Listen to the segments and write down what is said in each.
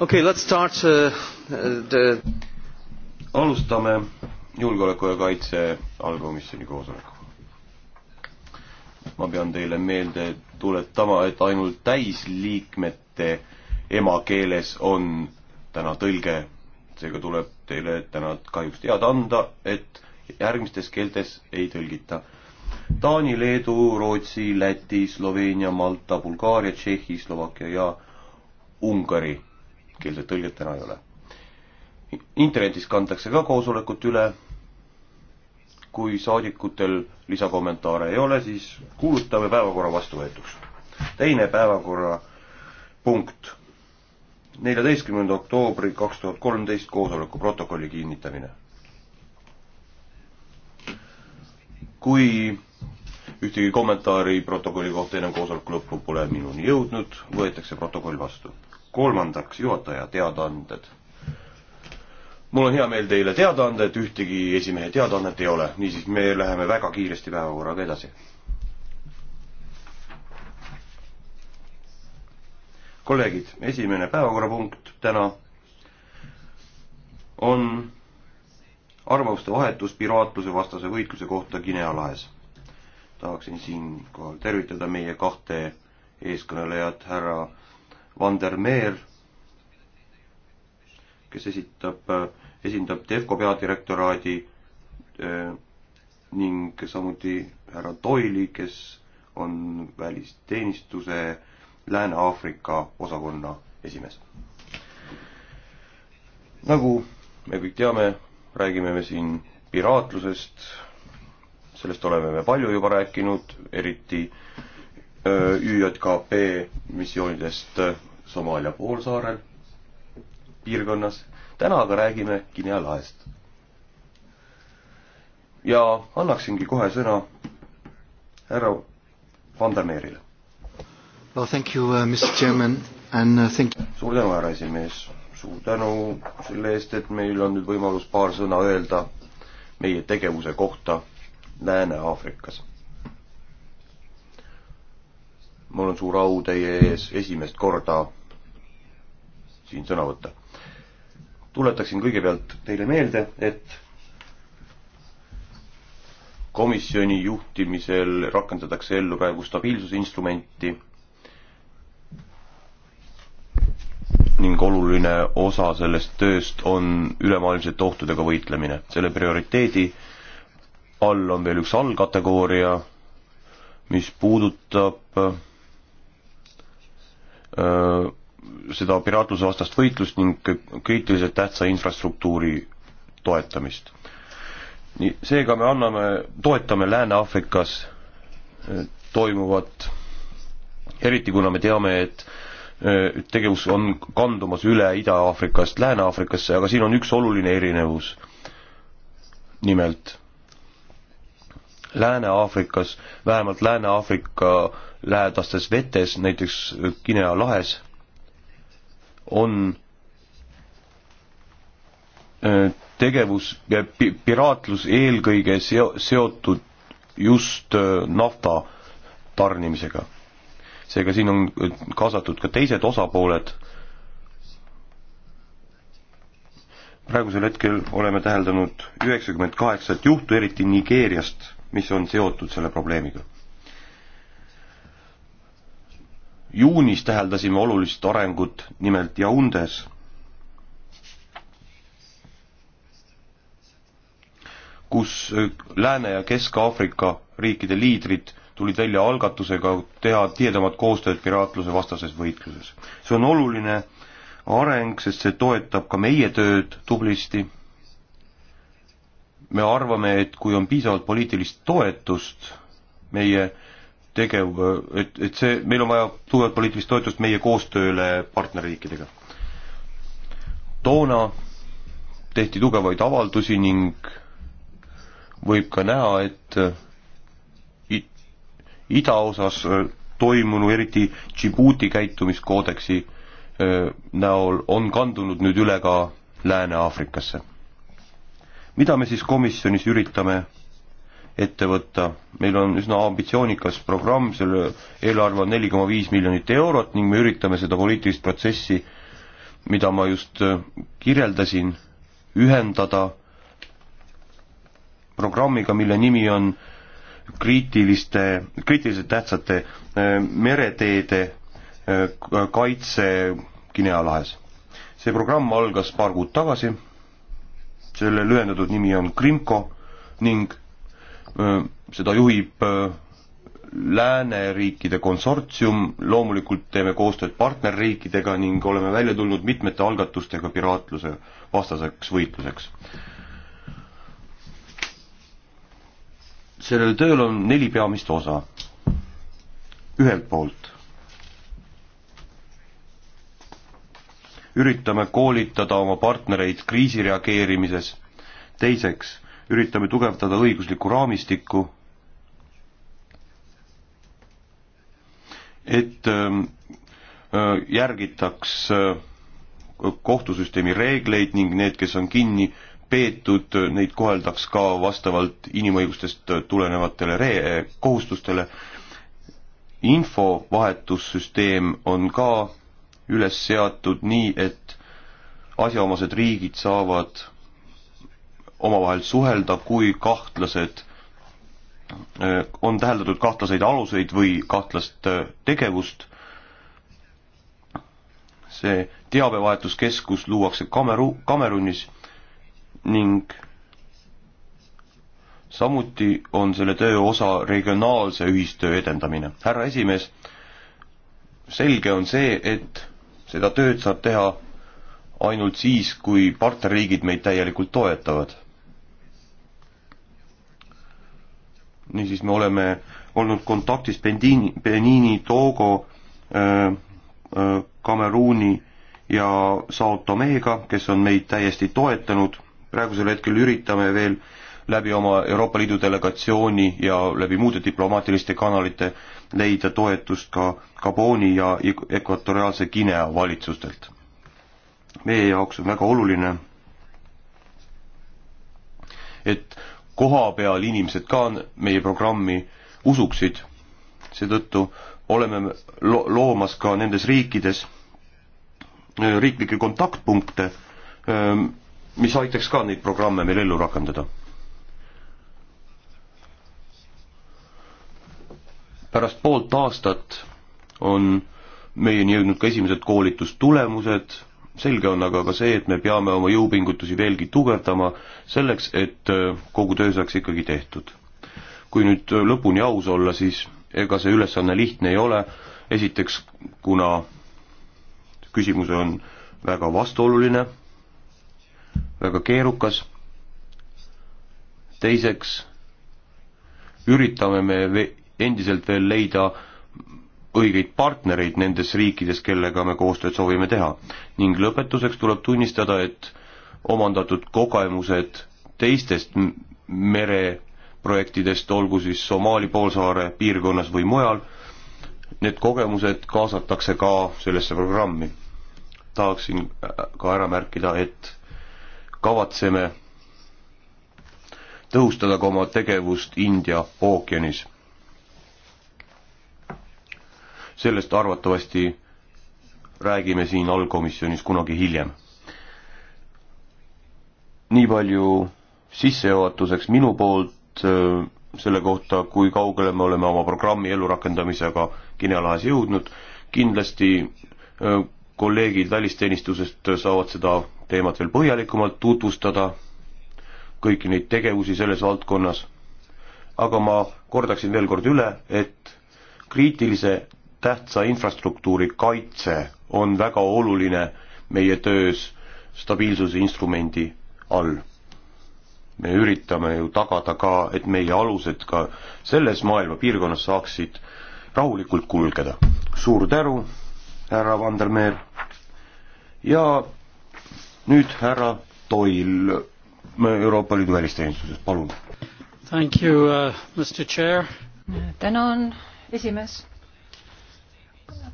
okei okay,, let's start uh, the alustame julgeoleku ja kaitse allkomisjoni koosoleku. ma pean teile meelde tuletama, et ainult täisliikmete emakeeles on täna tõlge, seega tuleb teile täna kahjuks teada anda, et järgmistes keeltes ei tõlgita. Taani, Leedu, Rootsi, Läti, Sloveenia, Malta, Bulgaaria, Tšehhi, Slovakkia ja Ungari keeldetõljet täna ei ole. internetis kantakse ka koosolekut üle. kui saadikutel lisakommentaare ei ole, siis kuulutame päevakorra vastuvõetuks. teine päevakorrapunkt, neljateistkümnenda oktoobri kaks tuhat kolmteist koosoleku protokolli kinnitamine. kui ühtegi kommentaari protokolli kohta ennem koosoleku lõppu pole minuni jõudnud, võetakse protokoll vastu kolmandaks, juhataja teadaanded. mul on hea meel teile teada anda, et ühtegi esimehe teadaannet ei ole, niisiis me läheme väga kiiresti päevakorraga edasi. kolleegid, esimene päevakorrapunkt täna on arvamuste vahetus piraatluse vastase võitluse kohta Guinea lahes. tahaksin siinkohal tervitada meie kahte eeskõnelejat, härra Van der Meer, kes esitab, esindab Defco peadirektoraadi eh, ning samuti härra Doyle'i, kes on välisteenistuse Lääne-Aafrika osakonna esimees. nagu me kõik teame, räägime me siin piraatlusest, sellest oleme me palju juba rääkinud, eriti eh, ÜJKP missioonidest Somaalia poolsaarel piirkonnas. täna aga räägime Guinea laest. ja annaksingi kohe sõna härra Vandermeerile. Well, thank you uh,, Mr Chairman and uh, thank you. suur tänu, härra esimees. suur tänu selle eest, et meil on nüüd võimalus paar sõna öelda meie tegevuse kohta Lääne-Aafrikas. mul on suur au teie ees esimest korda siin sõna võtta. tuletaksin kõigepealt teile meelde, et komisjoni juhtimisel rakendatakse ellu praegu stabiilsusinstrumenti ning oluline osa sellest tööst on ülemaailmsete ohtudega võitlemine. selle prioriteedi all on veel üks allkategooria, mis puudutab öö, äh, seda piraatluse vastast võitlust ning kriitiliselt tähtsa infrastruktuuri toetamist. nii, seega me anname, toetame Lääne-Aafrikas eh, toimuvat, eriti kuna me teame, et eh, tegevus on kandumas üle Ida-Aafrikast Lääne-Aafrikasse, aga siin on üks oluline erinevus. nimelt Lääne-Aafrikas, vähemalt Lääne-Aafrika lähedastes vetes, näiteks Guinea lahes, on äh, tegevus ja äh, piraatlus eelkõige seo-, seotud just äh, nafta tarnimisega. seega siin on kaasatud ka teised osapooled. praegusel hetkel oleme täheldanud üheksakümmend kaheksat juhtu, eriti Nigeeriast, mis on seotud selle probleemiga juunis täheldasime olulist arengut, nimelt Jaundes. kus äh, Lääne- ja Kesk-Aafrika riikide liidrid tulid välja algatusega teha tihedamat koostööd piraatluse vastases võitluses. see on oluline areng, sest see toetab ka meie tööd tublisti. me arvame, et kui on piisavalt poliitilist toetust meie tegev, et, et see, meil on vaja tugevat poliitilist toetust meie koostööle partnerriikidega. toona tehti tugevaid avaldusi ning võib ka näha, et idaosas äh, toimunu, eriti Djibouti käitumiskoodeksi äh, näol, on kandunud nüüd üle ka Lääne-Aafrikasse. mida me siis komisjonis üritame ette võtta. meil on üsna ambitsioonikas programm, selle eelarve on neli koma viis miljonit eurot ning me üritame seda poliitilist protsessi, mida ma just äh, kirjeldasin, ühendada programmiga, mille nimi on kriitiliste, kriitiliselt tähtsate äh, mereteede äh, kaitse Guinea lahes. see programm algas paar kuud tagasi, selle lühendatud nimi on Krimko ning seda juhib lääneriikide konsortsium, loomulikult teeme koostööd partnerriikidega ning oleme välja tulnud mitmete algatustega piraatluse vastaseks võitluseks. sellel tööl on neli peamist osa. ühelt poolt üritame koolitada oma partnereid kriisireageerimises, teiseks üritame tugevdada õiguslikku raamistikku, et ähm, äh, järgitaks äh, kohtusüsteemi reegleid ning need, kes on kinni peetud, neid koheldaks ka vastavalt inimõigustest tulenevatele re-, kohustustele. infovahetussüsteem on ka üles seatud nii, et asjaomased riigid saavad omavahel suhelda, kui kahtlased, äh, on täheldatud kahtlaseid aluseid või kahtlast äh, tegevust. see teabevahetuskeskus luuakse Kameru-, Kamerunis ning samuti on selle töö osa regionaalse ühistöö edendamine. härra esimees, selge on see, et seda tööd saab teha ainult siis, kui partnerriigid meid täielikult toetavad niisiis me oleme olnud kontaktis Bendini, Benini, Togo, äh, äh, Kameruuni ja Sao Tomega, kes on meid täiesti toetanud, praegusel hetkel üritame veel läbi oma Euroopa Liidu delegatsiooni ja läbi muude diplomaatiliste kanalite leida toetust ka Gaboni ja Ekvatoriaalse Guinea valitsustelt. meie jaoks on väga oluline, et kohapeal inimesed ka meie programmi usuksid. seetõttu oleme lo loomas ka nendes riikides äh, riiklikke kontaktpunkte, ähm, mis aitaks ka neid programme meil ellu rakendada. pärast poolt aastat on meieni jõudnud ka esimesed koolitustulemused selge on aga ka see, et me peame oma jõupingutusi veelgi tugevdama selleks, et äh, kogu töö saaks ikkagi tehtud. kui nüüd äh, lõpuni aus olla, siis ega see ülesanne lihtne ei ole, esiteks kuna küsimus on väga vastuoluline, väga keerukas, teiseks üritame me endiselt veel leida õigeid partnereid nendes riikides, kellega me koostööd soovime teha. ning lõpetuseks tuleb tunnistada, et omandatud kogemused teistest mereprojektidest, olgu siis Somaali poolsaare piirkonnas või mujal, need kogemused kaasatakse ka sellesse programmi. tahaksin äh, ka ära märkida, et kavatseme tõhustada ka oma tegevust India ookeanis sellest arvatavasti räägime siin allkomisjonis kunagi hiljem. nii palju sissejuhatuseks minu poolt äh, selle kohta, kui kaugele me oleme oma programmi ellurakendamisega Guinea-lahes jõudnud, kindlasti äh, kolleegid välisteenistusest saavad seda teemat veel põhjalikumalt tutvustada, kõiki neid tegevusi selles valdkonnas, aga ma kordaksin veel kord üle, et kriitilise tähtsa infrastruktuuri kaitse on väga oluline meie töös stabiilsuse instrumendi all. me üritame ju tagada ka, et meie alused ka selles maailma piirkonnas saaksid rahulikult kulgeda. suur tänu, härra Vandermeer. ja nüüd härra Toil Euroopa Liidu välisteenistusest, palun. Thank you uh,, Mr Chair. tänan, esimees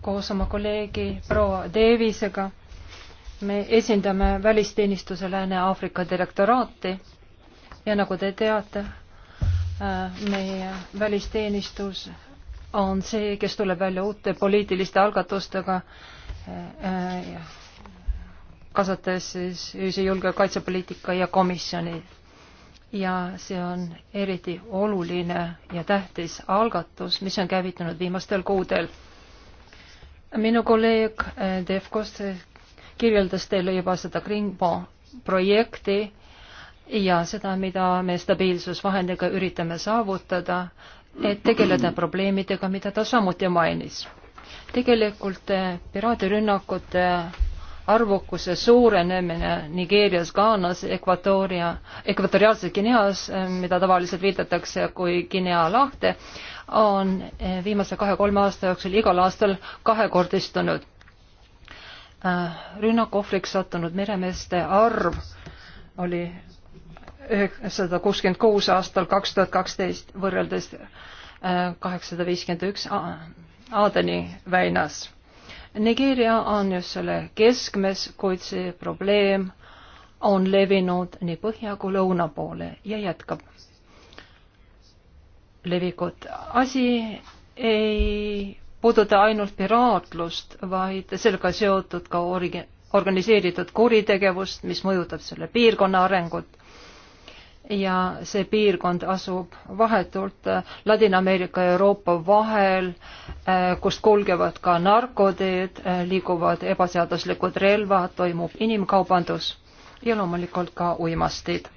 koos oma kolleegi proua Davisega. me esindame välisteenistuse Lääne-Aafrika direktoraati ja nagu te teate, äh, meie välisteenistus on see, kes tuleb välja uute poliitiliste algatustega, äh, äh, kasates siis ühise julgeolekukaitsepoliitika ja komisjoni. ja see on eriti oluline ja tähtis algatus, mis on käivitunud viimastel kuudel minu kolleeg eh, Defkost kirjeldas teile juba seda Krimpo projekti ja seda, mida me stabiilsusvahendiga üritame saavutada, et tegeleda probleemidega, mida ta samuti mainis. tegelikult eh, piraadirünnakute arvukuse suurenemine Nigeerias, Ghanas, Ekvatooria, ekvatoriaalses Guineas, mida tavaliselt viidatakse kui Guinea lahte, on eh, viimase kahe-kolme aasta jooksul igal aastal kahekordistunud. Eh, rünnakohvriks sattunud meremeeste arv oli üheksasada kuuskümmend kuus aastal kaks tuhat kaksteist võrreldes eh, kaheksasada viiskümmend üks Aadeni väinas Nigeeria on just selle keskmes, kuid see probleem on levinud nii põhja kui lõuna poole ja jätkab levikut. asi ei puuduta ainult piraatlust, vaid sellega seotud ka orgi-, organiseeritud kuritegevust, mis mõjutab selle piirkonna arengut ja see piirkond asub vahetult Ladina-Ameerika ja Euroopa vahel, eh, kust kulgevad ka narkoteed, eh, liiguvad ebaseaduslikud relvad, toimub inimkaubandus ja loomulikult ka uimastid.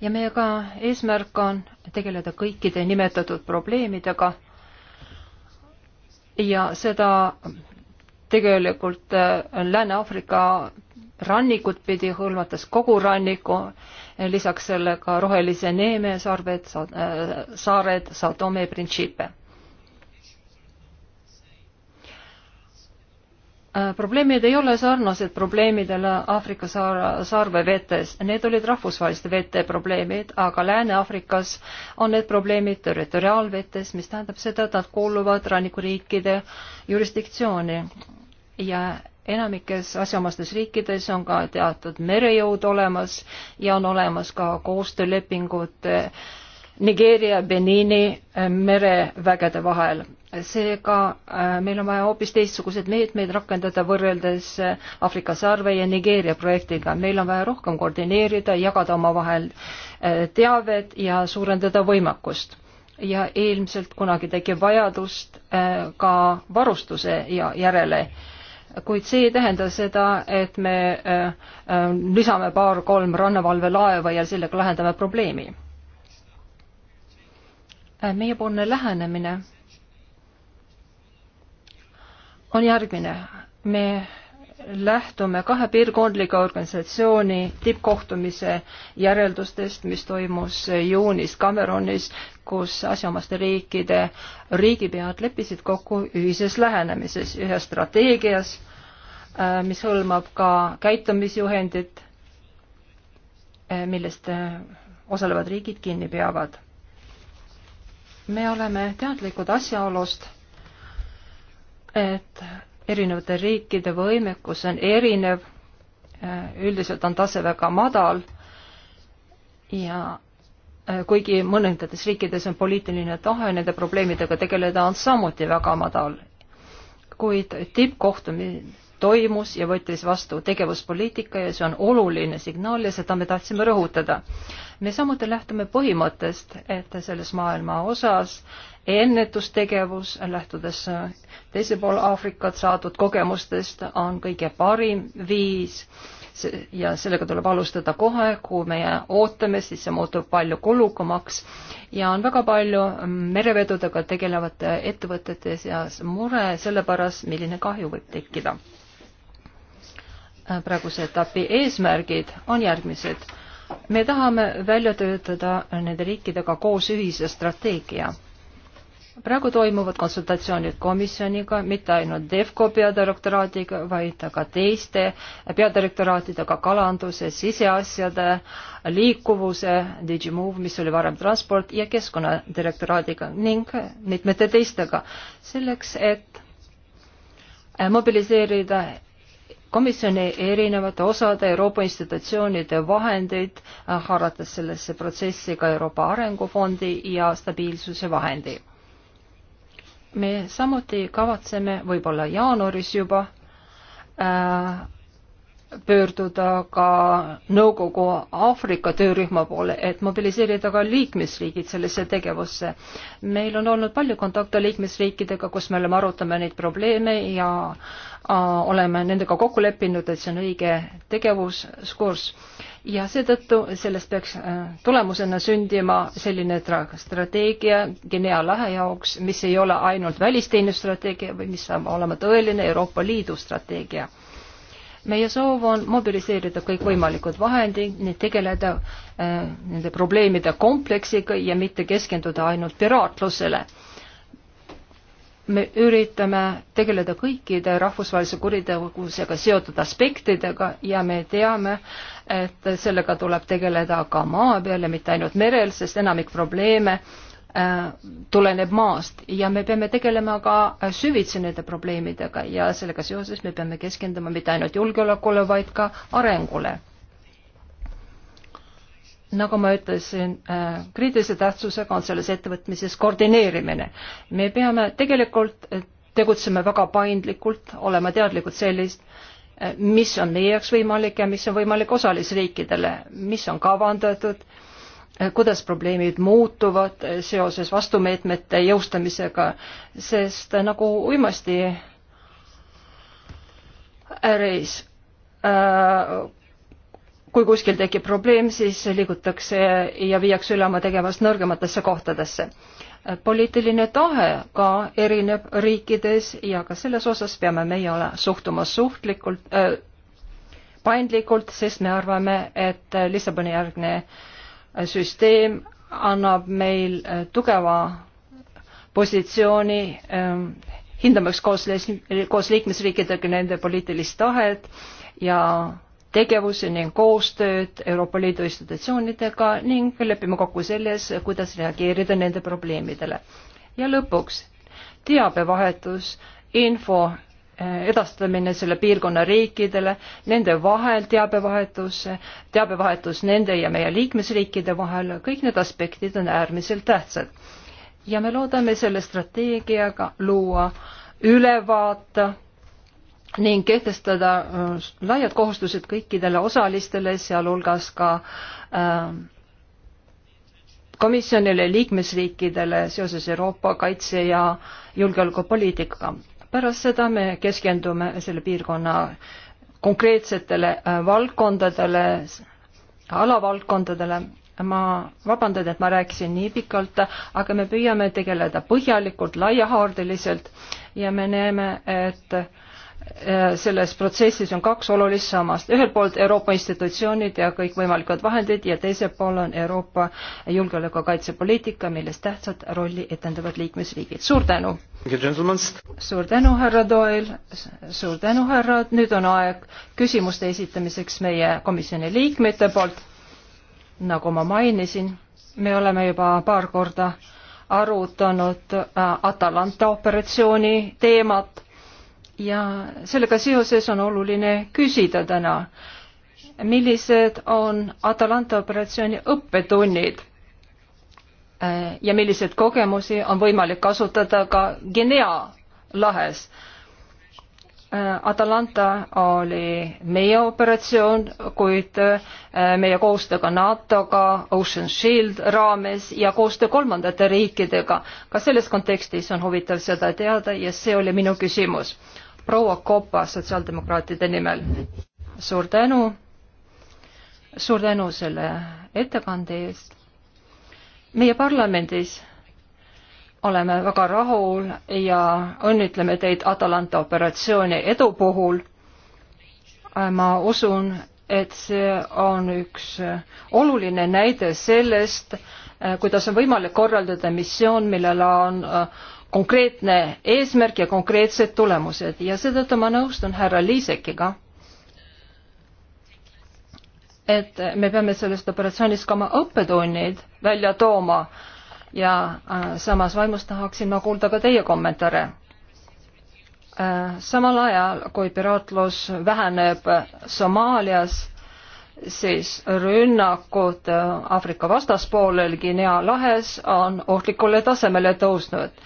ja meie ka eesmärk on tegeleda kõikide nimetatud probleemidega ja seda tegelikult eh, Lääne-Aafrika rannikut pidi, hõlmates kogu ranniku, lisaks sellega Rohelise Neeme sarved, äh, saared, Sao Tome, Principe. Äh, probleemid ei ole sarnased probleemidele Aafrika saar, sarve vetes, need olid rahvusvaheliste vete probleemid, aga Lääne-Aafrikas on need probleemid territoriaalvetes, mis tähendab seda, et nad kuuluvad rannikuriikide jurisdiktsiooni ja enamikes asjaomastes riikides on ka teatud merejõud olemas ja on olemas ka koostöölepingud Nigeeria, Benini äh, merevägede vahel. seega äh, meil on vaja hoopis teistsuguseid meetmeid rakendada võrreldes äh, Aafrika sarve ja Nigeeria projektiga. meil on vaja rohkem koordineerida, jagada omavahel teavet ja suurendada võimekust ja ilmselt kunagi tekib vajadust ka varustuse järele kuid see ei tähenda seda, et me äh, äh, lisame paar-kolm rannavalvelaeva ja sellega lahendame probleemi. Äh, meiepoolne lähenemine on järgmine. me lähtume kahe piirkondliku organisatsiooni tippkohtumise järeldustest, mis toimus juunis Cameronis, kus asjaomaste riikide riigipead leppisid kokku ühises lähenemises, ühes strateegias, äh, mis hõlmab ka käitumisjuhendit, äh, millest äh, osalevad riigid kinni peavad. me oleme teadlikud asjaolust, et erinevate riikide võimekus on erinev, äh, üldiselt on tase väga madal ja äh, kuigi mõnedades riikides on poliitiline tahe nende probleemidega tegeleda, on samuti väga madal. kuid tippkohtumine toimus ja võttis vastu tegevuspoliitika ja see on oluline signaal ja seda me tahtsime rõhutada. me samuti lähtume põhimõttest, et selles maailma osas ennetustegevus, lähtudes teise poole Aafrikat saadud kogemustest, on kõige parim viis ja sellega tuleb alustada kohe, kui meie ootame, siis see muutub palju kulukamaks ja on väga palju merevedudega tegelevate ettevõtete seas mure selle pärast, milline kahju võib tekkida. praeguse etapi eesmärgid on järgmised. me tahame välja töötada nende riikidega koos ühise strateegia praegu toimuvad konsultatsioonid komisjoniga, mitte ainult DEFCO peadirektoraadiga, vaid ka teiste peadirektoraatidega, kalanduse, siseasjade, liikuvuse, Digimove, mis oli varem transport ja keskkonnadirektoraadiga ning mitmete teistega, selleks et äh, mobiliseerida komisjoni erinevate osade Euroopa institutsioonide vahendeid, äh, haarates sellesse protsessi ka Euroopa Arengufondi ja stabiilsuse vahendi me samuti kavatseme võib-olla jaanuaris juba äh, pöörduda ka nõukogu Aafrika töörühma poole, et mobiliseerida ka liikmesriigid sellesse tegevusse. meil on olnud palju kontakte liikmesriikidega, kus me oleme, arutame neid probleeme ja äh, oleme nendega kokku leppinud, et see on õige tegevuskurss ja seetõttu sellest peaks äh, tulemusena sündima selline strateegia Guinea lahe jaoks, mis ei ole ainult välisteenistusstrateegia, vaid mis saab olema tõeline Euroopa Liidu strateegia. meie soov on mobiliseerida kõikvõimalikud vahendid, tegeleda äh, nende probleemide kompleksiga ja mitte keskenduda ainult piraatlusele me üritame tegeleda kõikide rahvusvahelise kuritegevusega seotud aspektidega ja me teame, et sellega tuleb tegeleda ka maa peal ja mitte ainult merel, sest enamik probleeme äh, tuleneb maast ja me peame tegelema ka süvitsi nende probleemidega ja sellega seoses me peame keskenduma mitte ainult julgeolekule, vaid ka arengule nagu ma ütlesin, äh, kriitilise tähtsusega on selles ettevõtmises koordineerimine. me peame tegelikult äh, tegutsema väga paindlikult, olema teadlikud sellist, äh, mis on meie jaoks võimalik ja mis on võimalik osalisriikidele, mis on kavandatud, kuidas probleemid muutuvad seoses vastumeetmete jõustamisega, sest nagu uimasti äris äh, kui kuskil tekib probleem, siis liigutakse ja viiakse üle oma tegevust nõrgematesse kohtadesse. poliitiline tahe ka erineb riikides ja ka selles osas peame meie ole, suhtuma suhtlikult äh,, paindlikult, sest me arvame, et Lissaboni järgne äh, süsteem annab meil äh, tugeva positsiooni äh, hindamaks koos, koos liikmesriikidega nende poliitilist tahet ja tegevusi ning koostööd Euroopa Liidu institutsioonidega ning lepime kokku selles, kuidas reageerida nende probleemidele. ja lõpuks teabevahetus, info eh, edastamine selle piirkonna riikidele, nende vahel teabevahetus, teabevahetus nende ja meie liikmesriikide vahel, kõik need aspektid on äärmiselt tähtsad. ja me loodame selle strateegiaga luua ülevaate ning kehtestada äh, laiad kohustused kõikidele osalistele, sealhulgas ka äh, komisjonile liikmesriikidele seoses Euroopa kaitse- ja julgeolekupoliitikaga. pärast seda me keskendume selle piirkonna konkreetsetele äh, valdkondadele, alavaldkondadele ma vabandan, et ma rääkisin nii pikalt, aga me püüame tegeleda põhjalikult, laiahaardeliselt ja me näeme, et Äh, selles protsessis on kaks olulist sammast. ühelt poolt Euroopa institutsioonid ja kõikvõimalikud vahendid ja teiselt pool on Euroopa julgeoleku- ja kaitsepoliitika, milles tähtsat rolli etendavad liikmesriigid. suur tänu! suur tänu, härra Doel, suur tänu, härrad, nüüd on aeg küsimuste esitamiseks meie komisjoni liikmete poolt. nagu ma mainisin, me oleme juba paar korda arutanud äh, Atalanta operatsiooni teemat ja sellega seoses on oluline küsida täna, millised on Atalanta operatsiooni õppetunnid äh, ja milliseid kogemusi on võimalik kasutada ka Guinea lahes. Äh, Atalanta oli meie operatsioon, kuid äh, meie koostöö ka NATO-ga, Ocean Shield raames ja koostöö kolmandate riikidega. ka selles kontekstis on huvitav seda teada ja see oli minu küsimus proua Kopa sotsiaaldemokraatide nimel. suur tänu, suur tänu selle ettekande eest. meie parlamendis oleme väga rahul ja õnnitleme teid Atalanta operatsiooni edu puhul. ma usun, et see on üks oluline näide sellest, kuidas on võimalik korraldada missioon, millel on äh, konkreetne eesmärk ja konkreetsed tulemused ja seetõttu ma nõustun härra Liisekiga, et me peame sellest operatsioonist ka oma õppetunnid välja tooma ja äh, samas vaimus tahaksin ma kuulda ka teie kommentaare. Äh, samal ajal, kui piraatlus väheneb Somaalias, siis rünnakud äh, Aafrika vastaspoolel Guinea lahes on ohtlikule tasemele tõusnud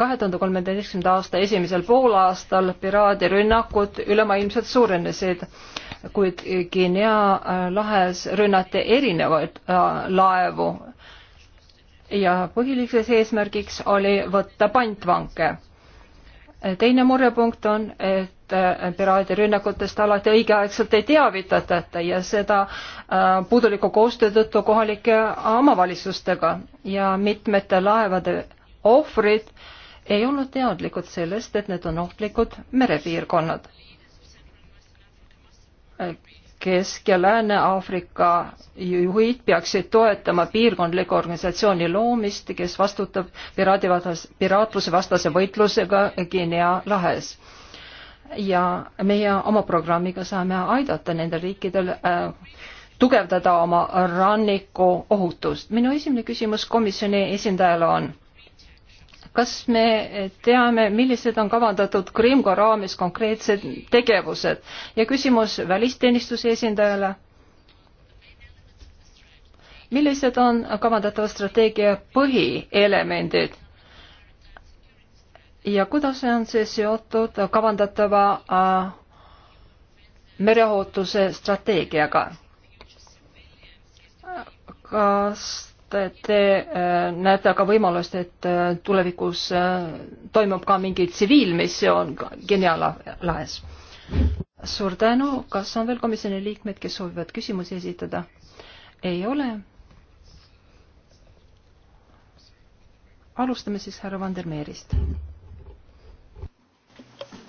kahe tuhande kolmeteistkümnenda aasta esimesel poolaastal piraadirünnakud ülemaailmselt suurenesid, kuid Guinea äh, lahes rünnati erinevaid äh, laevu ja põhiliseks eesmärgiks oli võtta pantvange. Äh, teine murepunkt on, et piraadirünnakutest alati õigeaegselt ei teavitata ja seda puuduliku koostöö tõttu kohalike omavalitsustega ja mitmete laevade ohvrid ei olnud teadlikud sellest, et need on ohtlikud merepiirkonnad. Kesk- ja Lääne-Aafrika juhid peaksid toetama piirkondliku organisatsiooni loomist, kes vastutab piraatluse vastase võitlusega Guinea lahes. ja meie oma programmiga saame aidata nendel riikidel äh, tugevdada oma ranniku ohutust. minu esimene küsimus komisjoni esindajale on kas me teame, millised on kavandatud Krimko raames konkreetsed tegevused ja küsimus välisteenistuse esindajale. millised on kavandatava strateegia põhielemendid ja kuidas on see seotud kavandatava äh, mereohutuse strateegiaga? kas et te äh, näete aga võimalust, et äh, tulevikus äh, toimub ka mingi tsiviilmissioon Guinea lahes. suur tänu, kas on veel komisjoni liikmed, kes soovivad küsimusi esitada? ei ole. alustame siis härra Vandermeerist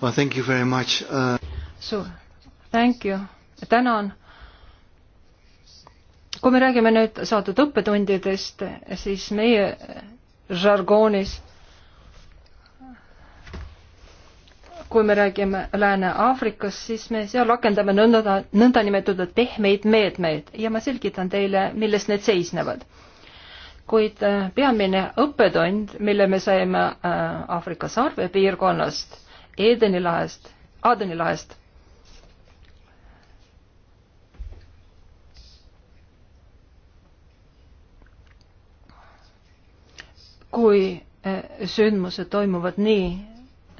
well,. Thank you very much uh.... suur, thank you, tänan kui me räägime nüüd saadud õppetundidest, siis meie žargoonis, kui me räägime Lääne-Aafrikast, siis me seal rakendame nõnda, nõndanimetatud pehmeid meetmeid ja ma selgitan teile, milles need seisnevad. kuid äh, peamine õppetund, mille me saime äh, Aafrika sarve piirkonnast, Edeni lahest, Aadeni lahest kui eh, sündmused toimuvad nii,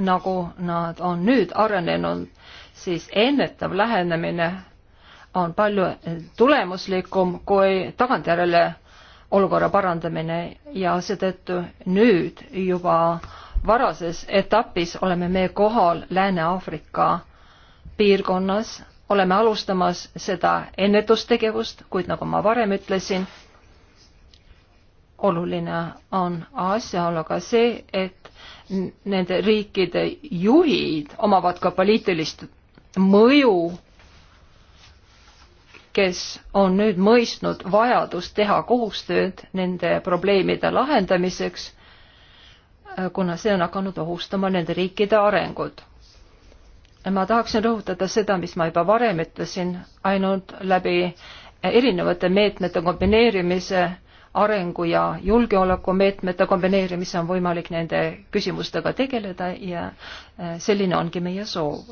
nagu nad on nüüd arenenud, siis ennetav lähenemine on palju eh, tulemuslikum kui tagantjärele olukorra parandamine ja seetõttu nüüd juba varases etapis oleme me kohal Lääne-Aafrika piirkonnas, oleme alustamas seda ennetustegevust, kuid nagu ma varem ütlesin, oluline on asjaolu ka see, et nende riikide juhid omavad ka poliitilist mõju, kes on nüüd mõistnud vajadust teha koostööd nende probleemide lahendamiseks, kuna see on hakanud ohustama nende riikide arengut ma tahaksin rõhutada seda, mis ma juba varem ütlesin, ainult läbi erinevate meetmete kombineerimise arengu- ja julgeolekumeetmete kombineerimise on võimalik nende küsimustega tegeleda ja äh, selline ongi meie soov.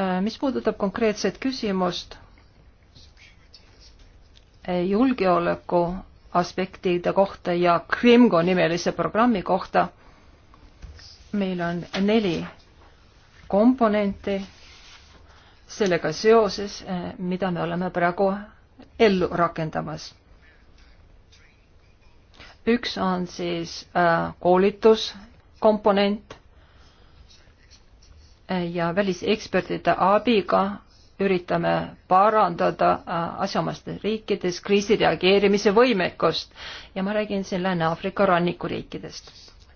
Äh, mis puudutab konkreetset küsimust äh, julgeoleku aspektide kohta ja Krimgo nimelise programmi kohta, meil on neli komponenti sellega seoses, mida me oleme praegu ellu rakendamas. üks on siis äh, koolituskomponent äh, ja välisekspertide abiga üritame parandada äh, asjaomastes riikides kriisireageerimise võimekust ja ma räägin siin Lääne-Aafrika rannikuriikidest.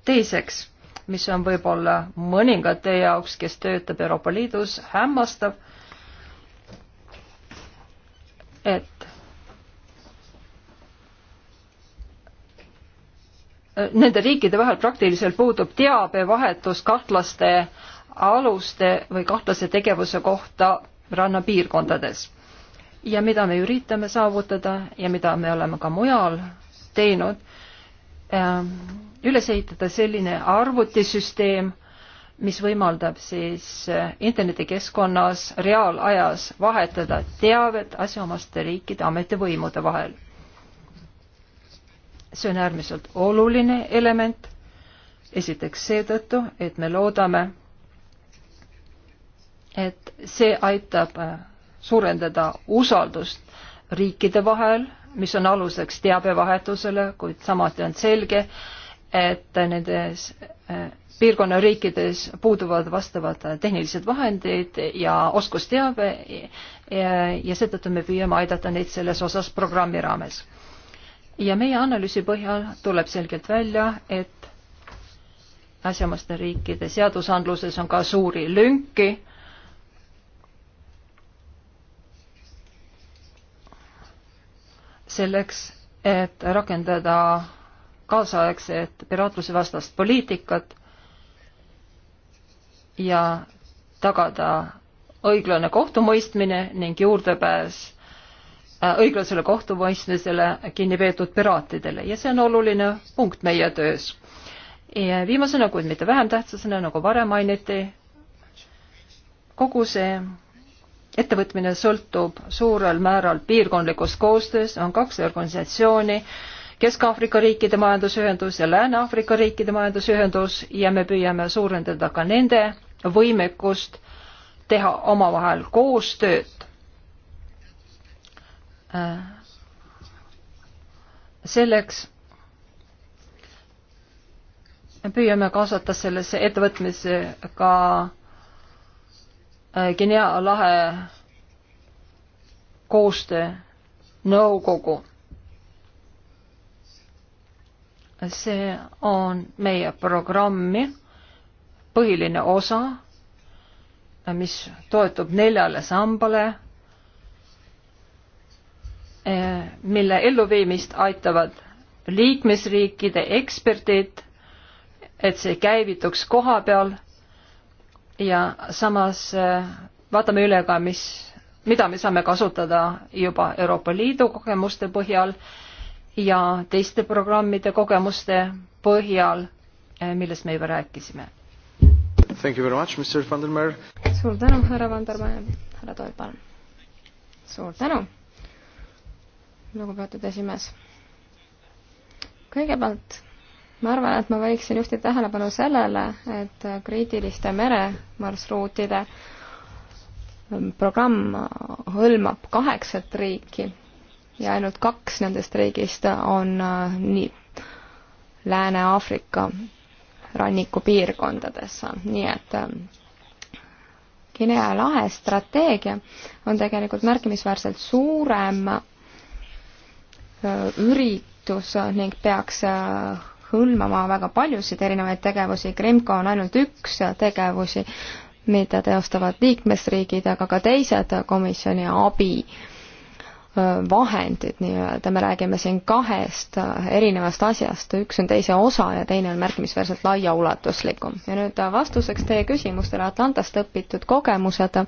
teiseks, mis on võib-olla mõningate jaoks, kes töötab Euroopa Liidus, hämmastav et nende riikide vahel praktiliselt puudub teabevahetus kahtlaste aluste või kahtlase tegevuse kohta rannapiirkondades. ja mida me üritame saavutada ja mida me oleme ka mujal teinud, ähm, üles ehitada selline arvutisüsteem mis võimaldab siis äh, internetikeskkonnas reaalajas vahetada teavet asjaomaste riikide ametivõimude vahel. see on äärmiselt oluline element, esiteks seetõttu, et me loodame, et see aitab äh, suurendada usaldust riikide vahel, mis on aluseks teabevahetusele, kuid samuti on selge, et nendes äh, piirkonna riikides puuduvad vastavad tehnilised vahendid ja oskusteave ja, ja seetõttu me püüame aidata neid selles osas programmi raames. ja meie analüüsi põhjal tuleb selgelt välja, et asjaomaste riikide seadusandluses on ka suuri lünki selleks, et rakendada kaasaegset piraatluse vastast poliitikat ja tagada õiglane kohtumõistmine ning juurdepääs äh, õiglasele kohtumõistmisele kinni peetud piraatidele ja see on oluline punkt meie töös. ja viimasena, kuid mitte vähem tähtsasena, nagu varem mainiti, kogu see ettevõtmine sõltub suurel määral piirkondlikust koostööst, on kaks organisatsiooni äh,, Kesk-Aafrika riikide majandusühendus ja Lääne-Aafrika riikide majandusühendus ja me püüame suurendada ka nende võimekust teha omavahel koostööd. selleks püüame kaasata sellesse ettevõtmisse ka äh, Guinea lahe koostöö nõukogu see on meie programmi põhiline osa, mis toetub neljale sambale, eh, mille elluviimist aitavad liikmesriikide eksperdid, et see käivituks koha peal ja samas eh, vaatame üle ka, mis, mida me saame kasutada juba Euroopa Liidu kogemuste põhjal ja teiste programmide kogemuste põhjal, eh, millest me juba rääkisime. suur tänu, härra Vandermeer, härra Toil, palun. suur tänu, lugupeetud esimees. kõigepealt ma arvan, et ma võiksin juhtida tähelepanu sellele, et kriitiliste meremarsruutide programm hõlmab kaheksat riiki ja ainult kaks nendest riigist on äh, nii Lääne-Aafrika rannikupiirkondades, nii et äh, Guinea lahe strateegia on tegelikult märkimisväärselt suurem äh, üritus ning peaks hõlmama väga paljusid erinevaid tegevusi, Krimko on ainult üks tegevusi, mida teostavad liikmesriigid, aga ka teised komisjoni abi äh, vahendid nii-öelda, me räägime siin kahest äh, erinevast asjast, üks on teise osa ja teine on märkimisväärselt laiaulatuslikum. ja nüüd äh, vastuseks teie küsimustele Atlantast õpitud kogemused,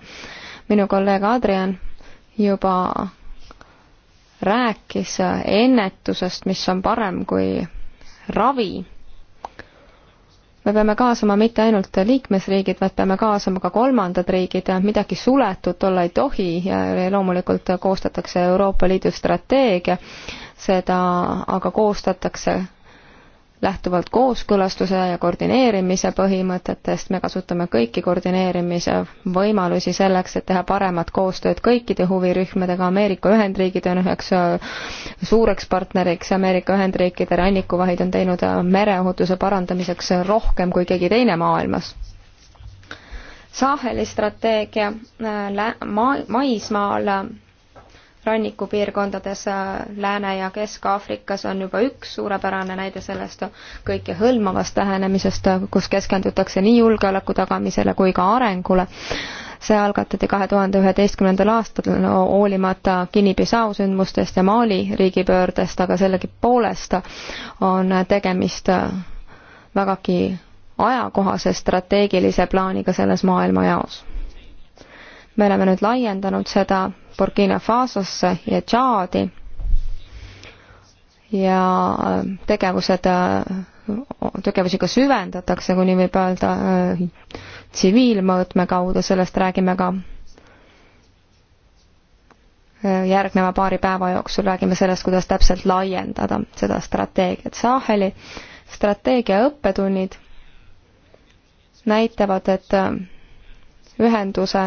minu kolleeg Adrian juba rääkis äh, ennetusest, mis on parem kui ravi me peame kaasama mitte ainult liikmesriigid, vaid peame kaasama ka kolmandad riigid, midagi suletud olla ei tohi ja loomulikult koostatakse Euroopa Liidu strateegia, seda aga koostatakse lähtuvalt kooskõlastuse ja koordineerimise põhimõtetest me kasutame kõiki koordineerimise võimalusi selleks, et teha paremat koostööd kõikide huvirühmadega, Ameerika Ühendriigid on üheks äh, suureks partneriks, Ameerika Ühendriikide rannikuvahid on teinud äh, mereohutuse parandamiseks rohkem kui keegi teine maailmas. Saheli strateegia äh, maismaal rannikupiirkondades äh, Lääne- ja Kesk-Aafrikas on juba üks suurepärane näide sellest kõikehõlmavast lähenemisest, kus keskendutakse nii julgeoleku tagamisele kui ka arengule. see algatati kahe tuhande üheteistkümnendal aastal hoolimata Guinea-Bissau sündmustest ja Mali riigipöördest, aga sellegipoolest on tegemist vägagi ajakohase strateegilise plaaniga selles maailmajaos. me oleme nüüd laiendanud seda Burkina Fasosse ja Tšaadi ja äh, tegevused, äh, tegevusi ka süvendatakse, kui nii võib öelda, äh, tsiviilmõõtme kaudu, sellest räägime ka järgneva paari päeva jooksul räägime sellest, kuidas täpselt laiendada seda strateegiat. Saheli strateegia õppetunnid näitavad, et ühenduse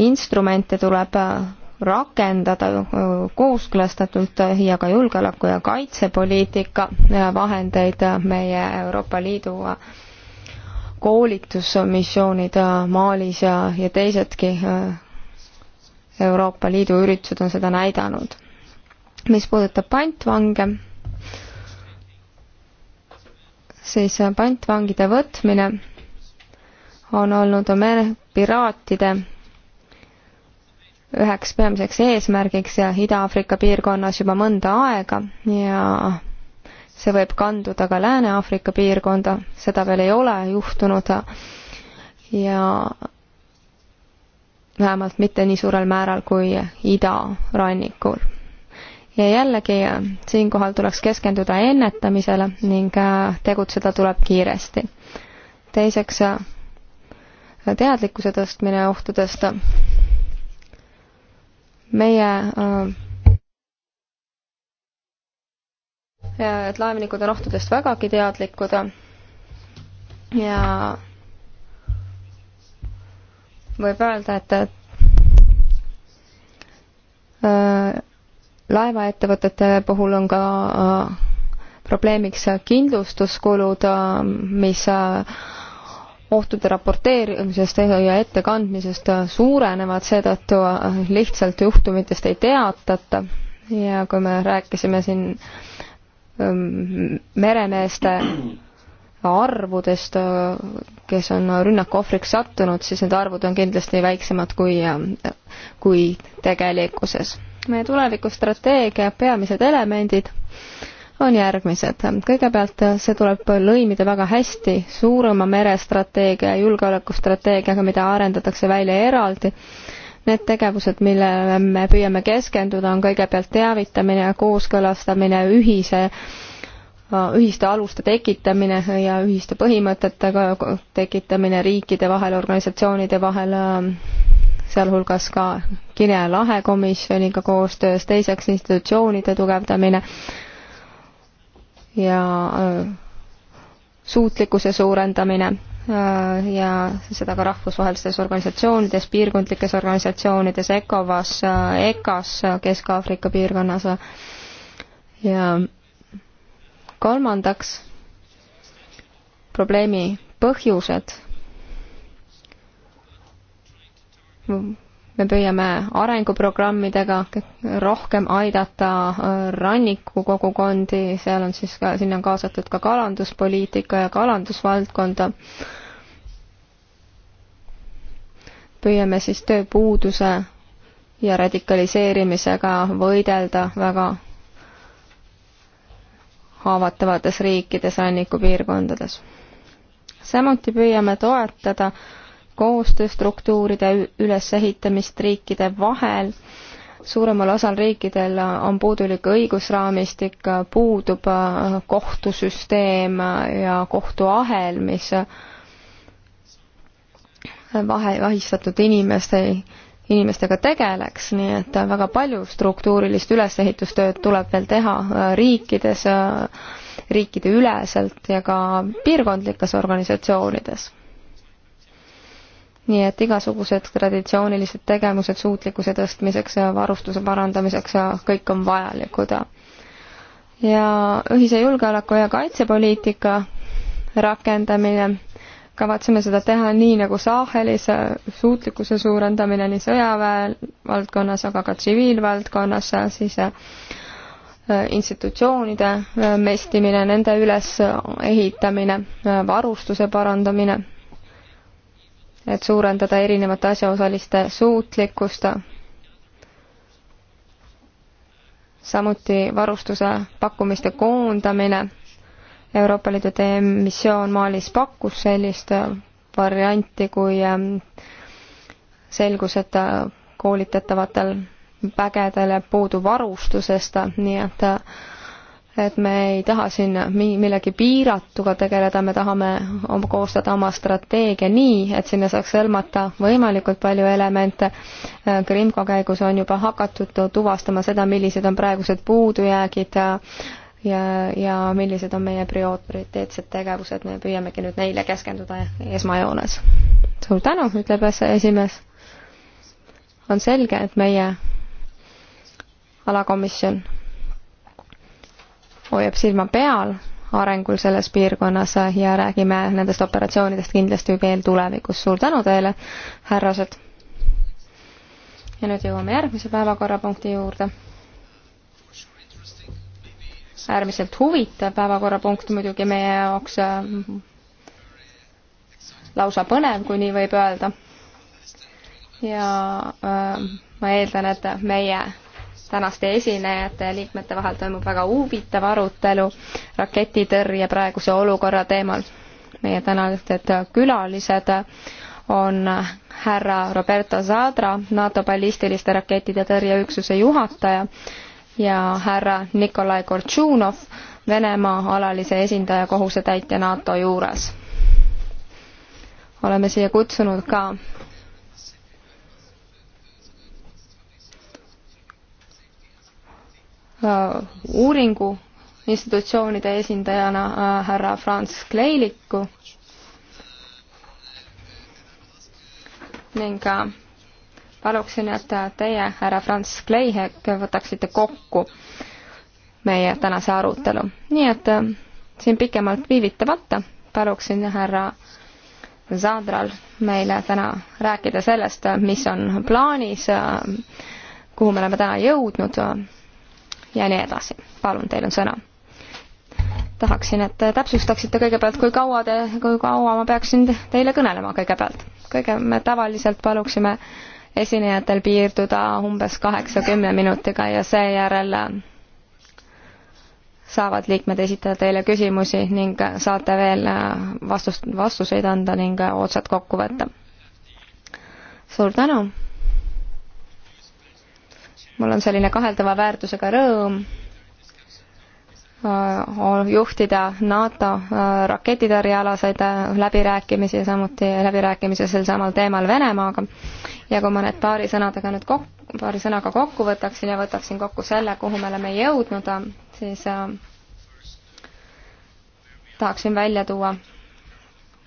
instrumente tuleb äh, rakendada äh, kooskõlastatult ja ka julgeoleku- ja kaitsepoliitika äh, vahendeid meie Euroopa Liidu koolitusmissioonid Malis ja, ja teisedki Euroopa Liidu üritused on seda näidanud. mis puudutab pantvange, siis pantvangide võtmine on olnud piraatide üheks peamiseks eesmärgiks ja Ida-Aafrika piirkonnas juba mõnda aega ja see võib kanduda ka Lääne-Aafrika piirkonda, seda veel ei ole juhtunud ja vähemalt mitte nii suurel määral kui idarannikul. ja jällegi, siinkohal tuleks keskenduda ennetamisele ning äh, tegutseda tuleb kiiresti. teiseks, äh, teadlikkuse tõstmine ohtudest meie äh, et laevnikud on ohtudest vägagi teadlikud ja võib öelda, et äh, laevaettevõtete puhul on ka äh, probleemiks kindlustuskulud, mis ohtude raporteerimisest ja ettekandmisest suurenevad, seetõttu lihtsalt juhtumitest ei teatata ja kui me rääkisime siin ähm, meremeeste arvudest, kes on rünnaku ohvriks sattunud, siis need arvud on kindlasti väiksemad kui, äh, kui tegelikkuses. meie tulevikustrateegia peamised elemendid on järgmised. kõigepealt see tuleb lõimida väga hästi suurema merestrateegia ja julgeolekustrateegiaga, mida arendatakse välja eraldi. Need tegevused, millele me püüame keskenduda, on kõigepealt teavitamine, kooskõlastamine, ühise, ühiste aluste tekitamine ja ühiste põhimõtetega tekitamine riikide vahel, organisatsioonide vahel, sealhulgas ka Kine lahe komisjoniga koostöös, teiseks institutsioonide tugevdamine ja äh, suutlikkuse suurendamine äh, ja seda ka rahvusvahelistes organisatsioonides, piirkondlikes organisatsioonides, ECOWAS, äh, EKAS Kesk-Aafrika piirkonnas. ja kolmandaks, probleemi põhjused me püüame arenguprogrammidega rohkem aidata äh, rannikukogukondi, seal on siis ka, sinna on kaasatud ka kalanduspoliitika ja kalandusvaldkonda. püüame siis tööpuuduse ja radikaliseerimisega võidelda väga haavatavates riikides, rannikupiirkondades. samuti püüame toetada äh, koostööstruktuuride ülesehitamist riikide vahel, suuremal osal riikidel on puudulik õigusraamistik, puudub äh, kohtusüsteem ja kohtuahel, mis vahe, vahistatud inimeste, inimestega tegeleks, nii et väga palju struktuurilist ülesehitustööd tuleb veel teha äh, riikides, äh, riikide üleselt ja ka piirkondlikes organisatsioonides nii et igasugused traditsioonilised tegevused suutlikkuse tõstmiseks ja varustuse parandamiseks ja kõik on vajalikud. ja ühise julgeoleku ja kaitsepoliitika rakendamine, kavatseme seda teha nii nagu Sahelis, suutlikkuse suurendamine nii sõjaväe valdkonnas, aga ka tsiviilvaldkonnas, siis äh, institutsioonide äh, mestimine, nende ülesehitamine, äh, varustuse parandamine et suurendada erinevate asjaosaliste suutlikkust, samuti varustuse pakkumiste koondamine. Euroopa Liidu missioon Malis pakkus sellist varianti, kui ähm, selgus, et äh, koolitatavatel vägedel puudub varustusest, nii et äh, et me ei taha siin millegi piiratuga tegeleda, me tahame koostada oma strateegia nii, et sinna saaks hõlmata võimalikult palju elemente. Krimko käigus on juba hakatud tuvastama seda, millised on praegused puudujäägid ja, ja millised on meie prioriteetsed tegevused, me püüamegi nüüd neile keskenduda esmajoones. suur tänu, ütleb esimees. on selge, et meie alakomisjon hoiab silma peal arengul selles piirkonnas ja räägime nendest operatsioonidest kindlasti veel tulevikus. suur tänu teile, härrased! ja nüüd jõuame järgmise päevakorrapunkti juurde. äärmiselt huvitav päevakorrapunkt muidugi meie jaoks, äh, lausa põnev, kui nii võib öelda. ja äh, ma eeldan, et meie tänaste esinejate ja liikmete vahel toimub väga huvitav arutelu raketitõrje praeguse olukorra teemal. meie tänased külalised on härra Roberto Zadra, NATO ballistiliste rakettide tõrjeüksuse juhataja ja härra Nikolai Gortšunov, Venemaa alalise esindaja kohusetäitja NATO juures. oleme siia kutsunud ka Äh, uuringu institutsioonide esindajana äh, härra Franz Kleiliku ning äh, paluksin, et teie, härra Franz Kleihek, võtaksite kokku meie tänase arutelu. nii et siin pikemalt viivitamata paluksin härra Zadral meile täna rääkida sellest, mis on plaanis, kuhu me oleme täna jõudnud ja nii edasi. palun, teil on sõna. tahaksin, et täpsustaksite kõigepealt, kui kaua te, kui kaua ma peaksin teile kõnelema kõigepealt. kõige, me tavaliselt paluksime esinejatel piirduda umbes kaheksa-kümne minutiga ja seejärel saavad liikmed esitada teile küsimusi ning saate veel vastust, vastuseid anda ning otsad kokku võtta. suur tänu! mul on selline kaheldava väärtusega rõõm äh, juhtida NATO äh, raketitõrjealaseid äh, läbirääkimisi ja samuti läbirääkimisi sel samal teemal Venemaaga. ja kui ma need paari sõnadega nüüd kok-, paari sõnaga kokku võtaksin ja võtaksin kokku selle, kuhu me oleme jõudnud, siis tahaksin välja tuua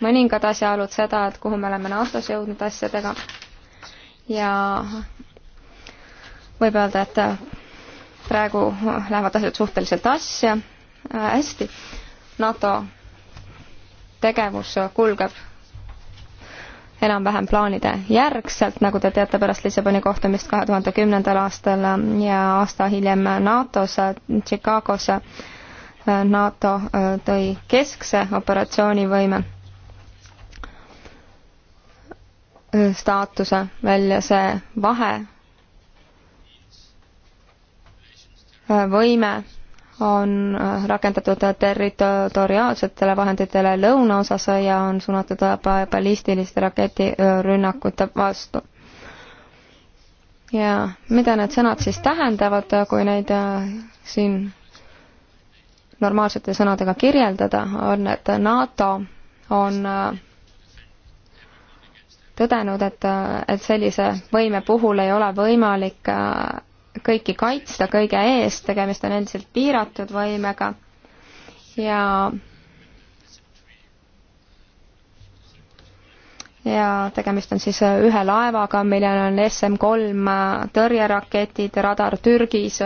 mõningad asjaolud, seda, et kuhu me oleme NATO-s jõudnud asjadega ja võib öelda, et äh, praegu lähevad asjad suhteliselt asja äh,, hästi. NATO tegevus kulgeb enam-vähem plaanide järgselt, nagu te teate, pärast Lissaboni kohtumist kahe tuhande kümnendal aastal ja aasta hiljem NATO-s, Chicagos äh, NATO äh, tõi keskse operatsioonivõime staatuse välja, see vahe võime on äh, rakendatud territoriaalsetele vahenditele lõunaosas ja on suunatud ballistiliste raketirünnakute vastu. ja mida need sõnad siis tähendavad, kui neid äh, siin normaalsete sõnadega kirjeldada, on, et NATO on äh, tõdenud, et, et sellise võime puhul ei ole võimalik kõiki kaitsta kõige eest, tegemist on endiselt piiratud võimega ja ja tegemist on siis ühe laevaga, millel on SM-3 tõrjeraketid, radar Türgis,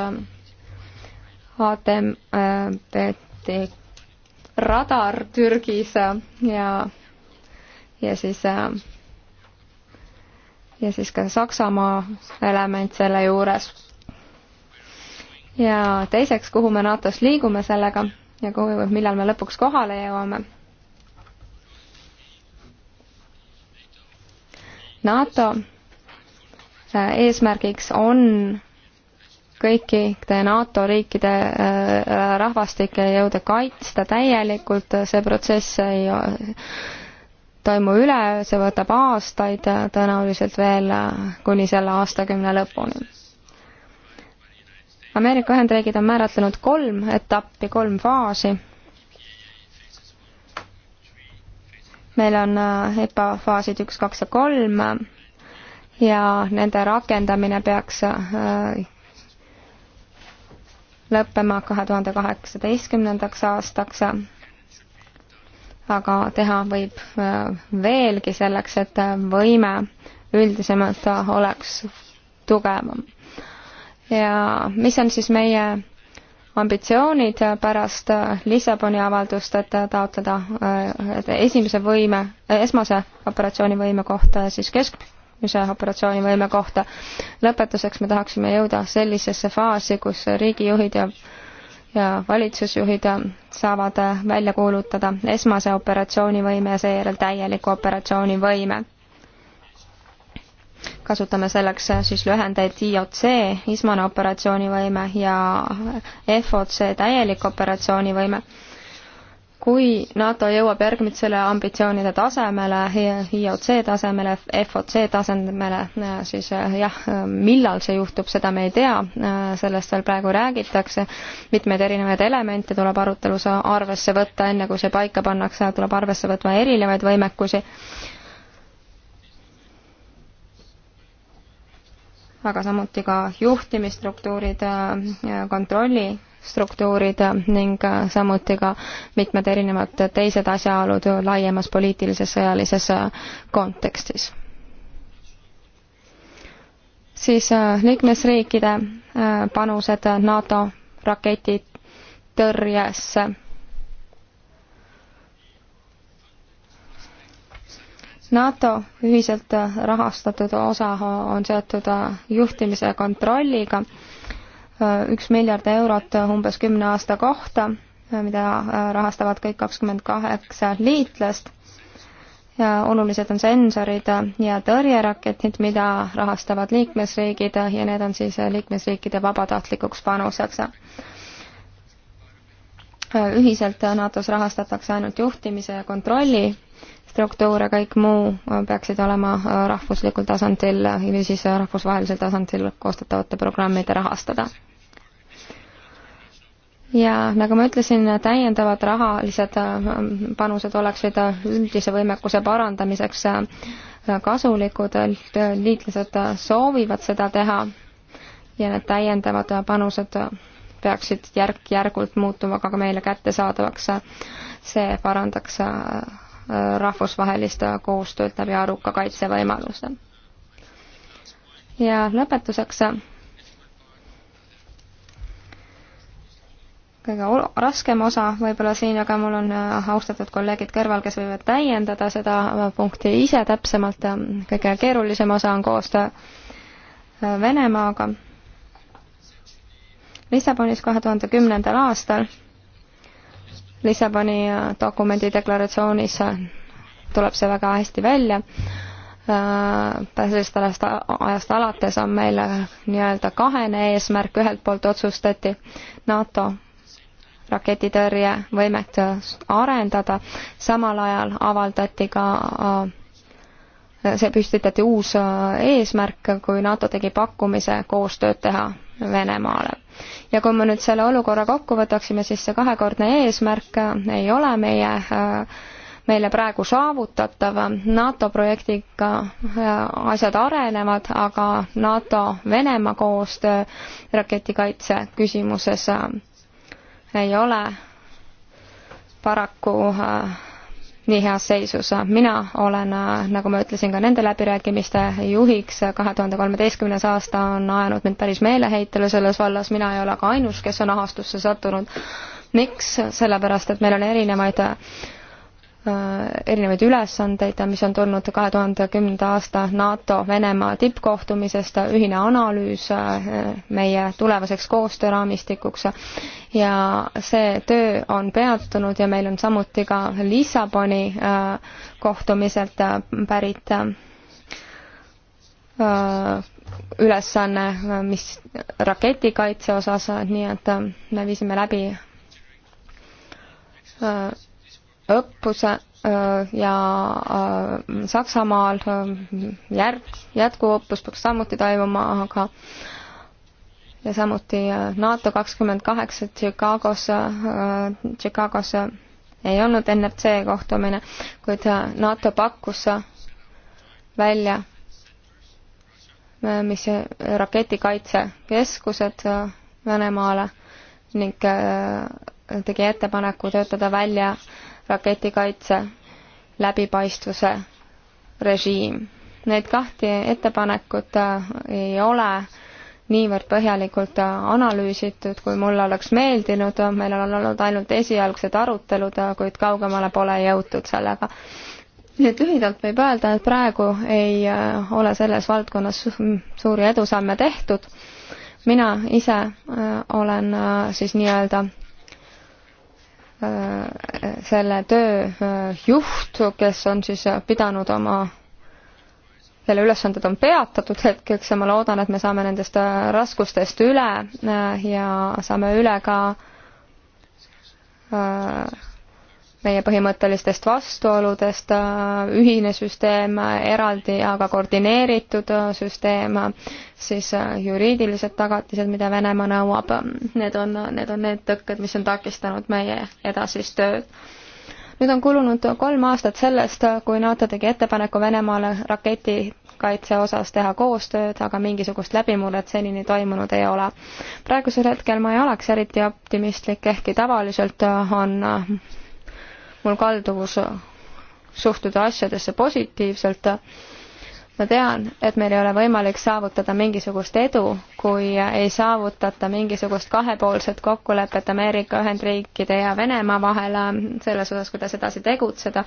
ATM äh,, radar Türgis ja, ja siis äh, ja siis ka Saksamaa element selle juures ja teiseks, kuhu me NATO-s liigume sellega ja kuhu, millal me lõpuks kohale jõuame. NATO äh, eesmärgiks on kõikide NATO riikide äh, äh, rahvastike jõuda kaitsta täielikult, see protsess ei toimu üleöö, see võtab aastaid, tõenäoliselt veel kuni selle aastakümne lõpuni. Ameerika Ühendriigid on määratlenud kolm etappi, kolm faasi. meil on äh, EPA faasid üks, kaks ja kolm ja nende rakendamine peaks äh, lõppema kahe tuhande kaheksateistkümnendaks aastaks aga teha võib äh, veelgi selleks, et võime üldisemalt oleks tugevam ja mis on siis meie ambitsioonid pärast Lissaboni avaldust, et taotleda esimese võime, esmase operatsioonivõime kohta ja siis keskmise operatsioonivõime kohta. lõpetuseks me tahaksime jõuda sellisesse faasi, kus riigijuhid ja ja valitsusjuhid saavad välja kuulutada esmase operatsioonivõime ja seejärel täieliku operatsioonivõime kasutame selleks siis lühendeid IOC, esmane operatsioonivõime ja FOC, täielik operatsioonivõime. kui NATO jõuab järgmisele ambitsioonide tasemele, IOC tasemele, FOC tasemele, siis jah, millal see juhtub, seda me ei tea, sellest veel praegu räägitakse, mitmeid erinevaid elemente tuleb arutelus arvesse võtta, enne kui see paika pannakse, tuleb arvesse võtma erinevaid võimekusi aga samuti ka juhtimisstruktuurid, äh, kontrollistruktuurid ning äh, samuti ka mitmed erinevad teised asjaolud laiemas poliitilises sõjalises äh, kontekstis. siis liikmesriikide panused NATO raketitõrjesse NATO ühiselt rahastatud osa on seotud juhtimise kontrolliga, üks miljard eurot umbes kümne aasta kohta, mida rahastavad kõik kakskümmend kaheksa liitlast. Ja olulised on sensorid ja tõrjeraketid, mida rahastavad liikmesriigid ja need on siis liikmesriikide vabatahtlikuks panuseks ühiselt NATO-s rahastatakse ainult juhtimise ja kontrolli struktuur ja kõik muu äh, peaksid olema äh, rahvuslikul tasandil äh, või siis rahvusvahelisel tasandil koostatavate programmide rahastada. ja nagu ma ütlesin, täiendavad rahalised panused oleksid üldise võimekuse parandamiseks kasulikud, liitlased soovivad seda teha ja need täiendavad panused peaksid järk-järgult muutuma ka meile kättesaadavaks. see parandaks Äh, rahvusvahelist äh, koostööd läbi aruka kaitsevõimaluse. ja lõpetuseks äh, kõige raskem osa võib-olla siin, aga mul on austatud kolleegid kõrval, kes võivad täiendada seda punkti ise täpsemalt. kõige keerulisem osa on koostöö Venemaaga. Lissabonis kahe tuhande kümnendal aastal Lissaboni äh, dokumendi deklaratsioonis äh, tuleb see väga hästi välja. Äh, sellest ajast, ajast alates on meil nii-öelda kahene eesmärk, ühelt poolt otsustati NATO raketitõrjevõimet arendada, samal ajal avaldati ka see püstitati uus eesmärk, kui NATO tegi pakkumise koostööd teha Venemaale. ja kui me nüüd selle olukorra kokku võtaksime, siis see kahekordne eesmärk ei ole meie, meile praegu saavutatav. NATO projektiga äh, asjad arenevad, aga NATO-Venemaa koostöö raketikaitse küsimuses äh, ei ole paraku äh, nii heas seisus. mina olen, nagu ma ütlesin, ka nende läbirääkimiste juhiks, kahe tuhande kolmeteistkümnes aasta on ajanud mind päris meeleheitele selles vallas, mina ei ole ka ainus, kes on ahastusse sattunud. miks? sellepärast, et meil on erinevaid Äh, erinevaid ülesandeid, mis on tulnud kahe tuhande kümnenda aasta NATO-Venemaa tippkohtumisest, ühine analüüs äh, meie tulevaseks koostööraamistikuks ja see töö on peatunud ja meil on samuti ka Lissaboni äh, kohtumiselt pärit ülesanne, mis raketikaitse osas, nii et me viisime läbi õppuse äh, ja äh, Saksamaal äh, järg, jätkuõppus peaks samuti toimuma, aga ja samuti NATO kakskümmend kaheksa Chicagos, Chicagos ei olnud NRC kohtumine, kuid NATO pakkus välja mis raketikaitsekeskused Venemaale ning tegi ettepaneku töötada välja äh, raketikaitse läbipaistvuse režiim. Need kahte ettepanekut äh, ei ole niivõrd põhjalikult äh, analüüsitud, kui mulle oleks meeldinud, meil on olnud ainult esialgsed arutelud, äh, kuid kaugemale pole jõutud sellega. nii et lühidalt võib öelda, et praegu ei ole selles valdkonnas suuri edusamme tehtud. mina ise olen siis nii-öelda Äh, selle töö äh, juht, kes on siis äh, pidanud oma, kelle ülesanded on peatatud hetkeks ja ma loodan, et me saame nendest raskustest üle ja saame üle ka meie põhimõttelistest vastuoludest, äh, ühine süsteem äh, eraldi, aga koordineeritud äh, süsteem, siis juriidilised tagatised, mida Venemaa nõuab, need on, need on need tõkked, mis on takistanud meie edasist tööd. nüüd on kulunud kolm aastat sellest, kui NATO tegi ettepaneku Venemaale raketi kaitse osas teha koostööd, aga mingisugust läbimurret senini toimunud ei ole. praegusel hetkel ma ei oleks eriti optimistlik, ehkki tavaliselt on mul kalduvus suhtuda asjadesse positiivselt. ma tean, et meil ei ole võimalik saavutada mingisugust edu, kui ei saavutata mingisugust kahepoolset kokkulepet Ameerika Ühendriikide ja Venemaa vahel selles osas, kuidas edasi tegutseda.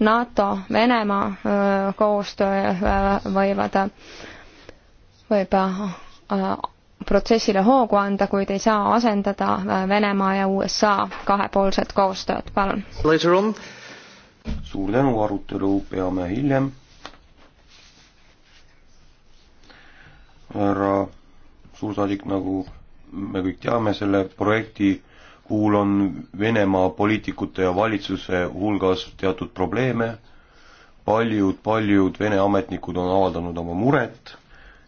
NATO, Venemaa koostöö võivad, võib protsessile hoogu anda, kuid ei saa asendada äh, Venemaa ja USA kahepoolset koostööd, palun. suur tänu, arutelu peame hiljem. härra suursaadik, nagu me kõik teame, selle projekti puhul on Venemaa poliitikute ja valitsuse hulgas teatud probleeme, paljud, paljud Vene ametnikud on avaldanud oma muret,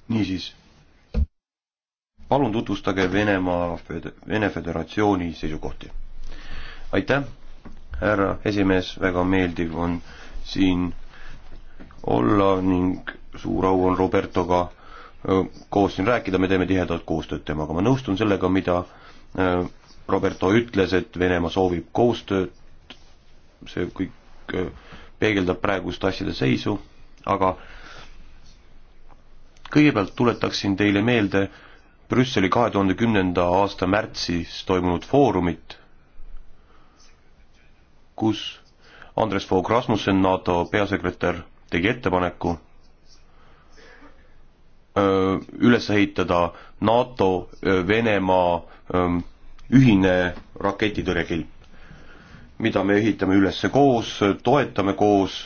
niisiis palun tutvustage Venemaa, Vene Föderatsiooni seisukohti. aitäh, härra esimees, väga meeldiv on siin olla ning suur au on Robertoga koos siin rääkida, me teeme tihedat koostööd temaga, ma nõustun sellega, mida Roberto ütles, et Venemaa soovib koostööd, see kõik peegeldab praegust asjade seisu, aga kõigepealt tuletaksin teile meelde Brüsseli kahe tuhande kümnenda aasta märtsis toimunud foorumit, kus Andres Fogh Rasmussen, NATO peasekretär, tegi ettepaneku öö, üles ehitada NATO Venemaa ühine raketitõrjekilp, mida me ehitame üles koos, toetame koos,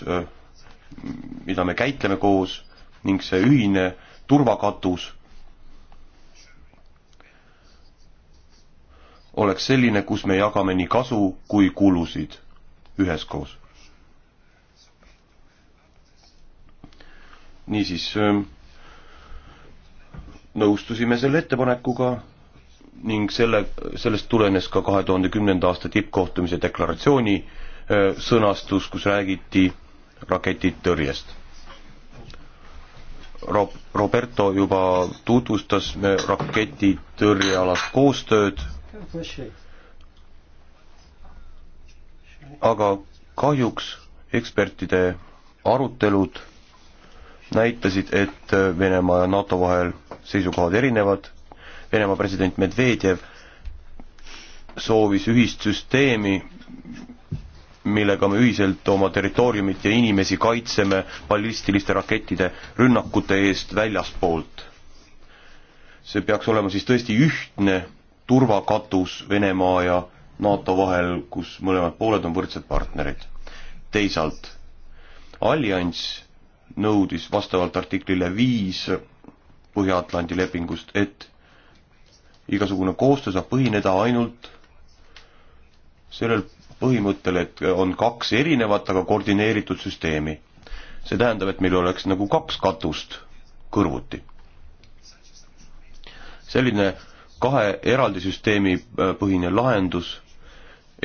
mida me käitleme koos ning see ühine turvakatus oleks selline, kus me jagame nii kasu kui kulusid üheskoos. niisiis ähm, nõustusime selle ettepanekuga ning selle, sellest tulenes ka kahe tuhande kümnenda aasta tippkohtumise deklaratsiooni äh, sõnastus, kus räägiti raketitõrjest. Rob-, Roberto juba tutvustas äh, raketitõrjealast koostööd aga kahjuks ekspertide arutelud näitasid, et Venemaa ja NATO vahel seisukohad erinevad, Venemaa president Medvedjev soovis ühist süsteemi, millega me ühiselt oma territooriumit ja inimesi kaitseme ballistiliste rakettide rünnakute eest väljaspoolt. see peaks olema siis tõesti ühtne turvakatus Venemaa ja NATO vahel, kus mõlemad pooled on võrdsed partnerid. teisalt, allianss nõudis vastavalt artiklile viis Põhja-Atlandi lepingust, et igasugune koostöö saab põhineda ainult sellel põhimõttel, et on kaks erinevat, aga koordineeritud süsteemi. see tähendab, et meil oleks nagu kaks katust kõrvuti. selline kahe eraldi süsteemi äh, põhine lahendus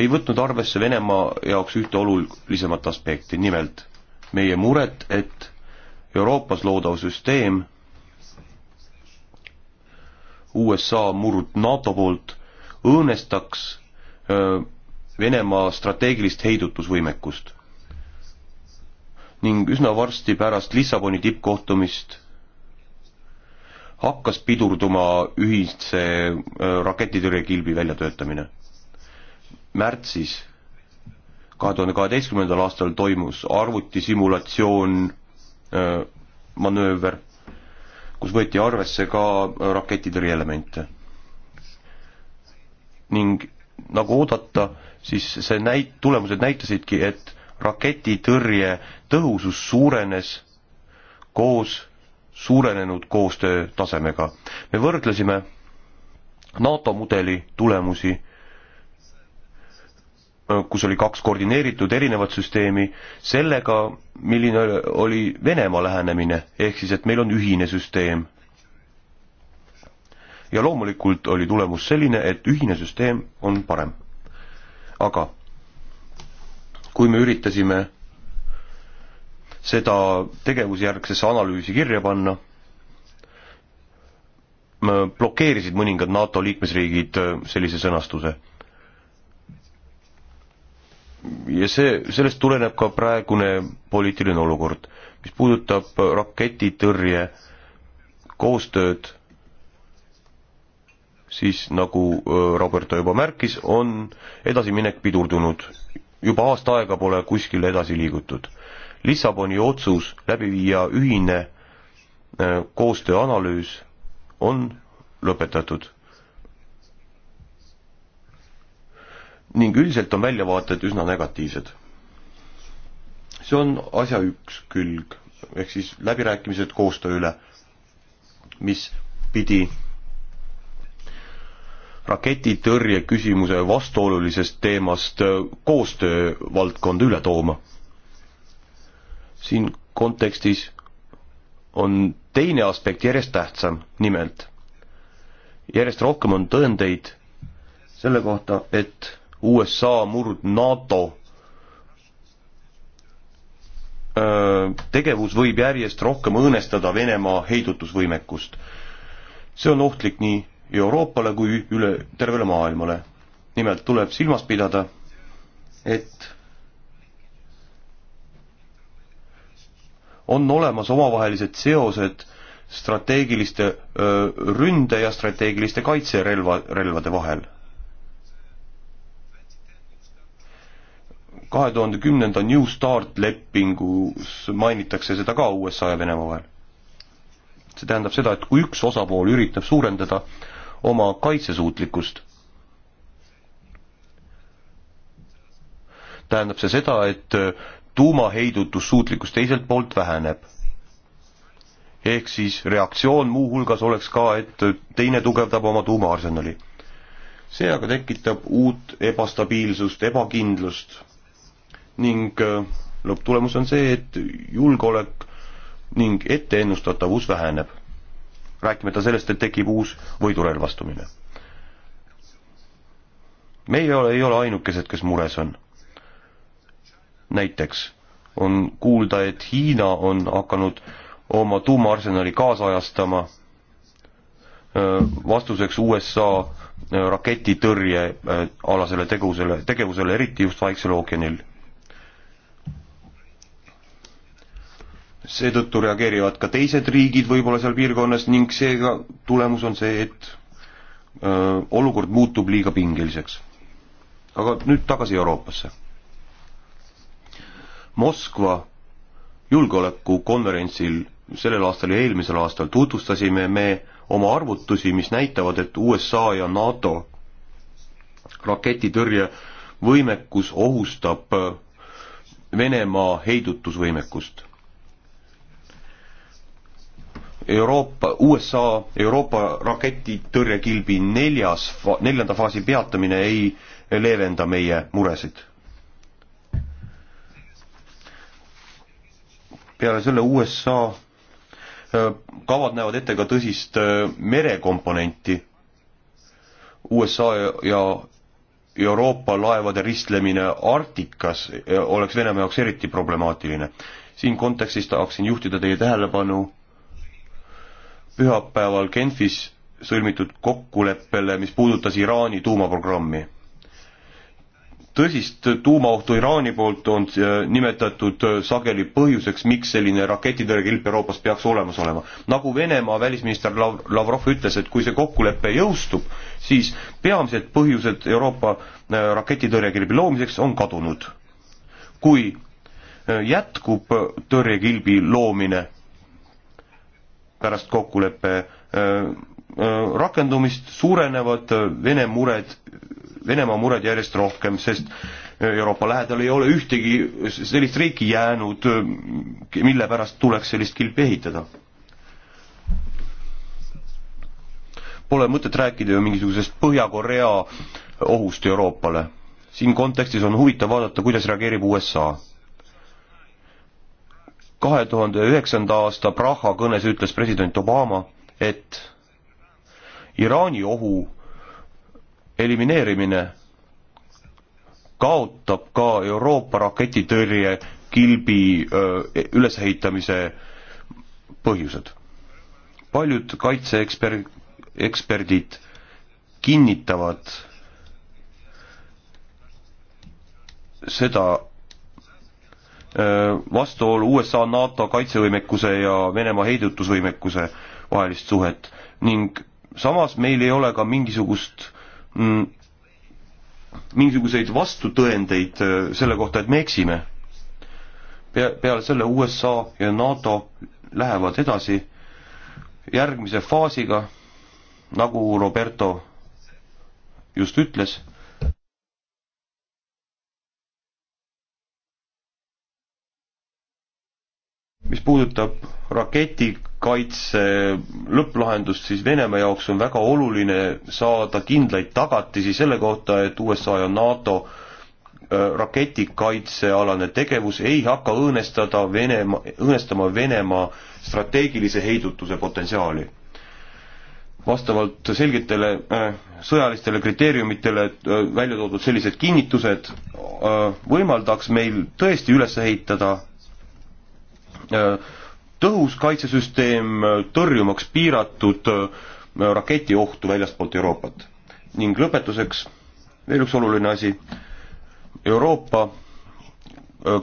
ei võtnud arvesse Venemaa jaoks ühte olulisemat aspekti, nimelt meie muret, et Euroopas loodav süsteem USA murd NATO poolt õõnestaks äh, Venemaa strateegilist heidutusvõimekust. ning üsna varsti pärast Lissaboni tippkohtumist hakkas pidurduma ühise raketitõrjekilbi väljatöötamine. märtsis kahe tuhande kaheteistkümnendal aastal toimus arvutisimulatsioon manööver, kus võeti arvesse ka raketitõrjeelemente. ning nagu oodata, siis see näit-, tulemused näitasidki, et raketitõrje tõhusus suurenes koos suurenenud koostöötasemega. me võrdlesime NATO mudeli tulemusi, kus oli kaks koordineeritud erinevat süsteemi, sellega, milline oli Venemaa lähenemine, ehk siis et meil on ühine süsteem. ja loomulikult oli tulemus selline, et ühine süsteem on parem. aga kui me üritasime seda tegevusjärgsesse analüüsi kirja panna. blokeerisid mõningad NATO liikmesriigid äh, sellise sõnastuse. ja see, sellest tuleneb ka praegune poliitiline olukord, mis puudutab raketitõrje koostööd, siis nagu äh, Roberto juba märkis, on edasiminek pidurdunud. juba aasta aega pole kuskile edasi liigutud Lissaboni otsus läbi viia ühine äh, koostööanalüüs on lõpetatud. ning üldiselt on väljavaated üsna negatiivsed. see on asja üks külg, ehk siis läbirääkimised koostöö üle, mis pidi raketitõrje küsimuse vastuolulisest teemast äh, koostöö valdkonda üle tooma siin kontekstis on teine aspekt järjest tähtsam, nimelt järjest rohkem on tõendeid selle kohta, et USA murd NATO tegevus võib järjest rohkem õõnestada Venemaa heidutusvõimekust. see on ohtlik nii Euroopale kui üle, tervele maailmale. nimelt tuleb silmas pidada, et on olemas omavahelised seosed strateegiliste öö, ründe ja strateegiliste kaitserelva, relvade vahel. kahe tuhande kümnenda New Start lepingus mainitakse seda ka USA ja Venemaa vahel. see tähendab seda, et kui üks osapool üritab suurendada oma kaitsesuutlikkust, tähendab see seda, et tuumaheidutussuutlikkus teiselt poolt väheneb. ehk siis reaktsioon muuhulgas oleks ka, et teine tugevdab oma tuumaarsenali. see aga tekitab uut ebastabiilsust, ebakindlust ning äh, lõpptulemus on see, et julgeolek ning etteennustatavus väheneb. rääkimata sellest, et tekib uus võidurelvastumine meie ei ole, ei ole ainukesed, kes mures on näiteks on kuulda, et Hiina on hakanud oma tuumaarsenali kaasajastama vastuseks USA raketitõrje alasele tegusele, tegevusele, eriti just Vaiksel ookeanil. seetõttu reageerivad ka teised riigid võib-olla seal piirkonnas ning seega tulemus on see, et öö, olukord muutub liiga pingeliseks. aga nüüd tagasi Euroopasse Moskva julgeolekukonverentsil sellel aastal ja eelmisel aastal tutvustasime me oma arvutusi, mis näitavad, et USA ja NATO raketitõrje võimekus ohustab äh, Venemaa heidutusvõimekust. Euroopa, USA, Euroopa raketitõrjekilbi neljas, neljanda faasi peatamine ei leevenda meie muresid peale selle USA äh, kavad näevad ette ka tõsist äh, merekomponenti. USA ja Euroopa laevade ristlemine Arktikas äh, oleks Venemaa jaoks eriti problemaatiline. siin kontekstis tahaksin juhtida teie tähelepanu pühapäeval Genfis sõlmitud kokkuleppele, mis puudutas Iraani tuumaprogrammi tõsist tuumaohtu Iraani poolt on äh, nimetatud äh, sageli põhjuseks, miks selline raketitõrjekilp Euroopas peaks olemas olema. nagu Venemaa välisminister Lavrov ütles, et kui see kokkulepe jõustub, siis peamised põhjused Euroopa äh, raketitõrjekilbi loomiseks on kadunud. kui jätkub tõrjekilbi loomine pärast kokkuleppe rakendumist, suurenevad Vene mured Venemaa mured järjest rohkem, sest äh, Euroopa lähedal ei ole ühtegi sellist riiki jäänud, äh, mille pärast tuleks sellist kilpi ehitada. Pole mõtet rääkida ju mingisugusest Põhja-Korea ohust Euroopale. siin kontekstis on huvitav vaadata, kuidas reageerib USA. kahe tuhande üheksanda aasta Praha kõnes ütles president Obama, et Iraani ohu elimineerimine kaotab ka Euroopa raketitõrje kilbi ülesehitamise põhjused. paljud kaitseeksper-, eksperdid kinnitavad seda vastuolu USA NATO kaitsevõimekuse ja Venemaa heidutusvõimekuse vahelist suhet ning samas meil ei ole ka mingisugust Mm, mingisuguseid vastutõendeid äh, selle kohta, et me eksime. Pea-, peale selle USA ja NATO lähevad edasi järgmise faasiga, nagu Roberto just ütles mis puudutab raketi kaitse lõpplahendust, siis Venemaa jaoks on väga oluline saada kindlaid tagatisi selle kohta, et USA ja NATO äh, raketikaitsealane tegevus ei hakka õõnestada Venemaa, õõnestama Venemaa strateegilise heidutuse potentsiaali. vastavalt selgetele äh, sõjalistele kriteeriumitele äh, välja toodud sellised kinnitused võimaldaks meil tõesti üles ehitada öö, tõhus kaitsesüsteem tõrjumaks piiratud äh, raketiohtu väljastpoolt Euroopat. ning lõpetuseks veel üks oluline asi, Euroopa äh,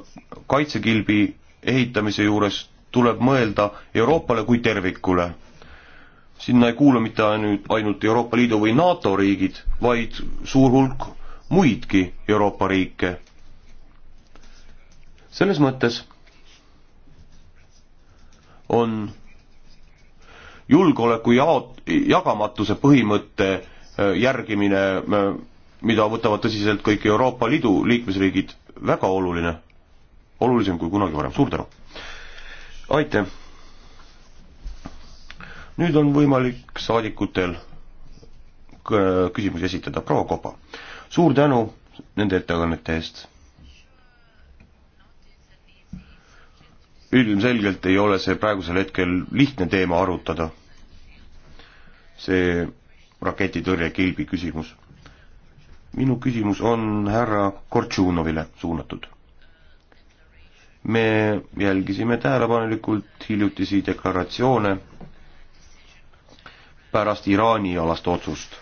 kaitsekilbi ehitamise juures tuleb mõelda Euroopale kui tervikule. sinna ei kuulu mitte ainult, ainult Euroopa Liidu või NATO riigid, vaid suur hulk muidki Euroopa riike. selles mõttes on julgeoleku jaot-, jagamatuse põhimõtte äh, järgimine, äh, mida võtavad tõsiselt kõik Euroopa Liidu liikmesriigid, väga oluline. olulisem kui kunagi varem, suur tänu! aitäh! nüüd on võimalik saadikutel äh, küsimusi esitada, proua Kopa, suur tänu nende ettekannete eest ilmselgelt ei ole see praegusel hetkel lihtne teema arutada, see raketitõrjekilbi küsimus. minu küsimus on härra Kortšunovile suunatud. me jälgisime tähelepanelikult hiljutisi deklaratsioone pärast Iraani alast otsust.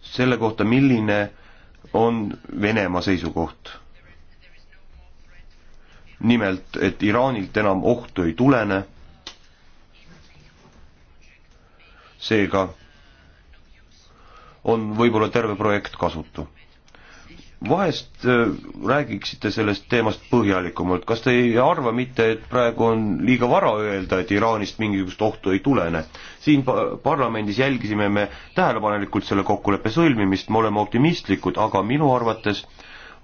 selle kohta, milline on Venemaa seisukoht nimelt, et Iraanilt enam ohtu ei tulene. seega on võib-olla terve projekt kasutu. vahest äh, räägiksite sellest teemast põhjalikumalt, kas te ei arva mitte, et praegu on liiga vara öelda, et Iraanist mingisugust ohtu ei tulene? siin parlamendis jälgisime me tähelepanelikult selle kokkuleppe sõlmimist, me oleme optimistlikud, aga minu arvates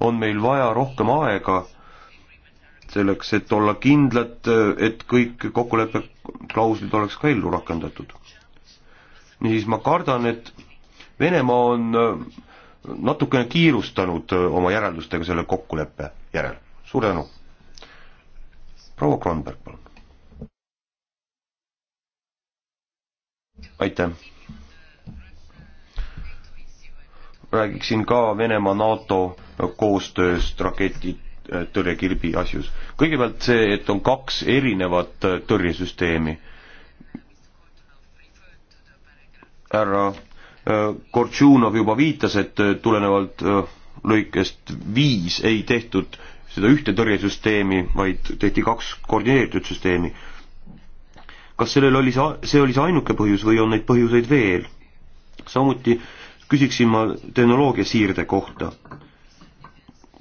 on meil vaja rohkem aega selleks, et olla kindlad, et kõik kokkuleppe klauslid oleks ka ellu rakendatud. niisiis ma kardan, et Venemaa on äh, natukene kiirustanud äh, oma järeldustega selle kokkuleppe järel. suur tänu. proua Kronberg, palun. aitäh. räägiksin ka Venemaa NATO koostööst raketid Äh, tõrjekilbi asjus. kõigepealt see, et on kaks erinevat äh, tõrjesüsteemi. härra äh, Kortšunov juba viitas, et tulenevalt lõikest viis ei tehtud seda ühte tõrjesüsteemi, vaid tehti kaks koordineeritud süsteemi. kas sellel oli see, see oli see ainuke põhjus või on neid põhjuseid veel? samuti küsiksin ma tehnoloogia siirde kohta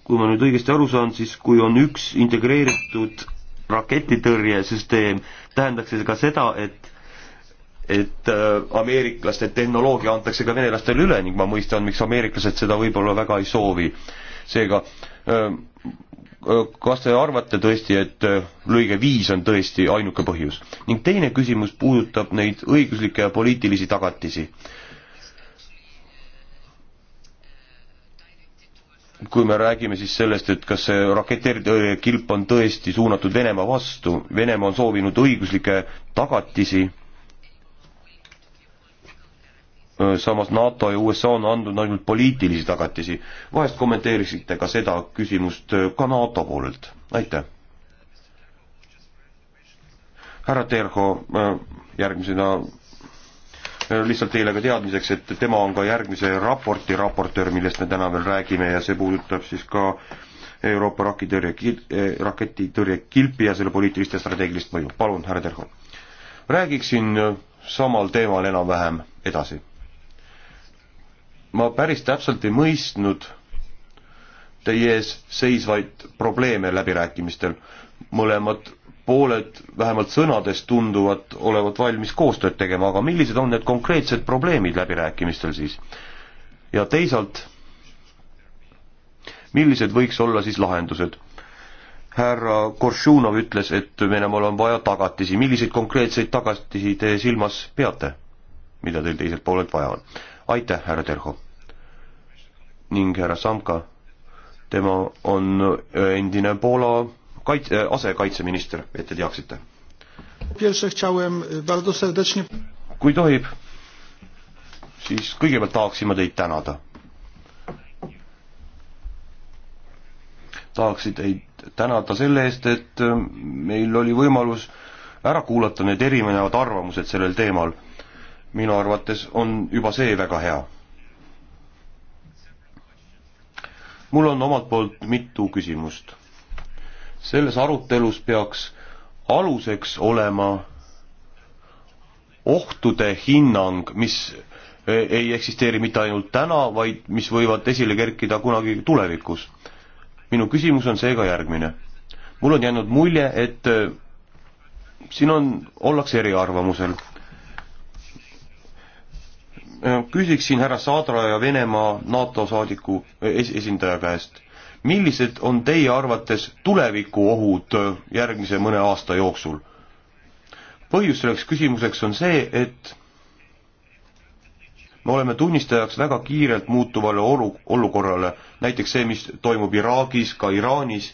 kui ma nüüd õigesti aru saan, siis kui on üks integreeritud raketitõrjesüsteem, tähendaks see ka seda, et et äh, ameeriklaste tehnoloogia antakse ka venelastele üle ning ma mõistan, miks ameeriklased seda võib-olla väga ei soovi. seega äh, äh, kas te arvate tõesti, et lõige viis on tõesti ainuke põhjus? ning teine küsimus puudutab neid õiguslikke ja poliitilisi tagatisi. kui me räägime siis sellest, et kas see raketeerikilp äh, on tõesti suunatud Venemaa vastu, Venemaa on soovinud õiguslikke tagatisi, äh, samas NATO ja USA on andnud ainult poliitilisi tagatisi. vahest kommenteeriksite ka seda küsimust äh, ka NATO poolelt, aitäh. härra Terho, järgmisena lihtsalt teile ka teadmiseks, et tema on ka järgmise raporti raportöör, millest me täna veel räägime ja see puudutab siis ka Euroopa rakitõrje kil-, eh, raketitõrje kilpi ja selle poliitilist ja strateegilist mõju. palun, härra Terho. räägiksin samal teemal enam-vähem edasi. ma päris täpselt ei mõistnud teie ees seisvaid probleeme läbirääkimistel. mõlemad pooled vähemalt sõnades tunduvad olevat valmis koostööd tegema, aga millised on need konkreetsed probleemid läbirääkimistel siis? ja teisalt, millised võiks olla siis lahendused? härra Koršunov ütles, et Venemaal on vaja tagatisi, milliseid konkreetseid tagatisi te silmas peate, mida teil teiselt poolelt vaja on? aitäh, härra Terho! ning härra Samka, tema on endine Poola kait-, äh, asekaitseminister, et te teaksite. kui tohib, siis kõigepealt tahaksin ma teid tänada. tahaksin teid tänada selle eest, et äh, meil oli võimalus ära kuulata need erinevad arvamused sellel teemal. minu arvates on juba see väga hea. mul on omalt poolt mitu küsimust selles arutelus peaks aluseks olema ohtude hinnang, mis e, ei eksisteeri mitte ainult täna, vaid mis võivad esile kerkida kunagi tulevikus. minu küsimus on seega järgmine. mul on jäänud mulje, et e, siin on, ollakse eriarvamusel. E, küsiksin härra Saadra ja Venemaa NATO saadiku es esindaja käest millised on teie arvates tulevikuohud äh, järgmise mõne aasta jooksul? põhjus selleks küsimuseks on see, et me oleme tunnistajaks väga kiirelt muutuvale olu-, olukorrale, näiteks see, mis toimub Iraagis, ka Iraanis.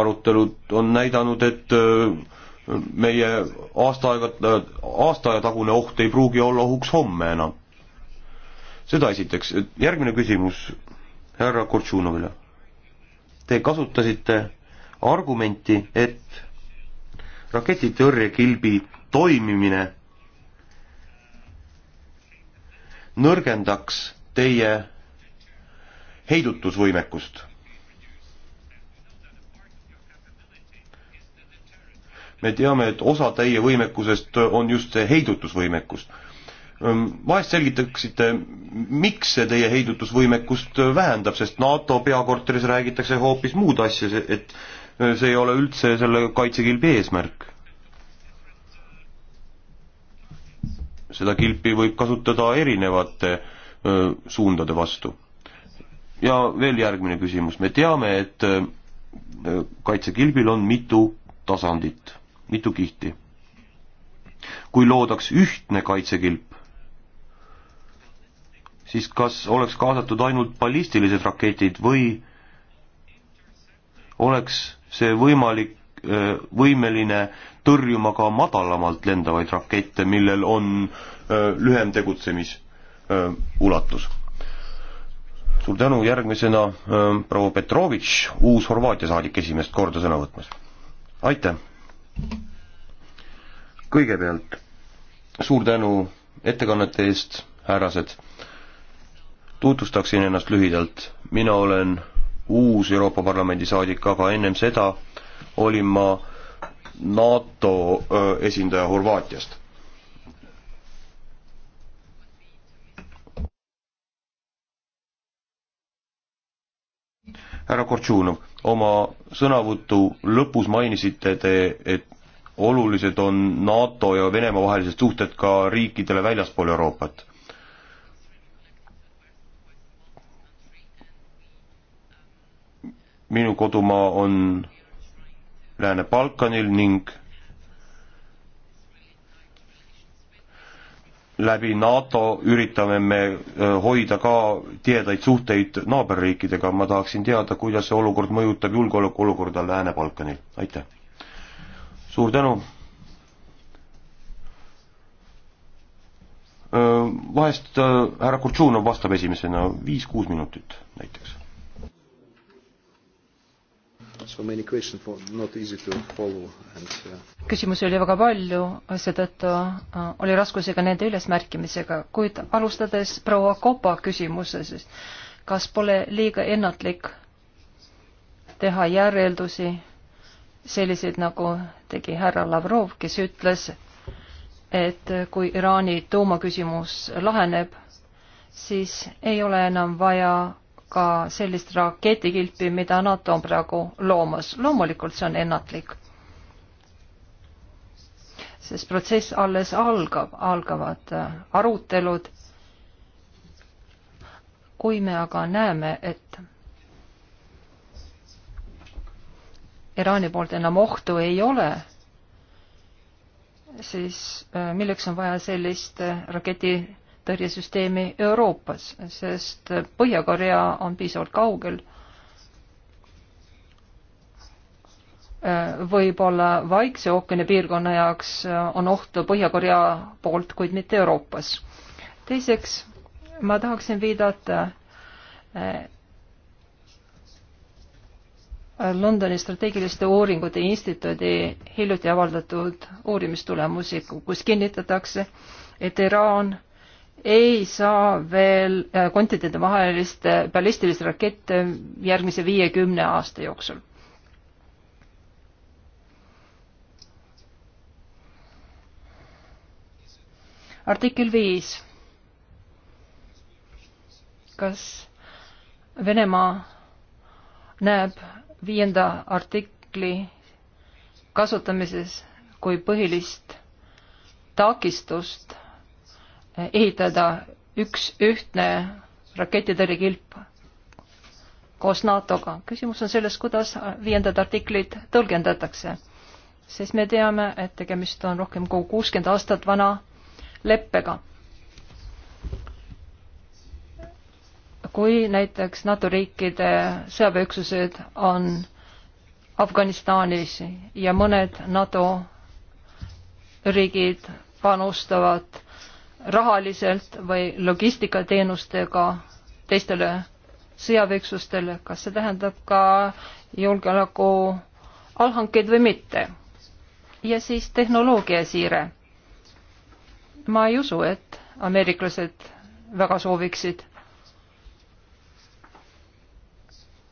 arutelud on näidanud, et öö, meie aasta aega, aasta aja tagune oht ei pruugi olla ohuks homme enam. seda esiteks, järgmine küsimus härra Kortšunovile. Te kasutasite argumenti, et raketitõrjekilbi toimimine nõrgendaks teie heidutusvõimekust me teame, et osa teie võimekusest on just see heidutusvõimekus. vahest selgitaksite, miks see teie heidutusvõimekust vähendab, sest NATO peakorteris räägitakse hoopis muud asja, et see ei ole üldse selle kaitsekilbi eesmärk. seda kilpi võib kasutada erinevate suundade vastu. ja veel järgmine küsimus, me teame, et kaitsekilbil on mitu tasandit mitu kihti. kui loodaks ühtne kaitsekilp, siis kas oleks kaasatud ainult ballistilised raketid või oleks see võimalik, võimeline tõrjuma ka madalamalt lendavaid rakette, millel on lühem tegutsemisulatus? suur tänu, järgmisena proua Petrovitš, uus Horvaatia saadik esimest korda sõna võtmas. aitäh! kõigepealt suur tänu ettekannete eest, härrased. tutvustaksin ennast lühidalt. mina olen uus Euroopa Parlamendi saadik, aga ennem seda olin ma NATO esindaja Horvaatiast. härra Kortšunov, oma sõnavõtu lõpus mainisite te, et olulised on NATO ja Venemaa vahelised suhted ka riikidele väljaspool Euroopat. minu kodumaa on Lääne-Balkanil ning läbi NATO üritame me hoida ka tihedaid suhteid naaberriikidega, ma tahaksin teada, kuidas see olukord mõjutab julgeolekuolukorda Lääne-Balkanil, aitäh. suur tänu. vahest härra Kurtšunov vastab esimesena viis-kuus minutit näiteks küsimusi oli väga palju, seetõttu äh, oli raskusega nende ülesmärkimisega, kuid alustades proua Kopa küsimuses, kas pole liiga ennatlik teha järeldusi selliseid, nagu tegi härra Lavrov, kes ütles, et kui Iraani tuumaküsimus laheneb, siis ei ole enam vaja ka sellist raketikilpi, mida NATO on praegu loomas. loomulikult see on ennatlik, sest protsess alles algab, algavad äh, arutelud. kui me aga näeme, et Iraani poolt enam ohtu ei ole, siis äh, milleks on vaja sellist äh, raketi tõrjesüsteemi Euroopas, sest Põhja-Korea on piisavalt kaugel. võib-olla Vaikse ookeani piirkonna jaoks on ohtu Põhja-Korea poolt, kuid mitte Euroopas. teiseks, ma tahaksin viidata eh, Londoni strateegiliste uuringute instituudi hiljuti avaldatud uurimistulemusi, kus kinnitatakse, et Iraan ei saa veel äh, kontinentide vahelist äh, ballistilist rakette äh, järgmise viiekümne aasta jooksul. artikkel viis. kas Venemaa näeb viienda artikli kasutamises kui põhilist takistust ehitada üks ühtne raketitõrjekilp koos NATO-ga. küsimus on selles, kuidas viiendat artiklit tõlgendatakse, sest me teame, et tegemist on rohkem kui kuuskümmend aastat vana leppega. kui näiteks NATO riikide sõjaväeüksused on Afganistanis ja mõned NATO riigid panustavad rahaliselt või logistikateenustega teistele sõjaväeüksustele, kas see tähendab ka julgeoleku allhankeid või mitte. ja siis tehnoloogiasiire. ma ei usu, et ameeriklased väga sooviksid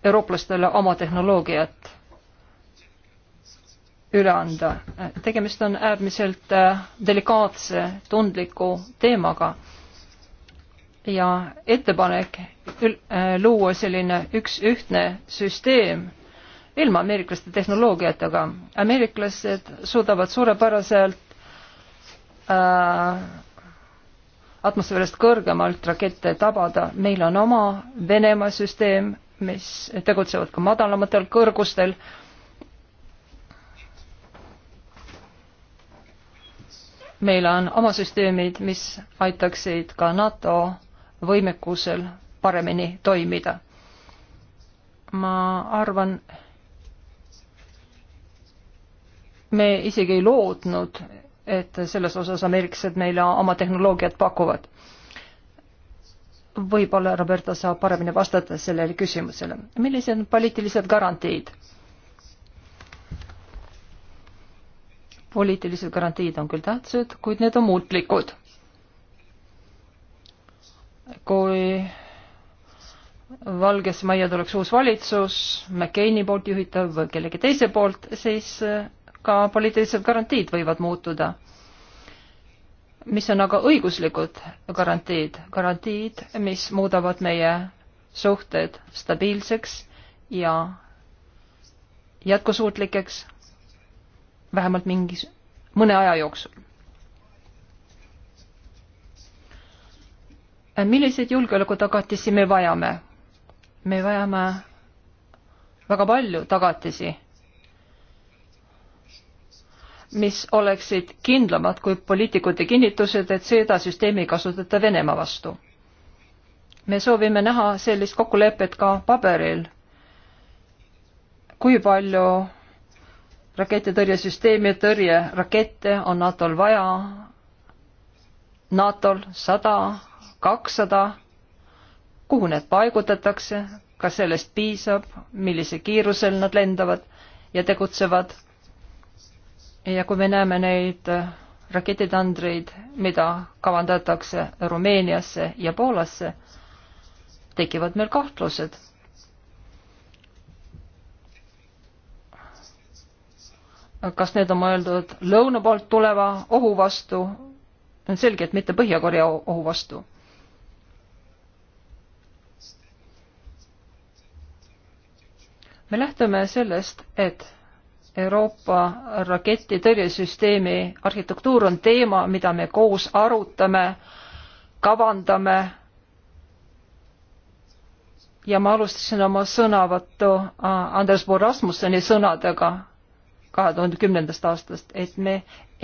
eurooplastele oma tehnoloogiat üle anda. tegemist on äärmiselt äh, delikaatse, tundliku teemaga ja ettepanek äh, luua selline üks ühtne süsteem ilma ameeriklaste tehnoloogiatega. ameeriklased suudavad suurepäraselt äh, atmosfäärist kõrgemalt rakette tabada. meil on oma Venemaa süsteem, mis tegutsevad ka madalamatel kõrgustel äh, meil on oma süsteemid, mis aitaksid ka NATO võimekusel paremini toimida. ma arvan, me isegi ei lootnud, et selles osas ameeriklased meile oma tehnoloogiat pakuvad. võib-olla Roberta saab paremini vastata sellele küsimusele. millised on poliitilised garantiid? poliitilised garantiid on küll tähtsad, kuid need on muutlikud. kui Valgesse Majja tuleks uus valitsus, McCaini poolt juhitav või kellegi teise poolt, siis äh, ka poliitilised garantiid võivad muutuda. mis on aga õiguslikud garantiid? garantiid, mis muudavad meie suhted stabiilseks ja jätkusuutlikeks vähemalt mingis, mõne aja jooksul. milliseid julgeolekutagatisi me vajame? me vajame väga palju tagatisi, mis oleksid kindlamad kui poliitikute kinnitused, et seda süsteemi ei kasutata Venemaa vastu. me soovime näha sellist kokkulepet ka paberil, kui palju raketitõrjesüsteemi tõrjerakette on NATO-l vaja, NATO-l sada, kakssada, kuhu need paigutatakse, kas sellest piisab, millise kiirusel nad lendavad ja tegutsevad. ja kui me näeme neid raketitandreid, mida kavandatakse Rumeeniasse ja Poolasse, tekivad meil kahtlused kas need on mõeldud lõuna poolt tuleva ohu vastu, on selge, et mitte Põhja-Korea ohu vastu. me lähtume sellest, et Euroopa raketitõrjesüsteemi arhitektuur on teema, mida me koos arutame, kavandame ja ma alustasin oma sõnavõttu äh, Anders Borasmusseni sõnadega kahe tuhande kümnendast aastast, et me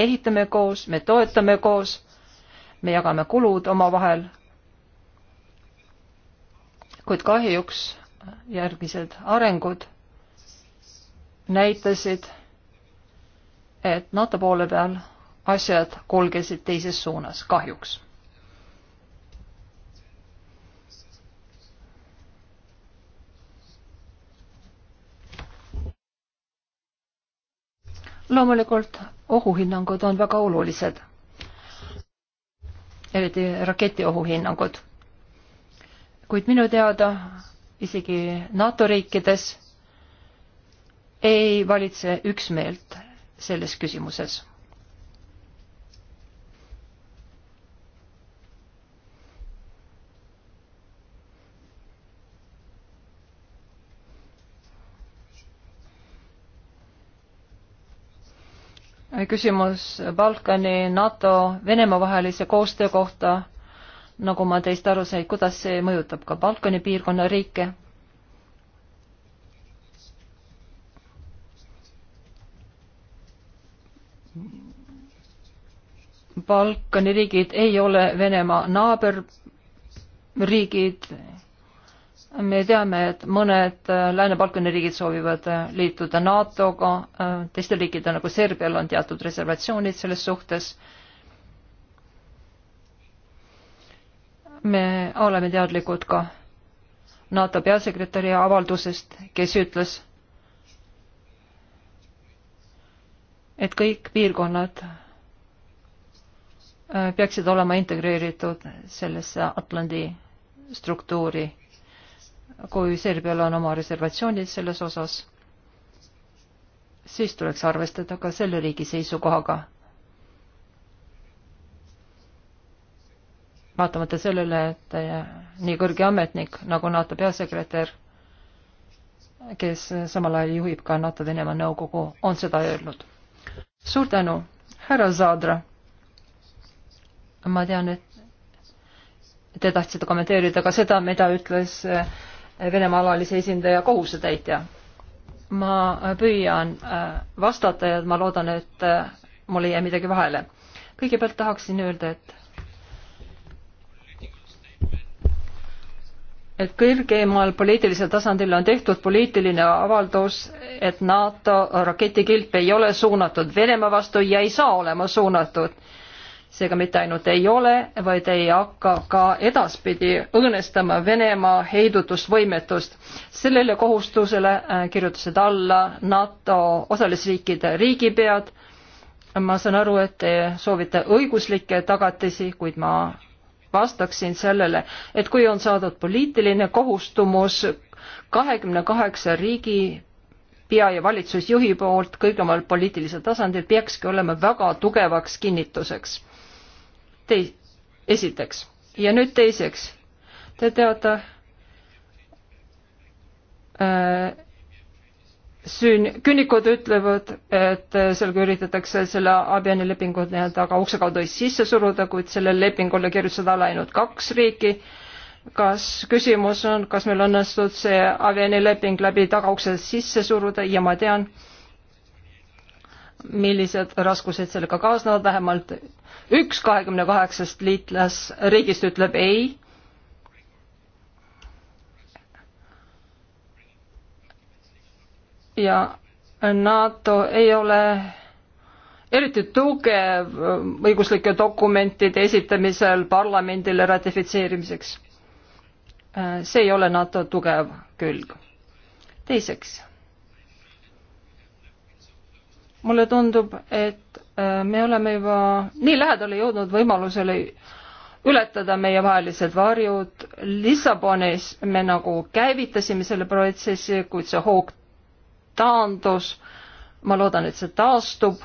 ehitame koos, me toetame koos, me jagame kulud omavahel. kuid kahjuks järgmised arengud näitasid, et NATO poole peal asjad kulgesid teises suunas, kahjuks loomulikult ohuhinnangud on väga olulised, eriti raketiohuhinnangud. kuid minu teada isegi NATO riikides ei valitse üksmeelt selles küsimuses küsimus Balkani, NATO, Venemaa vahelise koostöö kohta, nagu ma teist aru sain, kuidas see mõjutab ka Balkani piirkonna riike? Balkani riigid ei ole Venemaa naaberriigid me teame, et mõned äh, Lääne-Balkani riigid soovivad äh, liituda NATO-ga, äh, teistel riikidel nagu Serbial on teatud reservatsioonid selles suhtes. me oleme teadlikud ka NATO peasekretäri avaldusest, kes ütles, et kõik piirkonnad peaksid olema integreeritud sellesse Atlandi struktuuri kui Serbial on oma reservatsioonid selles osas, siis tuleks arvestada ka selle riigi seisukohaga. vaatamata sellele, et äh, nii kõrge ametnik nagu NATO peasekretär, kes samal ajal juhib ka NATO Venemaa nõukogu, on seda öelnud. suur tänu, härra Zadra. ma tean, et te tahtsite kommenteerida ka seda, mida ütles äh, Venemaa alalise esindaja kohusetäitja. ma püüan äh, vastata ja ma loodan, et äh, mul ei jää midagi vahele. kõigepealt tahaksin öelda, et et kõrgemal poliitilisel tasandil on tehtud poliitiline avaldus, et NATO raketikilp ei ole suunatud Venemaa vastu ja ei saa olema suunatud seega mitte ainult ei ole, vaid ei hakka ka edaspidi õõnestama Venemaa heidutusvõimetust. sellele kohustusele äh, kirjutasid alla NATO osalisriikide riigipead. ma saan aru, et te soovite õiguslikke tagatisi, kuid ma vastaksin sellele, et kui on saadud poliitiline kohustumus kahekümne kaheksa riigi pea- ja valitsusjuhi poolt kõigemal poliitilisel tasandil peakski olema väga tugevaks kinnituseks tei-, esiteks. ja nüüd teiseks. Te teate äh,, süün-, künnikud ütlevad, et sellega üritatakse selle abielu lepingu nii-öelda ka ukse kaudu sisse suruda, kuid sellele lepingule kirjutasid alla ainult kaks riiki. kas küsimus on, kas meil õnnestud see abielu leping läbi tagaukse sisse suruda ja ma tean, millised raskused sellega kaasnevad, vähemalt üks kahekümne kaheksast liitlasriigist ütleb ei. ja NATO ei ole eriti tugev õiguslike dokumentide esitamisel parlamendile ratifitseerimiseks. see ei ole NATO tugev külg. teiseks, mulle tundub, et Äh, me oleme juba nii lähedale jõudnud võimalusele ületada meievahelised varjud. Lissabonis me nagu käivitasime selle protsessi, kuid see hoog taandus. ma loodan, et see taastub.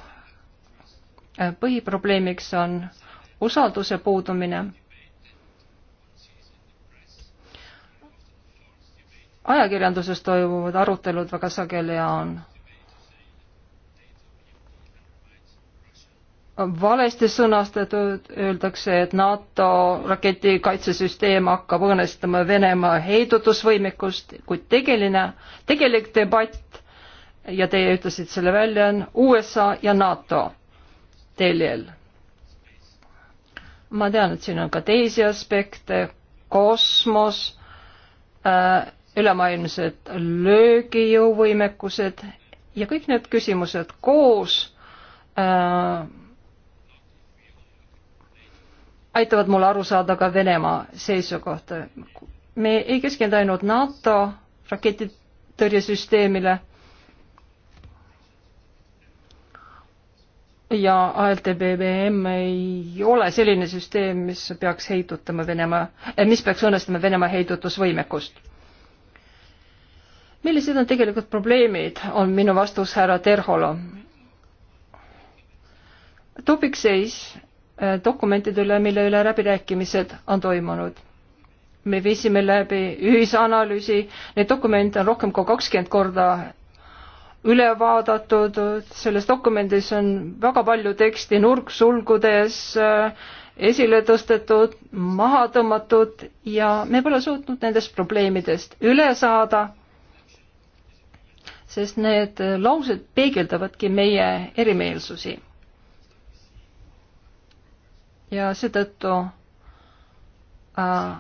Äh, põhiprobleemiks on usalduse puudumine. ajakirjanduses toimuvad arutelud väga sageli ja on valesti sõnastatud, öeldakse, et NATO raketikaitsesüsteem hakkab õõnestama Venemaa heidutusvõimekust, kuid tegeline, tegelik debatt ja teie ütlesite selle välja, on USA ja NATO teljel. ma tean, et siin on ka teisi aspekte, kosmos, äh, ülemaailmsed löögijõuvõimekused ja kõik need küsimused koos äh, aitavad mul aru saada ka Venemaa seisukohta. me ei keskendu ainult NATO raketitõrjesüsteemile ja ALTBBM ei ole selline süsteem, mis peaks heidutama Venemaa, eh, mis peaks õnnestama Venemaa heidutusvõimekust. millised on tegelikult probleemid, on minu vastus härra Terholo. tupikseis Äh, dokumentide üle, mille üle läbirääkimised on toimunud. me viisime läbi ühisanalüüsi, neid dokumente on rohkem kui kakskümmend korda üle vaadatud, selles dokumendis on väga palju teksti nurksulgudes äh, esile tõstetud, maha tõmmatud ja me pole suutnud nendest probleemidest üle saada, sest need laused peegeldavadki meie erimeelsusi ja seetõttu äh,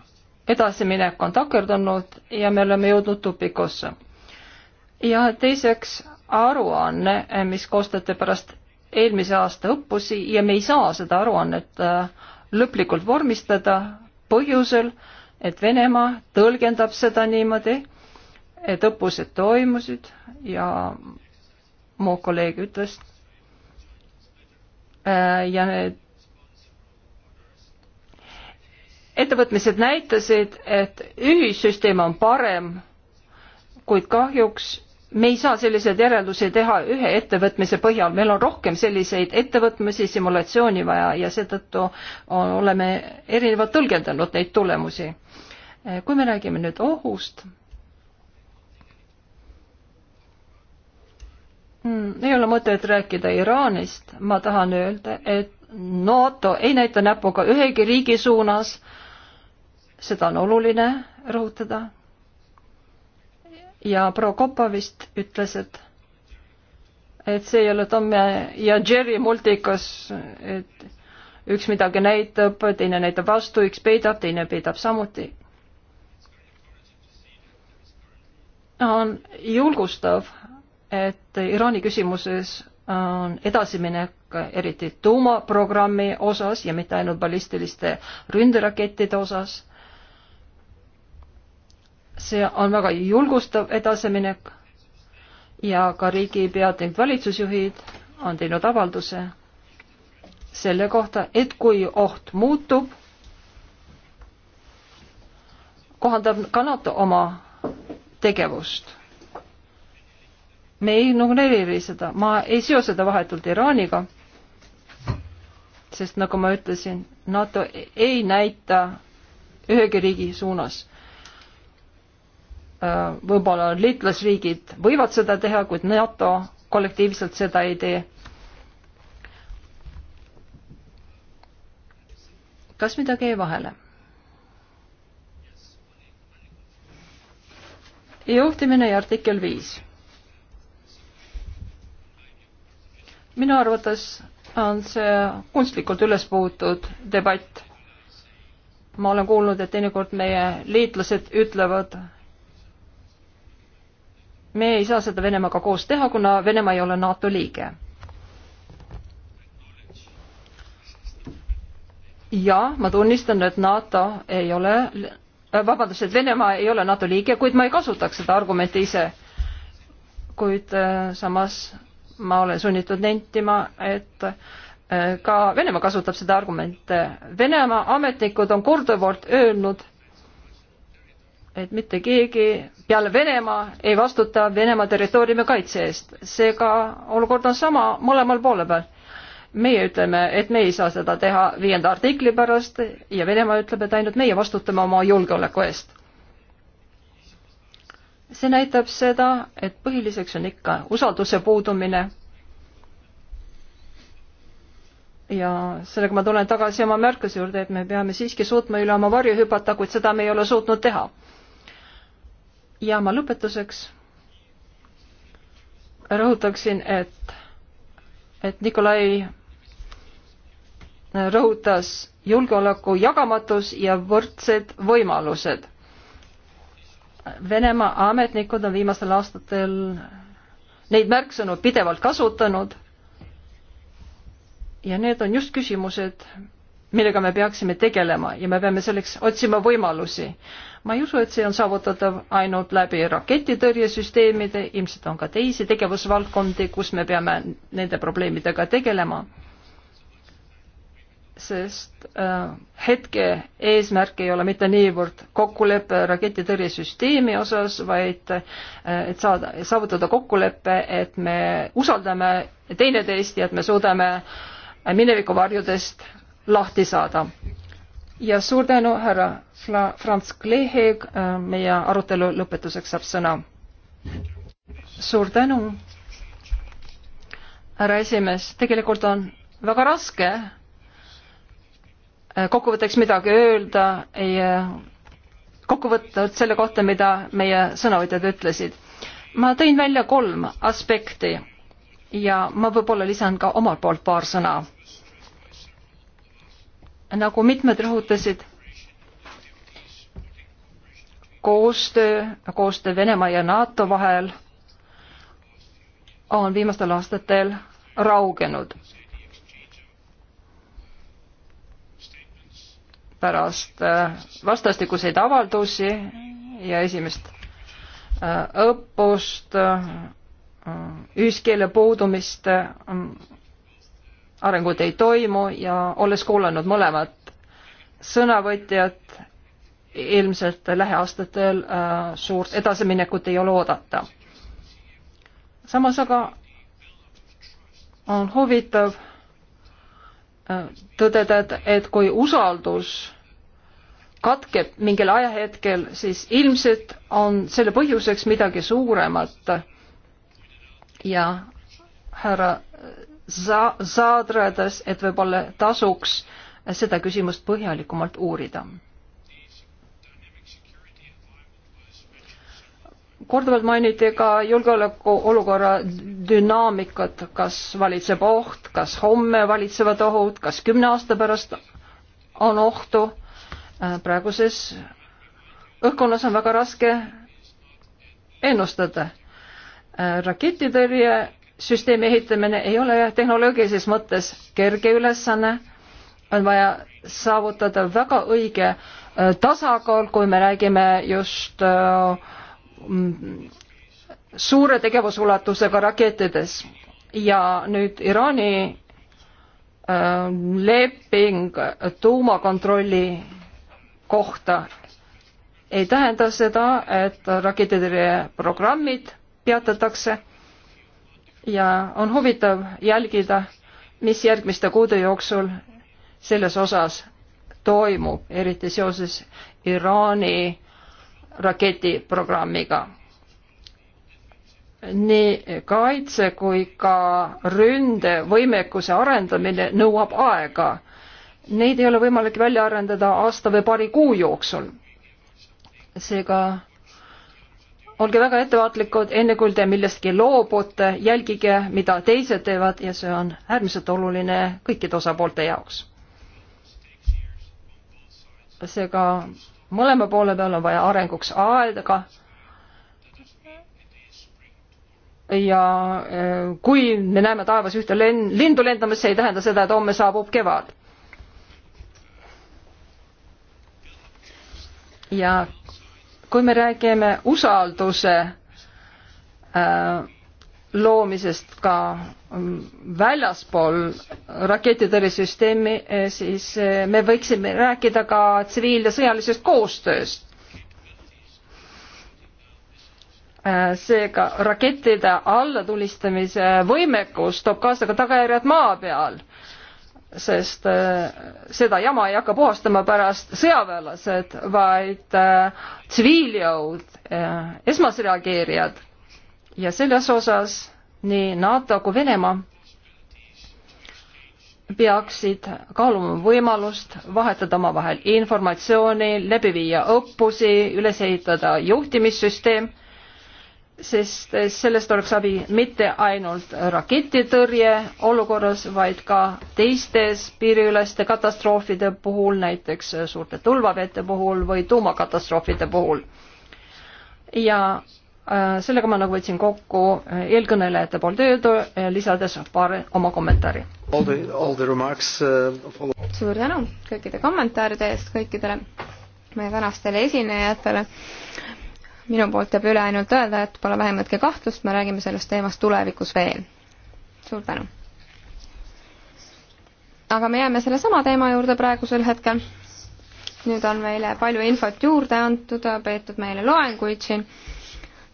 edasiminek on takerdunud ja me oleme jõudnud tupikusse. ja teiseks aruanne, äh, mis koostati pärast eelmise aasta õppusi ja me ei saa seda aruannet äh, lõplikult vormistada põhjusel, et Venemaa tõlgendab seda niimoodi, et õppused toimusid ja mu kolleeg ütles, ja need ettevõtmised näitasid, et ühissüsteem on parem, kuid kahjuks me ei saa selliseid järeldusi teha ühe ettevõtmise põhjal, meil on rohkem selliseid ettevõtmisi, simulatsiooni vaja ja seetõttu oleme erinevalt tõlgendanud neid tulemusi. kui me räägime nüüd ohust, hmm, ei ole mõtet rääkida Iraanist, ma tahan öelda, et NATO ei näita näpuga ühegi riigi suunas äh, seda on oluline rõhutada. ja Prokopa vist ütles, et, et see ei ole Tom ja, ja Jerry multikas, et üks midagi näitab, teine näitab vastu, üks peidab, teine peidab samuti. on julgustav, et Iraani küsimuses on edasiminek eriti tuumaprogrammi osas ja mitte ainult ballistiliste ründerakettide osas see on väga julgustav edasiminek ja ka riigipead ning valitsusjuhid on teinud avalduse selle kohta, et kui oht muutub, kohandab ka NATO oma tegevust. me ei ignoreeri seda, ma ei seo seda vahetult Iraaniga, sest nagu ma ütlesin, NATO ei näita ühegi riigi suunas Äh, võib-olla liitlasriigid võivad seda teha, kuid NATO kollektiivselt seda ei tee. kas midagi jäi vahele? juhtimine ja artikkel viis. minu arvates on see kunstlikult üles puhutud debatt. ma olen kuulnud, et teinekord meie liitlased ütlevad, me ei saa seda Venemaaga koos teha, kuna Venemaa ei ole NATO liige. ja ma tunnistan, et NATO ei ole, äh, vabandust, et Venemaa ei ole NATO liige, kuid ma ei kasutaks seda argumenti ise. kuid äh, samas ma olen sunnitud nentima, et äh, ka Venemaa kasutab seda argumente. Venemaa ametnikud on korduvalt öelnud, et mitte keegi peale Venemaa ei vastuta Venemaa territooriumi kaitse eest. seega olukord on sama mõlemal poole peal. meie ütleme, et me ei saa seda teha viienda artikli pärast ja Venemaa ütleb, et ainult meie vastutame oma julgeoleku eest. see näitab seda, et põhiliseks on ikka usalduse puudumine. ja sellega ma tulen tagasi oma märkuse juurde, et me peame siiski suutma üle oma varju hüpata, kuid seda me ei ole suutnud teha ja ma lõpetuseks rõhutaksin, et, et Nikolai rõhutas julgeoleku jagamatus ja võrdsed võimalused. Venemaa ametnikud on viimastel aastatel neid märksõnu pidevalt kasutanud ja need on just küsimused, millega me peaksime tegelema ja me peame selleks otsima võimalusi. ma ei usu, et see on saavutatav ainult läbi raketitõrjesüsteemide, ilmselt on ka teisi tegevusvaldkondi, kus me peame nende probleemidega tegelema. sest äh, hetke eesmärk ei ole mitte niivõrd kokkulepe raketitõrjesüsteemi osas, vaid äh, et saada, saavutada kokkulepe, et me usaldame teineteist ja et me suudame mineviku varjudest lahti saada. ja suur tänu, härra Fla-, Franz Kleheg, äh, meie arutelu lõpetuseks saab sõna. suur tänu, härra esimees, tegelikult on väga raske äh, kokkuvõtteks midagi öelda, ei äh, kokkuvõtted selle kohta, mida meie sõnavõtjad ütlesid. ma tõin välja kolm aspekti ja ma võib-olla lisan ka omalt poolt paar sõna nagu mitmed rõhutasid, koostöö, koostöö Venemaa ja NATO vahel on viimastel aastatel raugenud. pärast äh, vastastikuseid avaldusi ja esimest äh, õppust, äh, ühiskeele puudumist arengut ei toimu ja olles kuulanud mõlemat sõnavõtjat, ilmselt lähiaastatel äh, suurt edasiminekut ei ole oodata. samas aga on huvitav äh, tõdeda, et, et kui usaldus katkeb mingil ajahetkel, siis ilmselt on selle põhjuseks midagi suuremat. ja härra sa-, saadrades, et võib-olla tasuks seda küsimust põhjalikumalt uurida. korduvalt mainiti ka julgeolekuolukorra dünaamikat, kas valitseb oht, kas homme valitsevad ohud, kas kümne aasta pärast on ohtu. praeguses õhkkonnas on väga raske ennustada. raketitõrje süsteemi ehitamine ei ole tehnoloogilises mõttes kerge ülesanne, on vaja saavutada väga õige äh, tasakaal, kui me räägime just äh, suure tegevusulatusega rakettides ja nüüd Iraani äh, leping tuumakontrolli kohta ei tähenda seda, et raketitõrjeprogrammid peatatakse ja on huvitav jälgida, mis järgmiste kuude jooksul selles osas toimub, eriti seoses Iraani raketiprogrammiga. nii kaitse kui ka ründevõimekuse arendamine nõuab aega. Neid ei ole võimalik välja arendada aasta või paari kuu jooksul. seega olge väga ettevaatlikud, enne kui te millestki loobute, jälgige, mida teised teevad ja see on äärmiselt oluline kõikide osapoolte jaoks. seega mõlema poole peal on vaja arenguks aega ja e, kui me näeme taevas ühte len-, lindu lendamas, see ei tähenda seda, et homme saabub kevad. ja kui me räägime usalduse äh, loomisest ka mm, väljaspool raketitõrjesüsteemi, eh, siis eh, me võiksime rääkida ka tsiviil- ja sõjalisest koostööst. Äh, seega rakettide allatulistamise võimekus toob kaasa ka tagajärjed maa peal sest äh, seda jama ei hakka puhastama pärast sõjaväelased, vaid äh, tsiviiljõud, äh, esmasreageerijad ja selles osas nii NATO kui Venemaa peaksid kaaluma võimalust vahetada omavahel informatsiooni, läbi viia õppusi, üles ehitada juhtimissüsteem sest sellest oleks abi mitte ainult raketitõrje olukorras, vaid ka teistes piiriüleste katastroofide puhul, näiteks suurte tulvavete puhul või tuumakatastroofide puhul. ja äh, sellega ma nagu võtsin kokku eelkõnelejate poolt öeldu, äh, lisades paar oma kommentaari. Uh, suur tänu kõikide kommentaaride eest kõikidele meie tänastele esinejatele minu poolt jääb üle ainult öelda, et pole vähimatki kahtlust, me räägime sellest teemast tulevikus veel. suur tänu! aga me jääme sellesama teema juurde praegusel hetkel. nüüd on meile palju infot juurde antud, peetud meile loenguid siin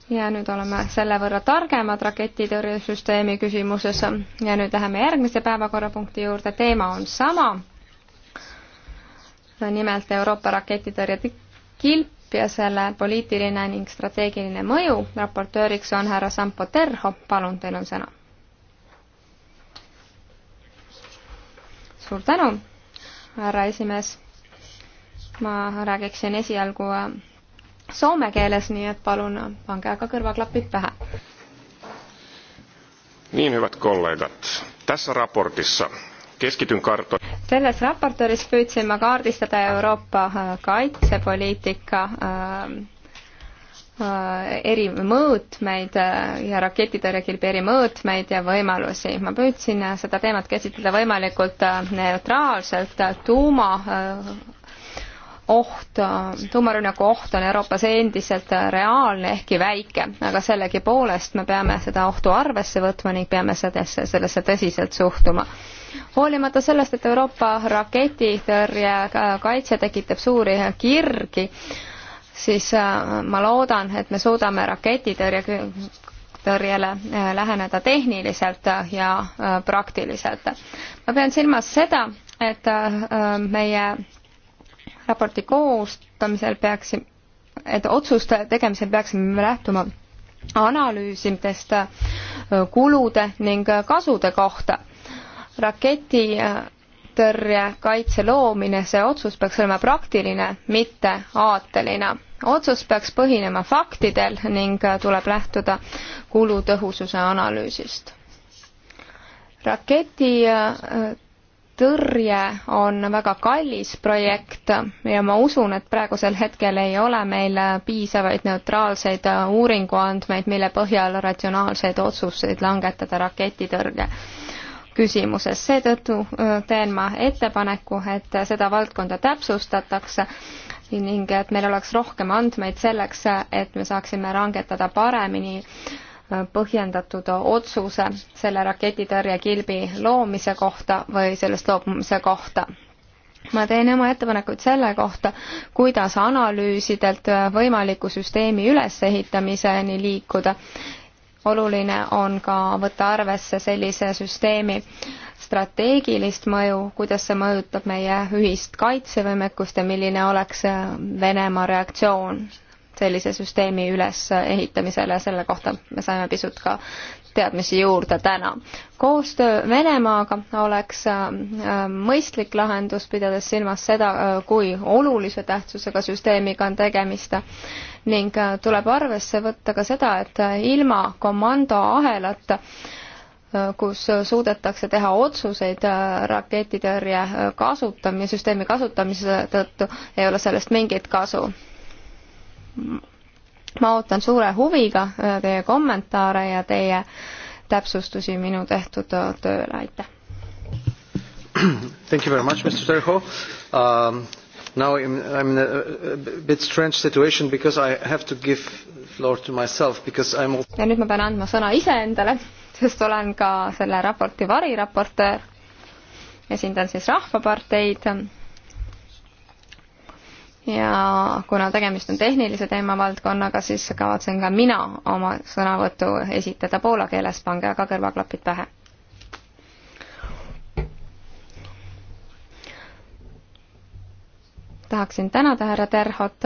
ja nüüd oleme selle võrra targemad raketitõrjesüsteemi küsimuses ja nüüd läheme järgmise päevakorrapunkti juurde, teema on sama. nimelt Euroopa raketitõrje kilp ja selle poliitiline ning strateegiline mõju. raportööriks on härra Sampo Terho, palun, teil on sõna. suur tänu, härra esimees. ma räägiksin esialgu äh, soome keeles, nii et palun äh, pange aga kõrvaklapid pähe. nii, head kolleegid, tässä raportissa keskityn karto- selles raportööris püüdsin ma kaardistada Euroopa äh, kaitsepoliitika äh, äh, eri mõõtmeid ja raketitõrjekilbi eri mõõtmeid ja võimalusi. ma püüdsin seda teemat käsitleda võimalikult neutraalselt, tuuma oht, tuumarünnaku oht on Euroopas endiselt reaalne, ehkki väike, aga sellegipoolest me peame seda ohtu arvesse võtma ning peame sellesse, sellesse tõsiselt suhtuma hoolimata sellest, et Euroopa raketitõrje kaitse tekitab suuri kirgi, siis äh, ma loodan, et me suudame raketitõrje tõrjele äh, läheneda tehniliselt ja äh, praktiliselt. ma pean silmas seda, et meie raporti koostamisel peaksime, et otsuste tegemisel peaksime lähtuma analüüsimistest kulude ning kasude kohta raketitõrje kaitse loomine, see otsus peaks olema praktiline, mitte aateline. otsus peaks põhinema faktidel ning tuleb lähtuda kulutõhususe analüüsist. raketitõrje on väga kallis projekt ja ma usun, et praegusel hetkel ei ole meil piisavaid neutraalseid uuringuandmeid, mille põhjal ratsionaalseid otsuseid langetada raketitõrje küsimuses. seetõttu teen ma ettepaneku, et seda valdkonda täpsustatakse ning et meil oleks rohkem andmeid selleks, et me saaksime rangetada paremini põhjendatud otsuse selle raketitõrjekilbi loomise kohta või sellest loobumise kohta ma teen oma ettepanekuid selle kohta, kuidas analüüsidelt võimaliku süsteemi ülesehitamiseni liikuda oluline on ka võtta arvesse sellise süsteemi strateegilist mõju, kuidas see mõjutab meie ühist kaitsevõimekust ja milline oleks Venemaa reaktsioon sellise süsteemi ülesehitamisele, selle kohta me saime pisut ka teadmisi juurde täna. koostöö Venemaaga oleks äh, mõistlik lahendus, pidades silmas seda, äh, kui olulise tähtsusega süsteemiga on tegemist ning äh, tuleb arvesse võtta ka seda, et äh, ilma komandoahelata äh, kus suudetakse teha otsuseid raketitõrje kasutamise, süsteemi kasutamise tõttu, ei ole sellest mingit kasu. ma ootan suure huviga teie kommentaare ja teie täpsustusi minu tehtud tööle, aitäh! Thank you very much, Mr Terho um, now I'm, I'm in a bit strange situation because I have to give floor to myself because I'm also ja nüüd ma pean andma sõna iseendale, sest olen ka selle raporti variraportöör. esindan siis Rahvaparteid. ja kuna tegemist on tehnilise teemavaldkonnaga, siis kavatsen ka mina oma sõnavõtu esitada poola keeles, pange aga kõrvaklapid pähe tahaksin tänada härra Terhot.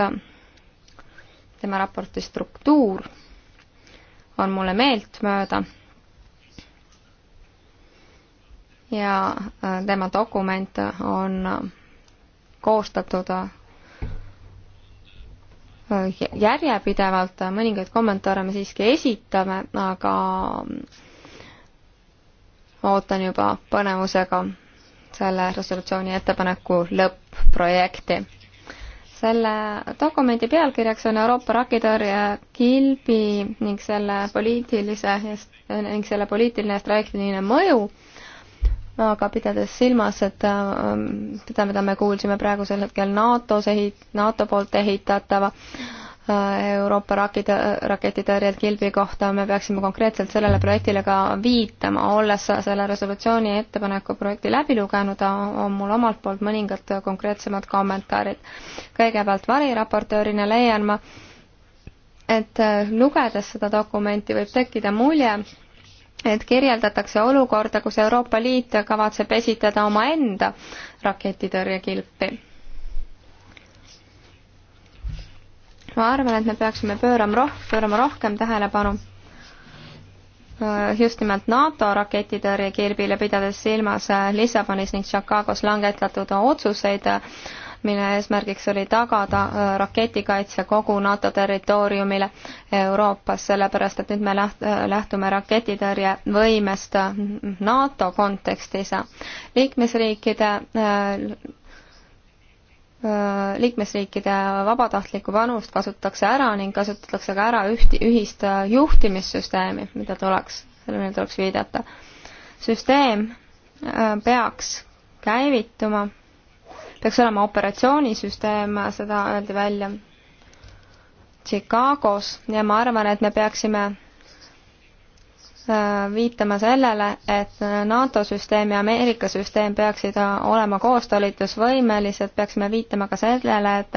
tema raporti struktuur on mulle meeltmööda. ja äh, tema dokument on koostatud äh, järjepidevalt, mõningaid kommentaare me siiski esitame, aga ootan juba põnevusega selle resolutsiooni ettepaneku lõpp-projekti. selle dokumendi pealkirjaks on Euroopa rakitõrje kilbi ning selle poliitilise ning selle poliitiline ja strateegiline mõju, aga pidades silmas, et ähm, seda, mida me kuulsime praegusel hetkel NATO-s ehit-, NATO poolt ehitatava Euroopa rakide, raketitõrjed kilbi kohta, me peaksime konkreetselt sellele projektile ka viitama, olles selle resolutsiooni ettepaneku projekti läbi lugenud, on mul omalt poolt mõningad konkreetsemad kommentaarid. kõigepealt variraportöörina leian ma, et lugedes seda dokumenti võib tekkida mulje, et kirjeldatakse olukorda, kus Euroopa Liit kavatseb esitada omaenda raketitõrjekilpi ma arvan, et me peaksime pöörama roh-, pöörama rohkem tähelepanu äh, just nimelt NATO raketitõrje kirbile, pidades silmas äh, Lissabonis ning Chicagos langetatud otsuseid, äh, mille eesmärgiks oli tagada raketikaitse kogu NATO territooriumile Euroopas, sellepärast et nüüd me läht-, lähtume raketitõrje võimest NATO kontekstis. liikmesriikide liikmesriikide vabatahtlikku panust kasutatakse ära ning kasutatakse ka ära ühti, ühist juhtimissüsteemi, mida tuleks, sellele tuleks viidata. süsteem peaks käivituma, peaks olema operatsioonisüsteem, seda öeldi välja Chicagos ja ma arvan, et me peaksime Äh, viitama sellele, et NATO süsteem ja Ameerika süsteem peaksid äh, olema koostalitusvõimelised, peaksime viitama ka sellele, et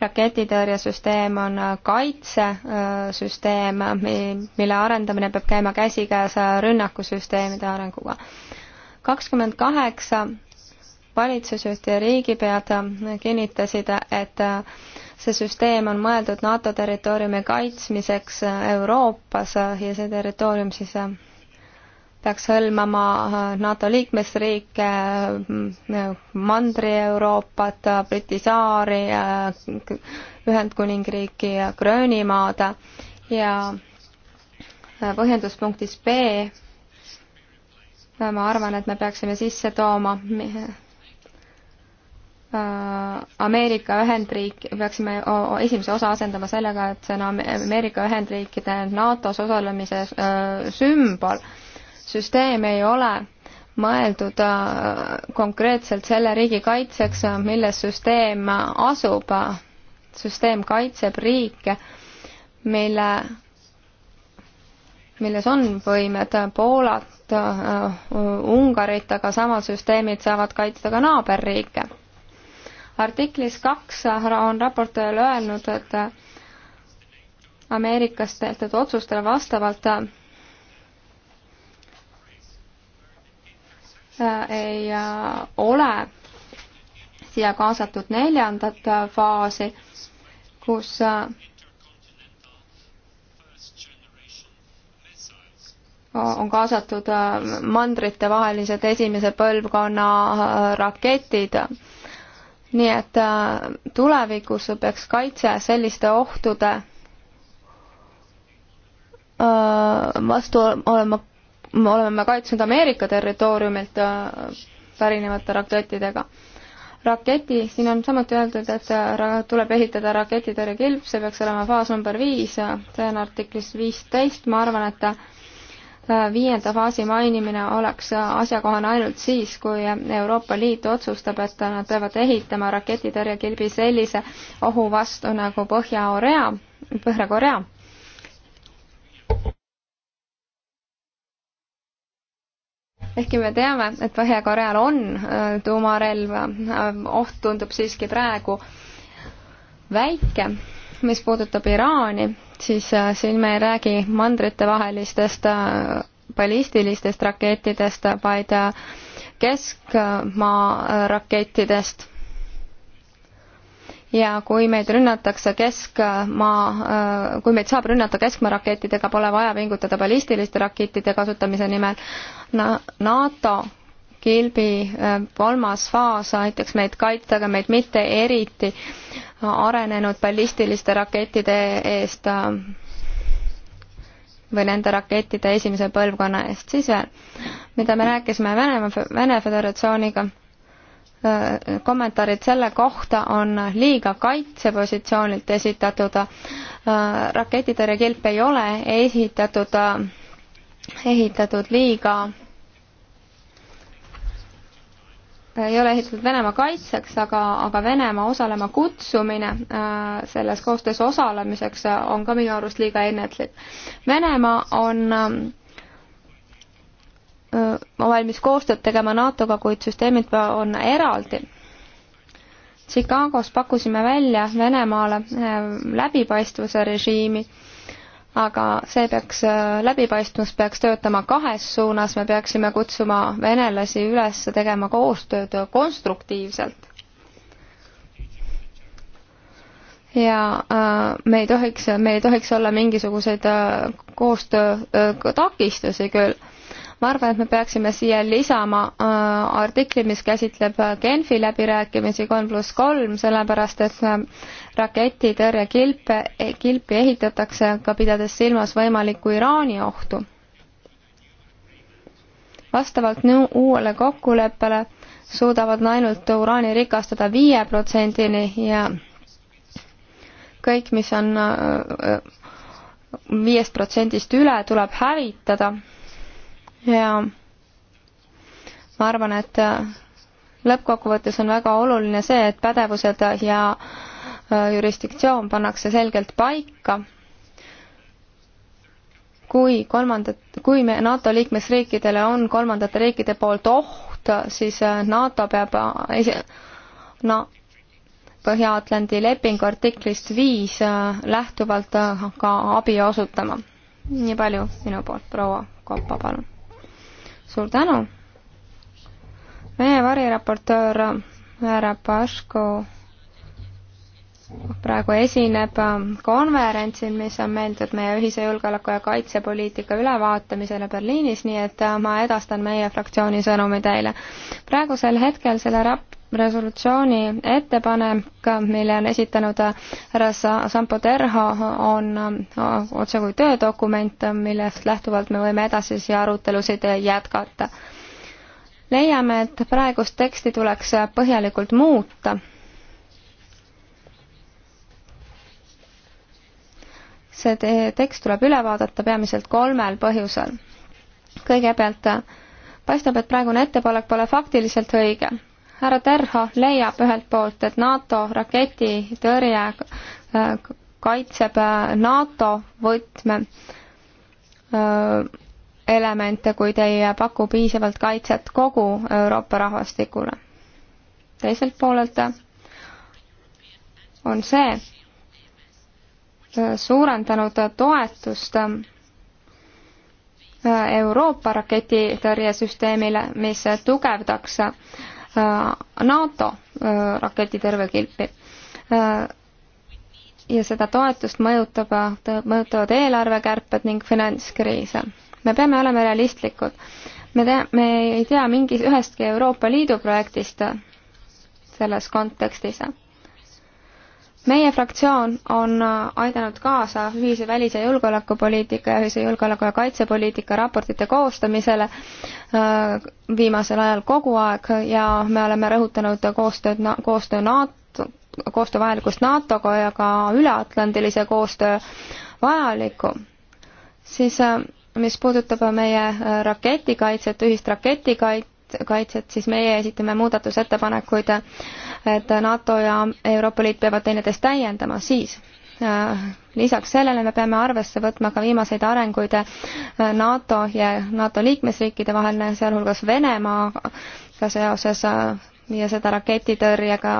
raketitõrjesüsteem on äh, kaitsesüsteem, mille arendamine peab käima käsikäes rünnakusüsteemide arenguga. kakskümmend kaheksa valitsusjuht ja riigipead kinnitasid, et see süsteem on mõeldud NATO territooriumi kaitsmiseks Euroopas ja see territoorium siis peaks hõlmama NATO liikmesriike, Mandri-Euroopat, Briti saari, Ühendkuningriiki ja Gröönimaad ja põhjenduspunktis B ma arvan, et me peaksime sisse tooma Äh, Ameerika Ühendriik, peaksime esimese osa asendama sellega, et see on Ameerika Ühendriikide NATO-s osalemise äh, sümbol. süsteem ei ole mõeldud äh, konkreetselt selle riigi kaitseks, milles süsteem asub. süsteem kaitseb riike, mille, milles on võimed Poolat, Ungarit, aga samad süsteemid saavad kaitsta ka naaberriike artiklis kaks on raportöör öelnud, et Ameerikas tehtud otsustele vastavalt äh, ei äh, ole siia kaasatud neljandat äh, faasi, kus on kaasatud mandritevahelised esimese põlvkonna raketid nii et äh, tulevikus peaks kaitse selliste ohtude äh, vastu olema, oleme me kaitsnud Ameerika territooriumilt äh, pärinevate rakettidega. raketi, siin on samuti öeldud, et tuleb ehitada raketitõrjekilp, see peaks olema faas number viis, see on artiklis viisteist, ma arvan, et Äh, viienda faasi mainimine oleks äh, asjakohane ainult siis, kui Euroopa Liit otsustab, et nad peavad ehitama raketitõrjekilbi sellise ohu vastu nagu Põhja-Korea, Põhja-Korea. ehkki me teame, et Põhja-Koreal on äh, tuumarelv, oht tundub siiski praegu väike mis puudutab Iraani, siis äh, siin me ei räägi mandritevahelistest äh, ballistilistest rakettidest, vaid äh, keskmaa rakettidest. ja kui meid rünnatakse keskmaa, kui meid saab rünnata keskmaa rakettidega, pole vaja pingutada ballistiliste rakettide kasutamise nimel no,. NATO kilbi äh, kolmas faas aitaks meid kaitsta, aga meid mitte eriti arenenud ballistiliste rakettide eest äh, või nende rakettide esimese põlvkonna eest. siis veel, äh, mida me rääkisime Venemaa, Vene Föderatsiooniga, kommentaarid selle kohta on liiga kaitsepositsioonilt esitatud, raketitõrjekilp ei ole esitatud, ehitatud liiga ei ole ehitatud Venemaa kaitseks, aga, aga Venemaa osalema kutsumine äh, selles koostöös osalemiseks äh, on ka minu arust liiga ennetlik. Venemaa on äh, äh valmis koostööd tegema NATO-ga, kuid süsteemid on eraldi. Chicagos pakkusime välja Venemaale äh, läbipaistvuse režiimi äh, aga see peaks, äh, läbipaistvus peaks töötama kahes suunas, me peaksime kutsuma venelasi üles tegema koostööd konstruktiivselt. ja äh, me ei tohiks, me ei tohiks olla mingisuguseid äh, koostöö äh, takistusi küll ma arvan, et me peaksime siia lisama äh, artikli, mis käsitleb Genfi läbirääkimisi kolm pluss kolm, sellepärast et äh, raketitõrjekilpe, kilpi ehitatakse, ka pidades silmas võimalikku Iraani ohtu. vastavalt nõu uuele kokkuleppele suudavad ainult uraani rikastada viie protsendini ja kõik, mis on viiest protsendist üle, tuleb hävitada ja ma arvan, et lõppkokkuvõttes on väga oluline see, et pädevused ja äh, jurisdiktsioon pannakse selgelt paika, kui kolmandat, kui me NATO liikmesriikidele on kolmandate riikide poolt oht, siis äh, NATO peab äh, esi-, no Põhja-Atlandi lepingu artiklist viis äh, lähtuvalt ka abi osutama. nii palju minu poolt, proua Koppa, palun. suur tänu. meie variraportöör härra Paško praegu esineb äh, konverentsil, mis on mõeldud meie ühise julgeoleku- ja kaitsepoliitika ülevaatamisele Berliinis, nii et äh, ma edastan meie fraktsiooni sõnumi teile. praegusel hetkel selle rap-, resolutsiooni ettepanek, mille on esitanud äh, härra Sampo Terho, on otsekui töödokument, millest lähtuvalt me võime edasisi arutelusid jätkata. leiame, et praegust teksti tuleks põhjalikult muuta see te tekst tuleb üle vaadata peamiselt kolmel põhjusel. kõigepealt paistab, et praegune ettepanek pole faktiliselt õige. härra Terho leiab ühelt poolt, et NATO raketitõrje äh, kaitseb äh, NATO võtme äh, elemente, kuid ei paku piisavalt kaitset kogu Euroopa rahvastikule. teiselt poolelt on see, suurendanud toetust äh, Euroopa raketitõrjesüsteemile, mis tugevdaks äh, NATO äh, raketitõrvekilpi. ja seda toetust mõjutab, mõjutavad eelarvekärped ning finantskriis. me peame olema realistlikud. me tea, me ei tea mingi, ühestki Euroopa Liidu projektist selles kontekstis meie fraktsioon on äh, aidanud kaasa ühise välis- ja julgeolekupoliitika ja ühise julgeoleku- ja kaitsepoliitika raportite koostamisele äh, viimasel ajal kogu aeg ja me oleme rõhutanud koostööd, koostöö NATO, koostöö vajalikust NATO-ga ja ka üleatlandilise koostöö vajalikku, siis äh, mis puudutab meie raketikaitset, ühist raketikaitset, kaitset, siis meie esitame muudatusettepanekuid, et NATO ja Euroopa Liit peavad teineteist täiendama, siis äh, lisaks sellele me peame arvesse võtma ka viimaseid arenguid äh, NATO ja NATO liikmesriikide vaheline, sealhulgas Venemaaga seoses äh, ja seda raketitõrjega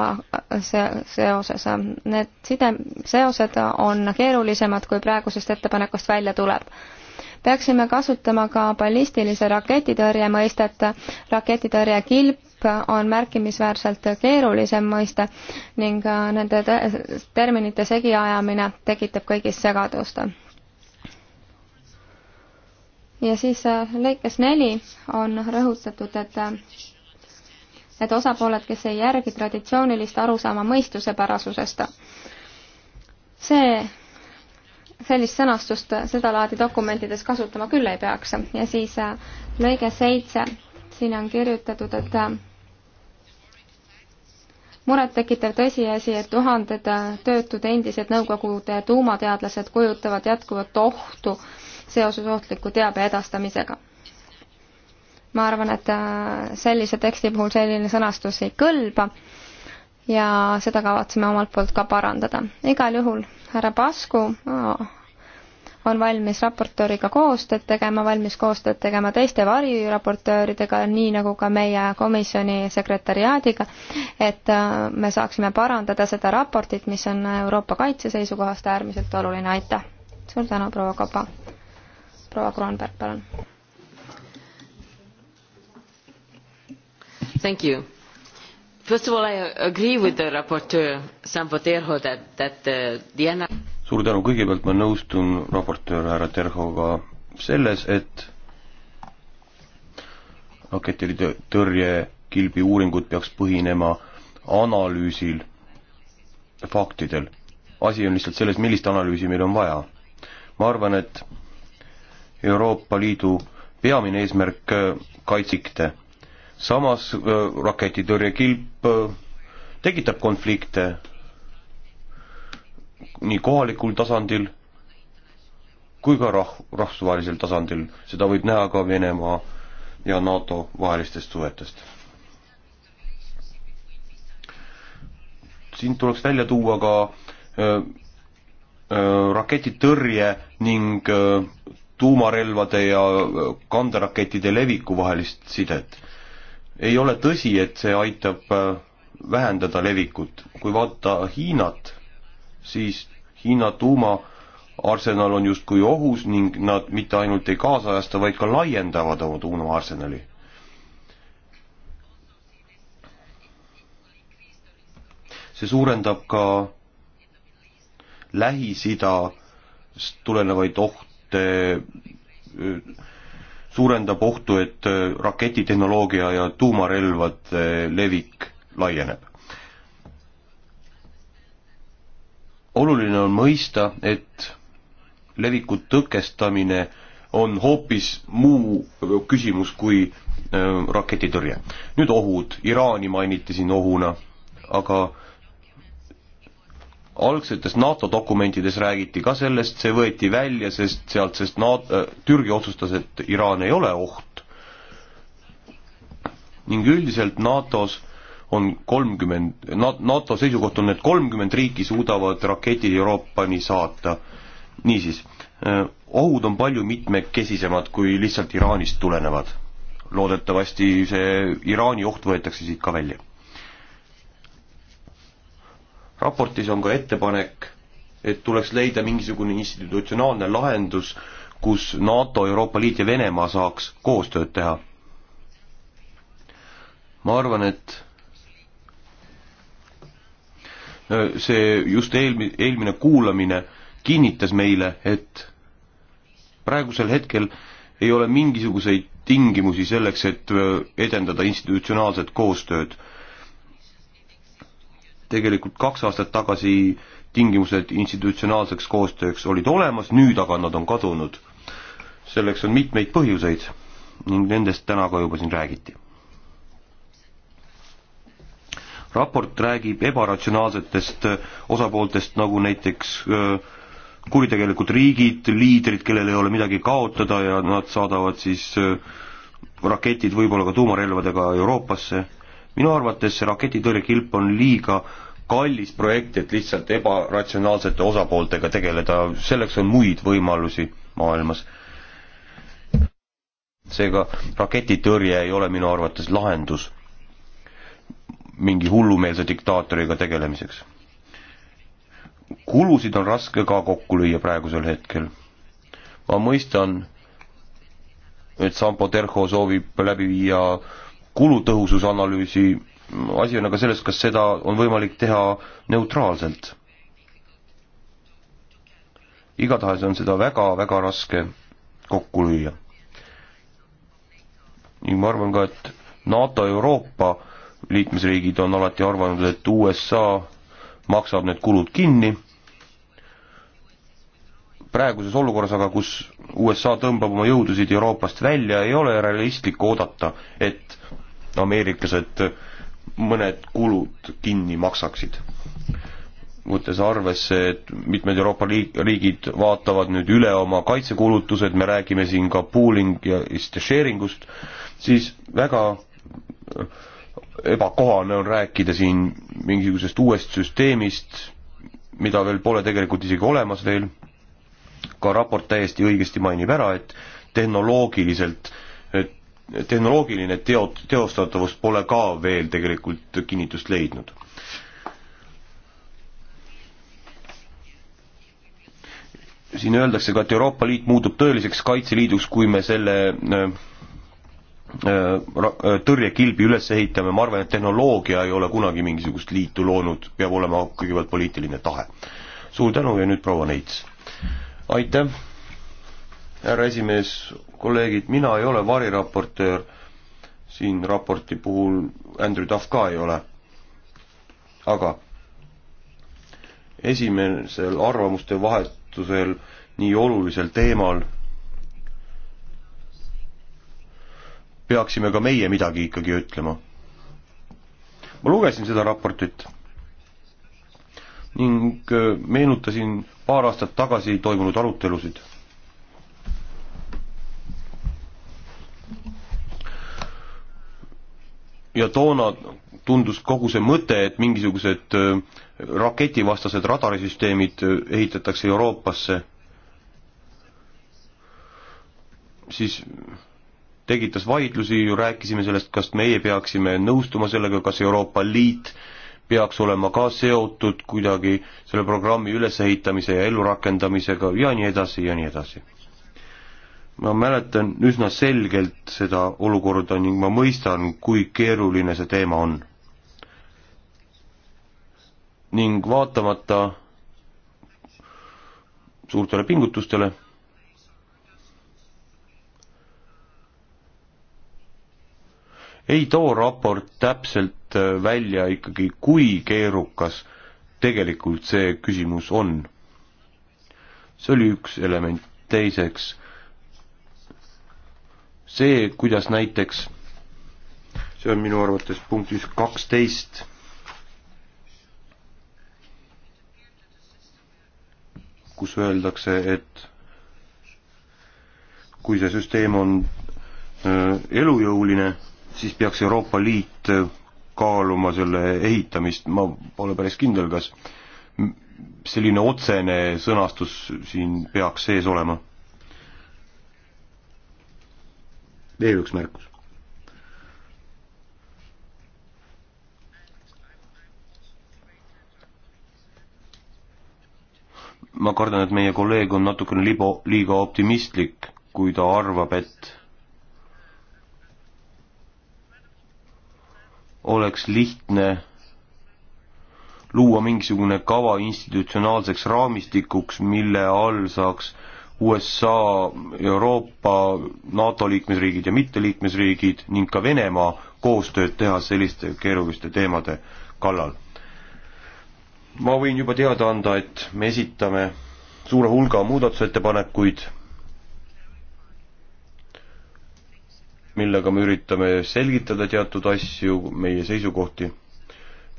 seoses. Need side, seosed on keerulisemad, kui praegusest ettepanekust välja tuleb peaksime kasutama ka ballistilise raketitõrje mõistet. raketitõrje kilp on märkimisväärselt keerulisem mõiste ning äh, nende terminite segiajamine tekitab kõigis segadust. ja siis äh, lõikes neli on rõhutatud, et need äh, osapooled, kes ei järgi traditsioonilist arusaama mõistusepärasusest. see sellist sõnastust sedalaadi dokumentides kasutama küll ei peaks. ja siis äh, lõige seitse, siin on kirjutatud, et äh, murettekitav tõsiasi, et tuhanded äh, töötud endised Nõukogude tuumateadlased kujutavad jätkuvat ohtu seoses ohtliku teabe edastamisega. ma arvan, et sellise teksti puhul selline sõnastus ei kõlba ja seda kavatseme omalt poolt ka parandada. igal juhul härra Pasku on valmis raportööriga koostööd tegema, valmis koostööd tegema teiste variraportööridega, nii nagu ka meie komisjoni sekretäriaadiga, et äh, me saaksime parandada seda raportit, mis on Euroopa kaitse seisukohast äärmiselt oluline, aitäh! suur tänu, proua Kapa! proua Kroonberg, palun! Thank you First of all, I agree with the raporteur, Sam Poterho, that, that uh, the ana- suur tänu, kõigepealt ma nõustun raportöör härra Terhoga selles, et raketitõrje kilbi uuringud peaks põhinema analüüsil, faktidel. asi on lihtsalt selles, millist analüüsi meil on vaja. ma arvan, et Euroopa Liidu peamine eesmärk äh, kaitsikte samas äh, raketitõrjekilp äh, tekitab konflikte nii kohalikul tasandil kui ka rah-, rahvusvahelisel tasandil, seda võib näha ka Venemaa ja NATO vahelistest suhetest. siin tuleks välja tuua ka öö, äh, öö, raketitõrje ning öö, tuumarelvade ja kanderakettide leviku vahelist sidet ei ole tõsi, et see aitab äh, vähendada levikut. kui vaadata Hiinat, siis Hiina tuumaarsenal on justkui ohus ning nad mitte ainult ei kaasajasta, vaid ka laiendavad oma tuumaarsenali. see suurendab ka Lähis-Idast tulenevaid ohte äh, suurendab ohtu, et äh, raketitehnoloogia ja tuumarelvade levik laieneb. oluline on mõista, et leviku tõkestamine on hoopis muu küsimus kui äh, raketitõrje. nüüd ohud, Iraani mainiti siin ohuna, aga algsetes NATO dokumentides räägiti ka sellest, see võeti välja, sest sealt, sest NATO, äh, Türgi otsustas, et Iraan ei ole oht. ning üldiselt NATO-s on kolmkümmend, NATO seisukoht on, et kolmkümmend riiki suudavad raketid Euroopani saata. niisiis, äh, ohud on palju mitmekesisemad kui lihtsalt Iraanist tulenevad. loodetavasti see Iraani oht võetakse siit ka välja raportis on ka ettepanek, et tuleks leida mingisugune institutsionaalne lahendus, kus NATO, Euroopa Liit ja Venemaa saaks koostööd teha. ma arvan, et see just eelmi-, eelmine kuulamine kinnitas meile, et praegusel hetkel ei ole mingisuguseid tingimusi selleks, et edendada institutsionaalset koostööd tegelikult kaks aastat tagasi tingimused institutsionaalseks koostööks olid olemas, nüüd aga nad on kadunud. selleks on mitmeid põhjuseid ning nendest täna ka juba siin räägiti. raport räägib ebaratsionaalsetest osapooltest, nagu näiteks äh, kuritegelikud riigid, liidrid, kellel ei ole midagi kaotada ja nad saadavad siis äh, raketid võib-olla ka tuumarelvadega Euroopasse minu arvates see raketitõrjekilp on liiga kallis projekt, et lihtsalt ebaratsionaalsete osapooltega tegeleda, selleks on muid võimalusi maailmas. seega raketitõrje ei ole minu arvates lahendus mingi hullumeelse diktaatoriga tegelemiseks. kulusid on raske ka kokku lüüa praegusel hetkel. ma mõistan, et Sampo Terho soovib läbi viia kulutõhususanalüüsi, asi on aga selles, kas seda on võimalik teha neutraalselt. igatahes on seda väga-väga raske kokku lüüa. ning ma arvan ka, et NATO Euroopa liikmesriigid on alati arvanud, et USA maksab need kulud kinni, praeguses olukorras aga, kus USA tõmbab oma jõudusid Euroopast välja, ei ole realistlik oodata, et ameeriklased mõned kulud kinni maksaksid. võttes arvesse, et mitmed Euroopa riigid vaatavad nüüd üle oma kaitsekulutused, me räägime siin ka pooling ja sharing ust, siis väga äh, ebakohane on rääkida siin mingisugusest uuest süsteemist, mida veel pole tegelikult isegi olemas veel, ka raport täiesti õigesti mainib ära, et tehnoloogiliselt äh, tehnoloogiline teo, teostatavus pole ka veel tegelikult kinnitust leidnud. siin öeldakse ka, et Euroopa Liit muutub tõeliseks kaitseliiduks, kui me selle äh, äh, tõrjekilbi üles ehitame, ma arvan, et tehnoloogia ei ole kunagi mingisugust liitu loonud, peab olema kõigepealt poliitiline tahe. suur tänu ja nüüd proua Neits. aitäh! härra esimees, kolleegid, mina ei ole variraportöör, siin raporti puhul Andrew Duff ka ei ole. aga esimesel arvamuste vahetusel nii olulisel teemal peaksime ka meie midagi ikkagi ütlema. ma lugesin seda raportit ning meenutasin paar aastat tagasi toimunud arutelusid ja toona tundus kogu see mõte, et mingisugused äh, raketivastased radarisüsteemid äh, ehitatakse Euroopasse, siis tekitas vaidlusi, rääkisime sellest, kas meie peaksime nõustuma sellega, kas Euroopa Liit peaks olema ka seotud kuidagi selle programmi ülesehitamise ja ellurakendamisega ja nii edasi ja nii edasi ma mäletan üsna selgelt seda olukorda ning ma mõistan, kui keeruline see teema on. ning vaatamata suurtele pingutustele ei too raport täpselt äh, välja ikkagi, kui keerukas tegelikult see küsimus on. see oli üks element, teiseks see, kuidas näiteks, see on minu arvates punktis kaksteist, kus öeldakse, et kui see süsteem on elujõuline, siis peaks Euroopa Liit kaaluma selle ehitamist, ma pole päris kindel, kas selline otsene sõnastus siin peaks sees olema. veel üks märkus. ma kardan, et meie kolleeg on natukene libo, liiga optimistlik, kui ta arvab, et oleks lihtne luua mingisugune kava institutsionaalseks raamistikuks, mille all saaks äh, USA, Euroopa, NATO liikmesriigid ja mitteliikmesriigid ning ka Venemaa koostööd teha selliste keeruliste teemade kallal. ma võin juba teada anda, et me esitame suure hulga muudatusettepanekuid, millega me üritame selgitada teatud asju, meie seisukohti.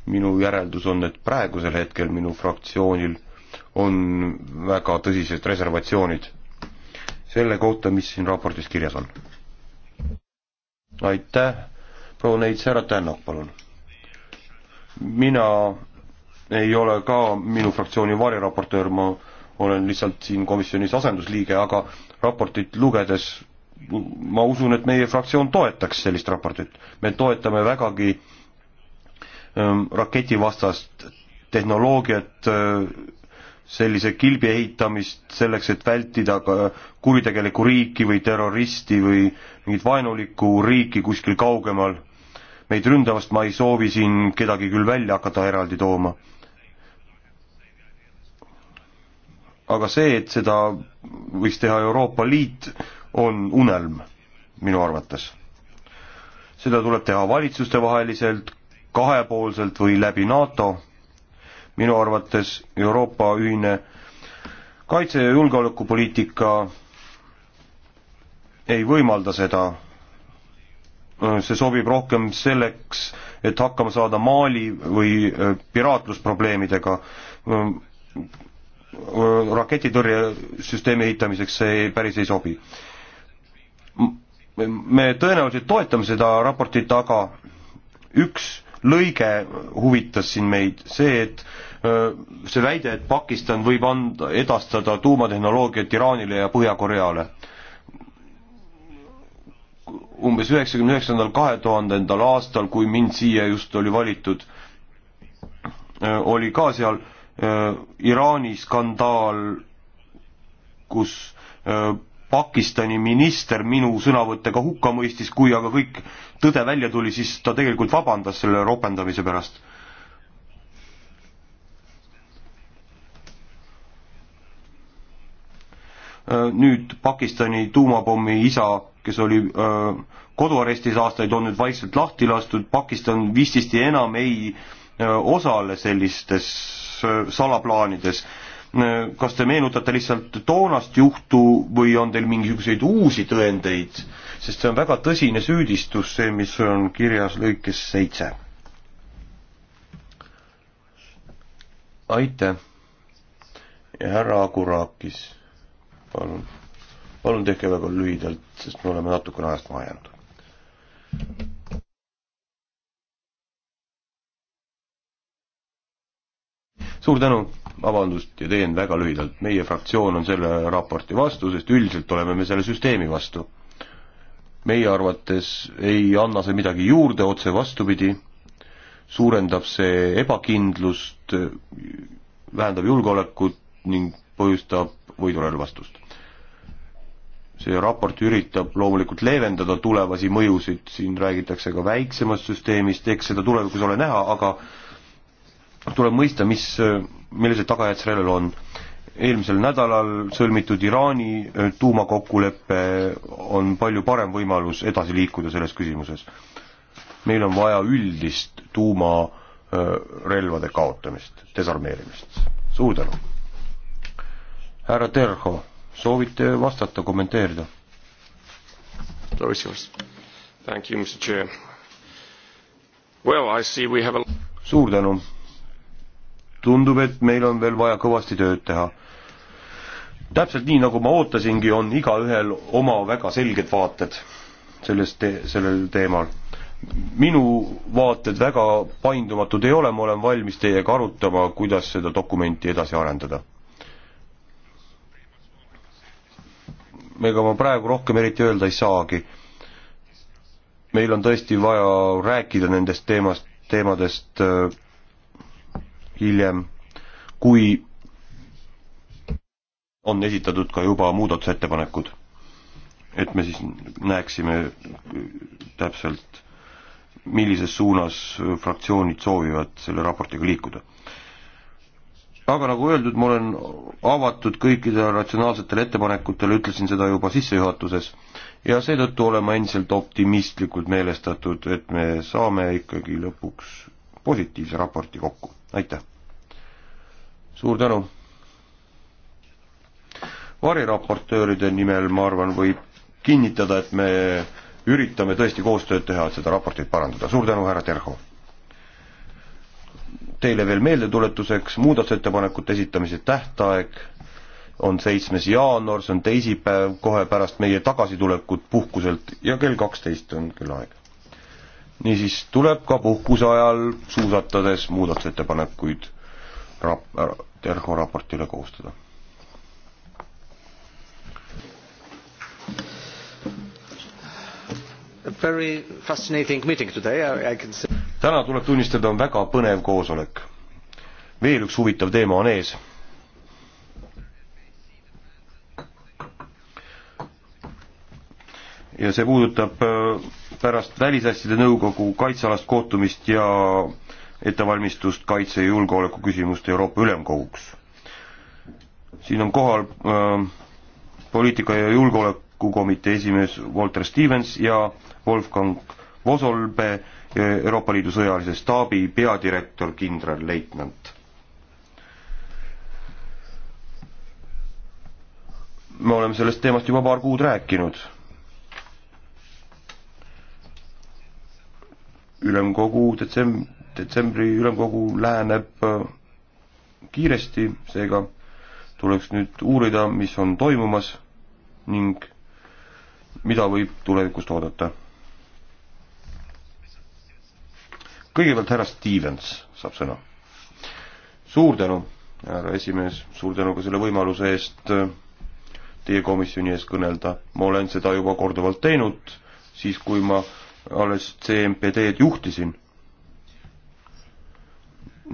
minu järeldus on, et praegusel hetkel minu fraktsioonil on väga tõsised reservatsioonid selle kohta, mis siin raportis kirjas on. aitäh, proua Neits, härra Tänak, palun. mina ei ole ka minu fraktsiooni variraportöör, ma olen lihtsalt siin komisjonis asendusliige, aga raportit lugedes ma usun, et meie fraktsioon toetaks sellist raportit. me toetame vägagi ähm, raketivastast tehnoloogiat äh, sellise kilbi ehitamist selleks, et vältida ka kuritegelikku riiki või terroristi või mingit vaenulikku riiki kuskil kaugemal. meid ründavast ma ei soovi siin kedagi küll välja hakata eraldi tooma. aga see, et seda võiks teha Euroopa Liit, on unelm minu arvates. seda tuleb teha valitsustevaheliselt, kahepoolselt või läbi NATO minu arvates Euroopa ühine kaitse- ja julgeolekupoliitika ei võimalda seda. see sobib rohkem selleks, et hakkama saada Mali või äh, piraatlusprobleemidega. raketitõrjesüsteemi ehitamiseks see päris ei sobi. me tõenäoliselt toetame seda raportit, aga üks lõige huvitas siin meid, see, et see väide, et Pakistan võib anda, edastada tuumatehnoloogiat Iraanile ja Põhja-Koreale. umbes üheksakümne üheksandal, kahe tuhandendal aastal, kui mind siia just oli valitud, oli ka seal Iraani skandaal, kus Pakistani minister minu sõnavõttega hukka mõistis, kui aga kõik tõde välja tuli, siis ta tegelikult vabandas selle ropendamise pärast Äh, nüüd Pakistani tuumapommi isa, kes oli äh, koduarestis aastaid, on nüüd vaikselt lahti lastud, Pakistan vististi enam ei äh, osale sellistes salaplaanides. kas te meenutate lihtsalt toonast juhtu või on teil mingisuguseid uusi tõendeid, sest see on väga tõsine süüdistus, see, mis on kirjas lõikes seitse. aitäh, härra Akurakis palun, palun tehke väga lühidalt, sest me oleme natukene ajast maha jäänud. suur tänu, vabandust ja teen väga lühidalt, meie fraktsioon on selle raporti vastu, sest üldiselt oleme me selle süsteemi vastu. meie arvates ei anna see midagi juurde, otse vastupidi, suurendab see ebakindlust, vähendab julgeolekut ning põhjustab võidurelvastust. see raport üritab loomulikult leevendada tulevasi mõjusid, siin räägitakse ka väiksemast süsteemist, eks seda tulevikus ole näha, aga tuleb mõista, mis, millised tagajärjed sellel on eelmisel nädalal sõlmitud Iraani äh, tuumakokkulepe on palju parem võimalus edasi liikuda selles küsimuses. meil on vaja üldist tuumarelvade äh, kaotamist, desarmeerimist. suur tänu! härra Terho, soovite vastata, kommenteerida? Floor is yours. Thank you, Mr Chair. Well, I see we have a suur tänu. tundub, et meil on veel vaja kõvasti tööd teha. täpselt nii, nagu ma ootasingi, on igaühel oma väga selged vaated sellest te, sellel teemal. minu vaated väga paindumatud ei ole, ma olen valmis teiega arutama, kuidas seda dokumenti edasi arendada ega ma praegu rohkem eriti öelda ei saagi. meil on tõesti vaja rääkida nendest teemast, teemadest äh, hiljem, kui on esitatud ka juba muudatusettepanekud. et me siis näeksime täpselt, millises suunas fraktsioonid soovivad selle raportiga liikuda aga nagu öeldud, ma olen avatud kõikidele ratsionaalsetele ettepanekutele, ütlesin seda juba sissejuhatuses. ja seetõttu olen ma endiselt optimistlikult meelestatud, et me saame ikkagi lõpuks positiivse raporti kokku, aitäh! suur tänu! variraportööride nimel, ma arvan, võib kinnitada, et me üritame tõesti koostööd teha, et seda raportit parandada, suur tänu, härra Terho! teile veel meeldetuletuseks, muudatusettepanekute esitamise tähtaeg on seitsmes jaanuar, see on teisipäev, kohe pärast meie tagasitulekut puhkuselt ja kell kaksteist on kellaaeg. niisiis tuleb ka puhkuse ajal suusatades muudatusettepanekuid rap-, äh, Terho raportile koostada täna tuleb tunnistada, on väga põnev koosolek. veel üks huvitav teema on ees. ja see puudutab äh, pärast Välisasjade Nõukogu kaitsealast kohtumist ja ettevalmistust kaitse- ja julgeoleku küsimust Euroopa Ülemkoguks. siin on kohal äh, poliitika ja julgeolek komitee esimees Walter Stevens ja Wolfgang Vosolbe, eh, Euroopa Liidu sõjalise staabi peadirektor kindralleitnant. me oleme sellest teemast juba paar kuud rääkinud. ülemkogu detsem-, detsembri ülemkogu läheneb eh, kiiresti, seega tuleks nüüd uurida, mis on toimumas ning mida võib tulevikust oodata? kõigepealt härra Stevens saab sõna. suur tänu, härra esimees, suur tänu ka selle võimaluse eest äh, teie komisjoni ees kõnelda. ma olen seda juba korduvalt teinud, siis kui ma alles CMPD-d juhtisin.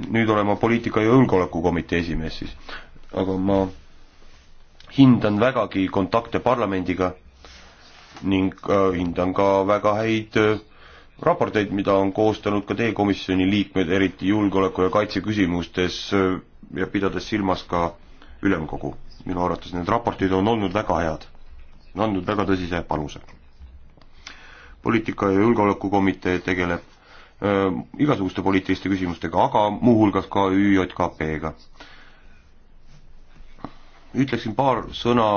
nüüd olen ma poliitika- ja julgeolekukomitee esimees siis, aga ma hindan vägagi kontakte parlamendiga ning äh, hindan ka väga häid äh, raporteid, mida on koostanud ka teie komisjoni liikmed, eriti julgeoleku ja kaitse küsimustes äh, ja pidades silmas ka ülemkogu. minu arvates need raportid on olnud väga head, andnud väga tõsise panuse. poliitika- ja julgeolekukomitee tegeleb äh, igasuguste poliitiliste küsimustega, aga muuhulgas ka ÜJKP-ga ütleksin paar sõna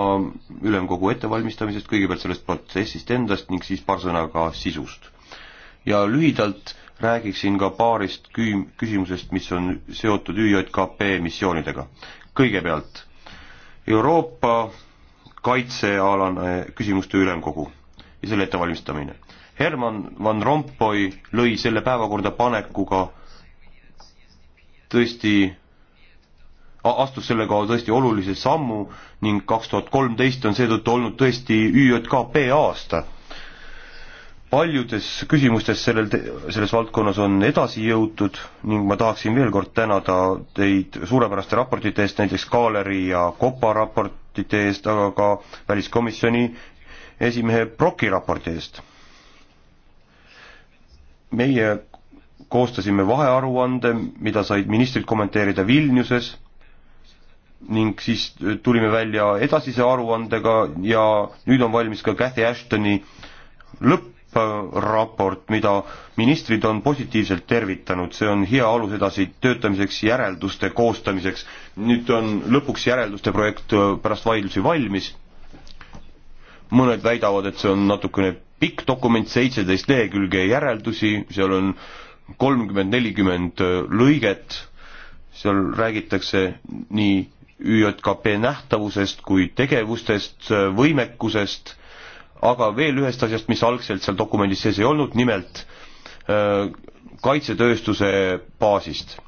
ülemkogu ettevalmistamisest, kõigepealt sellest protsessist endast ning siis paar sõna ka sisust. ja lühidalt räägiksin ka paarist küüm-, küsimusest, mis on seotud ÜJKP missioonidega. kõigepealt Euroopa kaitsealane küsimuste ülemkogu ja selle ettevalmistamine. Herman Van Rompuy lõi selle päevakorda panekuga tõesti astus sellega tõesti olulise sammu ning kaks tuhat kolmteist on seetõttu olnud tõesti ÜJKP aasta. paljudes küsimustes sellel, selles valdkonnas on edasi jõutud ning ma tahaksin veel kord tänada teid suurepäraste raportite eest, näiteks Kaaleri ja Kopa raportite eest, aga ka väliskomisjoni esimehe Broki raporti eest. meie koostasime vahearuande, mida said ministrid kommenteerida Vilniuses ning siis äh, tulime välja edasise aruandega ja nüüd on valmis ka Cathy Ashtoni lõppraport, mida ministrid on positiivselt tervitanud, see on hea alus edasi töötamiseks, järelduste koostamiseks. nüüd on lõpuks järelduste projekt äh, pärast vaidlusi valmis. mõned väidavad, et see on natukene pikk dokument, seitseteist lehekülge järeldusi, seal on kolmkümmend, nelikümmend äh, lõiget, seal räägitakse nii ÜJKP nähtavusest kui tegevustest, võimekusest, aga veel ühest asjast, mis algselt seal dokumendis sees ei olnud, nimelt äh, kaitsetööstuse baasist.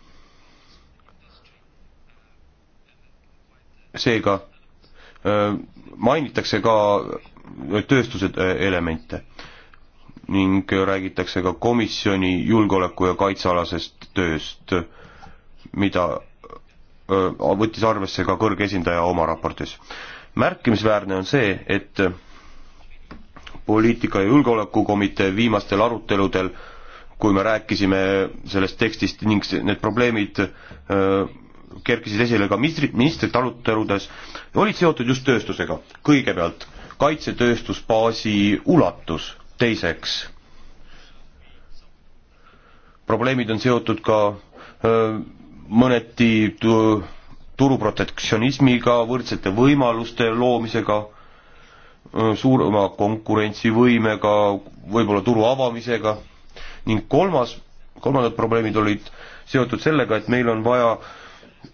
seega äh, mainitakse ka tööstuse äh, elemente ning räägitakse ka komisjoni julgeoleku ja kaitsealasest tööst, mida võttis arvesse ka kõrge esindaja oma raportis. märkimisväärne on see, et poliitika- ja julgeolekukomitee viimastel aruteludel, kui me rääkisime sellest tekstist ning need probleemid kerkisid esile ka ministrit, ministrite aruteludes, olid seotud just tööstusega. kõigepealt kaitsetööstusbaasi ulatus, teiseks probleemid on seotud ka öö, mõneti turuprotektsionismiga, võrdsete võimaluste loomisega, suurema konkurentsivõimega, võib-olla turu avamisega ning kolmas, kolmandad probleemid olid seotud sellega, et meil on vaja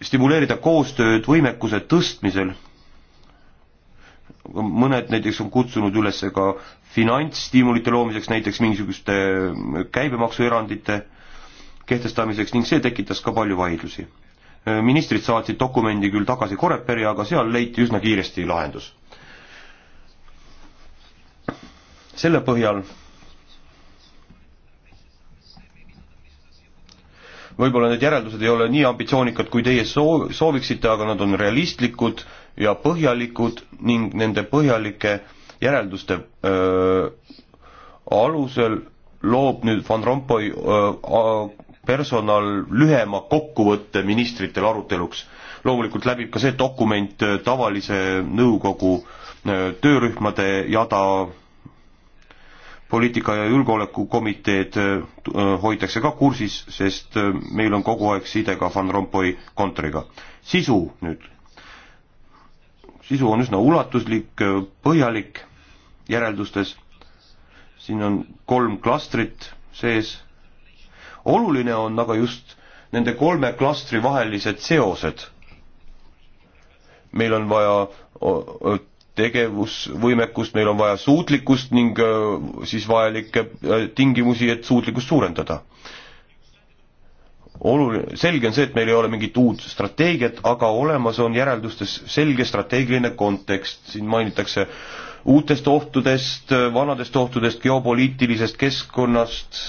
stimuleerida koostööd võimekuse tõstmisel. mõned näiteks on kutsunud üles ka finantsstiimulite loomiseks, näiteks mingisuguste käibemaksuerandite kehtestamiseks ning see tekitas ka palju vaidlusi. Äh, ministrid saatsid dokumendi küll tagasi Coreperi, aga seal leiti üsna kiiresti lahendus. selle põhjal võib-olla need järeldused ei ole nii ambitsioonikad, kui teie soov, sooviksite, aga nad on realistlikud ja põhjalikud ning nende põhjalike järelduste öö, äh, alusel loob nüüd Van Rompuy öö, äh, personal lühema kokkuvõtte ministritel aruteluks. loomulikult läbib ka see dokument äh, tavalise nõukogu äh, töörühmade jada, poliitika- ja julgeolekukomiteed äh, hoitakse ka kursis, sest meil on kogu aeg side ka Van Rompuy kontoriga. sisu nüüd. sisu on üsna ulatuslik, põhjalik järeldustes. siin on kolm klastrit sees oluline on aga just nende kolme klastri vahelised seosed. meil on vaja tegevusvõimekust, meil on vaja suutlikkust ning siis vajalikke tingimusi, et suutlikkust suurendada. oluline, selge on see, et meil ei ole mingit uut strateegiat, aga olemas on järeldustes selge strateegiline kontekst, siin mainitakse uutest ohtudest, vanadest ohtudest, geopoliitilisest keskkonnast,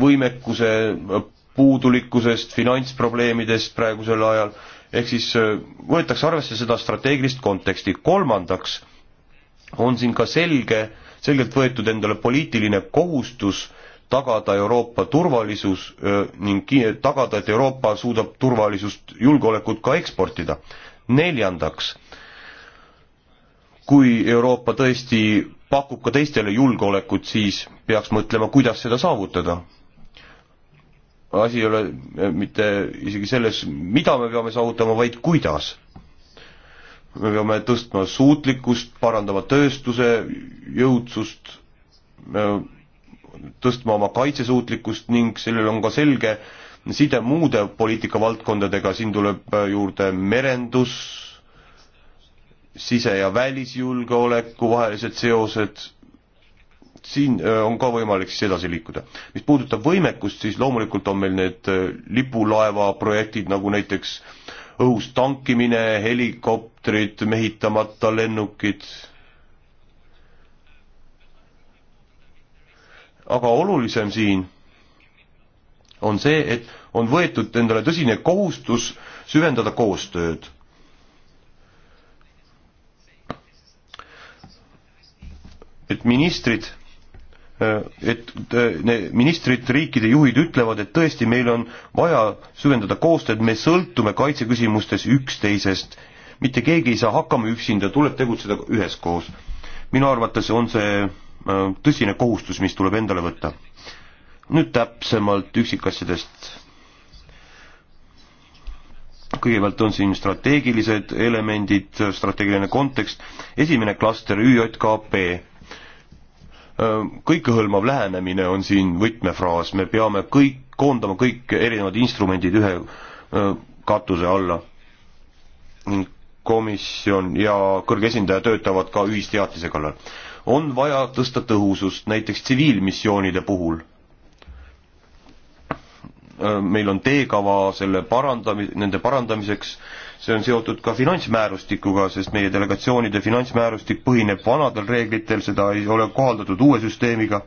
võimekuse puudulikkusest, finantsprobleemidest praegusel ajal, ehk siis äh, võetakse arvesse seda strateegilist konteksti. kolmandaks on siin ka selge, selgelt võetud endale poliitiline kohustus tagada Euroopa turvalisus äh, ning tagada, et Euroopa suudab turvalisust, julgeolekut ka eksportida. neljandaks, kui Euroopa tõesti pakub ka teistele julgeolekut, siis peaks mõtlema, kuidas seda saavutada. asi ei ole eh, mitte isegi selles, mida me peame saavutama, vaid kuidas. me peame tõstma suutlikkust, parandama tööstuse jõudsust, eh, tõstma oma kaitsesuutlikkust ning sellel on ka selge side muude poliitikavaldkondadega, siin tuleb eh, juurde merendus, sise- ja välisjulgeoleku vahelised seosed, siin äh, on ka võimalik siis edasi liikuda. mis puudutab võimekust, siis loomulikult on meil need äh, lipulaeva projektid, nagu näiteks õhus tankimine, helikopterid, mehitamata lennukid, aga olulisem siin on see, et on võetud endale tõsine kohustus süvendada koostööd et ministrid, äh, et äh, ministrid, riikide juhid ütlevad, et tõesti, meil on vaja süvendada koostööd, me sõltume kaitseküsimustes üksteisest. mitte keegi ei saa hakkama üksinda, tuleb tegutseda üheskoos. minu arvates on see äh, tõsine kohustus, mis tuleb endale võtta. nüüd täpsemalt üksikasjadest. kõigepealt on siin strateegilised elemendid, strateegiline kontekst, esimene klaster ÜJKP kõikehõlmav lähenemine on siin võtmefraas, me peame kõik, koondama kõik erinevad instrumendid ühe katuse alla. ning komisjon ja kõrge esindaja töötavad ka ühisteatise kallal. on vaja tõsta tõhusust näiteks tsiviilmissioonide puhul. meil on teekava selle parandami-, nende parandamiseks see on seotud ka finantsmäärustikuga, sest meie delegatsioonide finantsmäärustik põhineb vanadel reeglitel, seda ei ole kohaldatud uue süsteemiga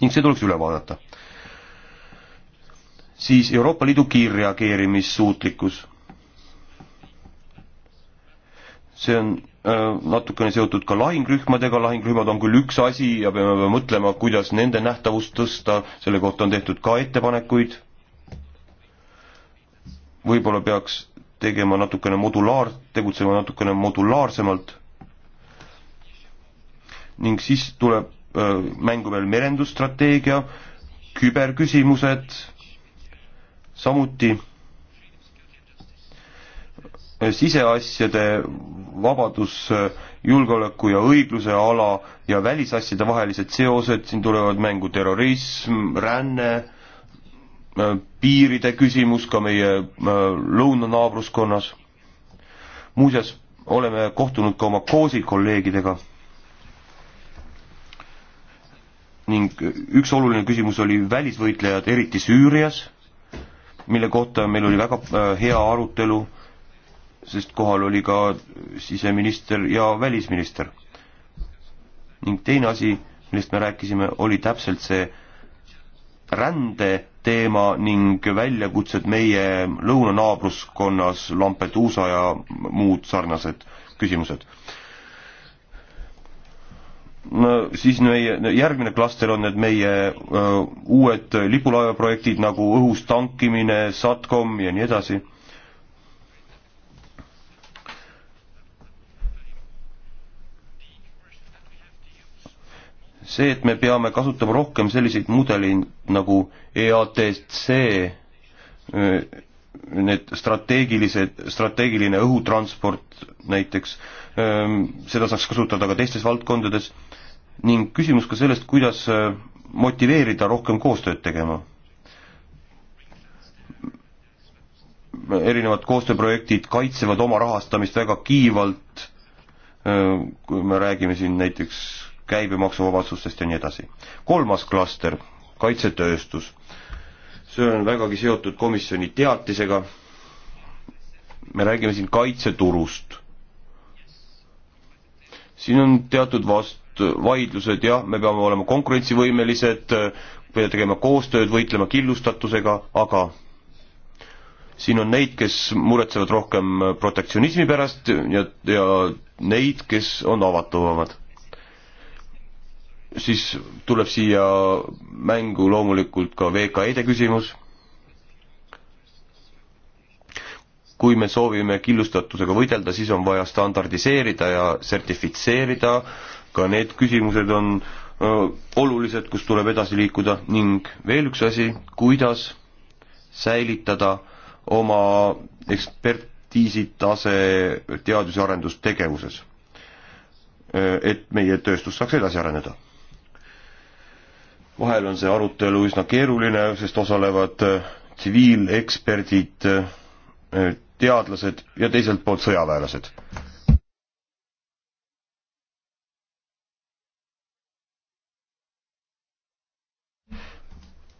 ning see tuleks üle vaadata. siis Euroopa Liidu kiirreageerimissuutlikkus. see on äh, natukene seotud ka lahingrühmadega, lahingrühmad on küll üks asi ja peame mõtlema, kuidas nende nähtavust tõsta, selle kohta on tehtud ka ettepanekuid. võib-olla peaks tegema natukene modulaar, tegutsema natukene modulaarsemalt ning siis tuleb äh, mängu veel merendusstrateegia, küberküsimused, samuti äh, siseasjade, vabadus, äh, julgeoleku ja õigluse ala ja välisasjade vahelised seosed, siin tulevad mängu terrorism, ränne Äh, piiride küsimus ka meie äh, lõunanaabruskonnas. muuseas, oleme kohtunud ka oma COSI kolleegidega. ning üks oluline küsimus oli välisvõitlejad, eriti Süürias, mille kohta meil oli väga äh, hea arutelu, sest kohal oli ka siseminister ja välisminister. ning teine asi, millest me rääkisime, oli täpselt see rände teema ning väljakutsed meie lõunanaabruskonnas, Lampeduusa ja muud sarnased küsimused. No, siis meie järgmine klaster on need meie öö, uued lipulaevaprojektid nagu õhus tankimine, SATCOM ja nii edasi see, et me peame kasutama rohkem selliseid mudeleid nagu EATC, need strateegilised, strateegiline õhutransport näiteks, seda saaks kasutada ka teistes valdkondades ning küsimus ka sellest, kuidas motiveerida rohkem koostööd tegema. erinevad koostööprojektid kaitsevad oma rahastamist väga kiivalt, kui me räägime siin näiteks käibemaksuvabastustest ja nii edasi. kolmas klaster, kaitsetööstus. see on vägagi seotud komisjoni teatisega. me räägime siin kaitseturust. siin on teatud vast-, vaidlused, jah, me peame olema konkurentsivõimelised, peame tegema koostööd, võitlema killustatusega, aga siin on neid, kes muretsevad rohkem protektsionismi pärast ja, ja neid, kes on avatumad siis tuleb siia mängu loomulikult ka VKE-de küsimus. kui me soovime killustatusega võidelda, siis on vaja standardiseerida ja sertifitseerida, ka need küsimused on öö, olulised, kus tuleb edasi liikuda ning veel üks asi, kuidas säilitada oma ekspertiisitase teadus- ja arendustegevuses. et meie tööstus saaks edasi areneda vahel on see arutelu üsna keeruline, sest osalevad äh, tsiviileksperdid, äh, teadlased ja teiselt poolt sõjaväelased.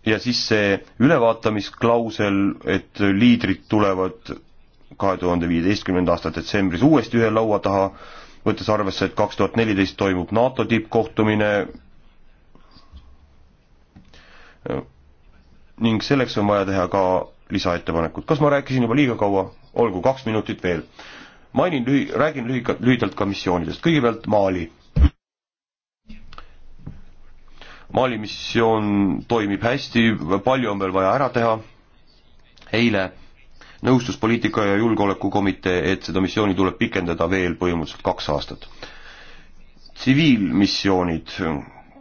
ja siis see ülevaatamisklausel, et liidrid tulevad kahe tuhande viieteistkümnenda aasta detsembris uuesti ühe laua taha, võttes arvesse, et kaks tuhat neliteist toimub NATO tippkohtumine ning selleks on vaja teha ka lisaettepanekud. kas ma rääkisin juba liiga kaua? olgu, kaks minutit veel. mainin lühi-, räägin lühikalt, lühidalt ka missioonidest. kõigepealt Mali. Mali missioon toimib hästi, palju on veel vaja ära teha. eile nõustus poliitika- ja julgeolekukomitee, et seda missiooni tuleb pikendada veel põhimõtteliselt kaks aastat. tsiviilmissioonid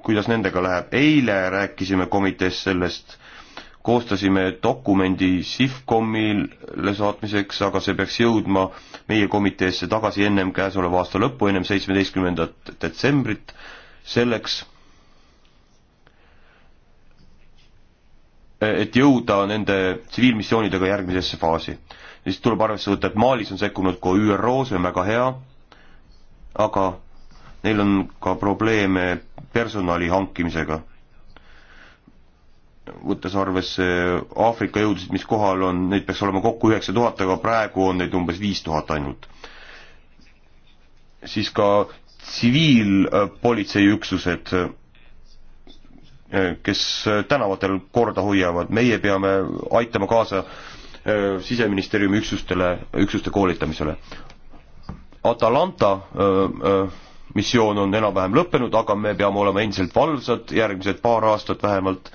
kuidas nendega läheb. eile rääkisime komitees sellest, koostasime dokumendi SIFCOMile saatmiseks, aga see peaks jõudma meie komiteesse tagasi ennem käesoleva aasta lõppu, ennem seitsmeteistkümnendat detsembrit, selleks et jõuda nende tsiviilmissioonidega järgmisesse faasi. siis tuleb arvesse võtta, et Malis on sekkunud ka ÜRO, see on väga hea, aga Neil on ka probleeme personali hankimisega. võttes arvesse Aafrika jõudusid, mis kohal on, neid peaks olema kokku üheksa tuhat, aga praegu on neid umbes viis tuhat ainult. siis ka tsiviilpolitseiüksused, kes tänavatel korda hoiavad, meie peame aitama kaasa äh, siseministeeriumi üksustele, üksuste koolitamisele. Atalanta öö, äh, öö, äh, missioon on enam-vähem lõppenud, aga me peame olema endiselt valvsad, järgmised paar aastat vähemalt,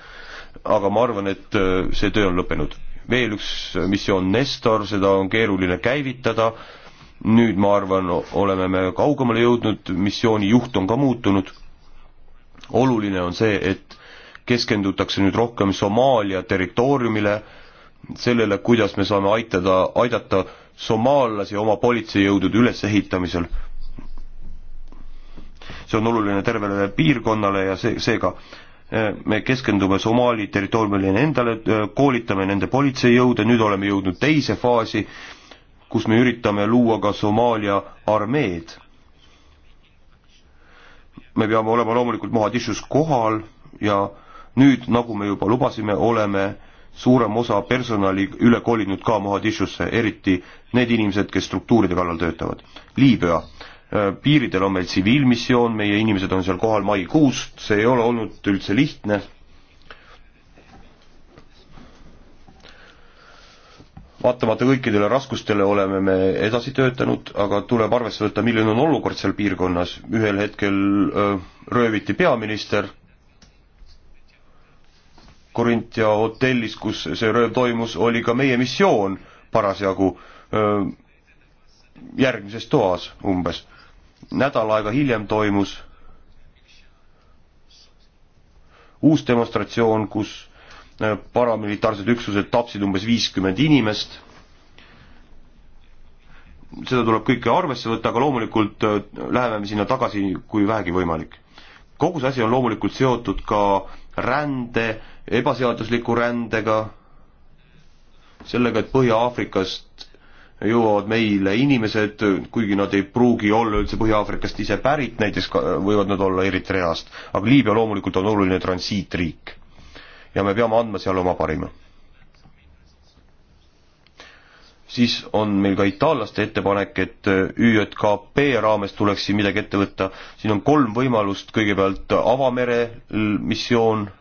aga ma arvan, et äh, see töö on lõppenud. veel üks äh, missioon Nestor, seda on keeruline käivitada, nüüd ma arvan, oleme me kaugemale jõudnud, missiooni juht on ka muutunud, oluline on see, et keskendutakse nüüd rohkem Somaalia territooriumile, sellele, kuidas me saame aitada, aidata somaallasi oma politseijõudude ülesehitamisel see on oluline tervele piirkonnale ja see, seega eh, me keskendume Somaali territooriumile endale, eh, koolitame nende politseijõude, nüüd oleme jõudnud teise faasi, kus me üritame luua ka Somaalia armeed. me peame olema loomulikult Mohadishus kohal ja nüüd, nagu me juba lubasime, oleme suurem osa personali üle kolinud ka Mohadishusse, eriti need inimesed, kes struktuuride kallal töötavad. Liibüa Äh, piiridel on meil tsiviilmissioon, meie inimesed on seal kohal maikuust, see ei ole olnud üldse lihtne. vaatamata kõikidele raskustele oleme me edasi töötanud, aga tuleb arvesse võtta, milline on olukord seal piirkonnas, ühel hetkel äh, rööviti peaminister Corinthia hotellis, kus see rööv toimus, oli ka meie missioon parasjagu äh, järgmises toas umbes nädal aega hiljem toimus uus demonstratsioon, kus äh, paramilitaarsed üksused tapsid umbes viiskümmend inimest. seda tuleb kõike arvesse võtta, aga loomulikult äh, läheme me sinna tagasi, kui vähegi võimalik. kogu see asi on loomulikult seotud ka rände, ebaseadusliku rändega, sellega, et Põhja-Aafrikast jõuavad meile inimesed, kuigi nad ei pruugi olla üldse Põhja-Aafrikast ise pärit, näiteks võivad nad olla Eritreast, aga Liibüa loomulikult on oluline transiitriik. ja me peame andma seal oma parima. siis on meil ka itaallaste ettepanek, et ÜJKP raames tuleks siin midagi ette võtta, siin on kolm võimalust, kõigepealt avamere missioon,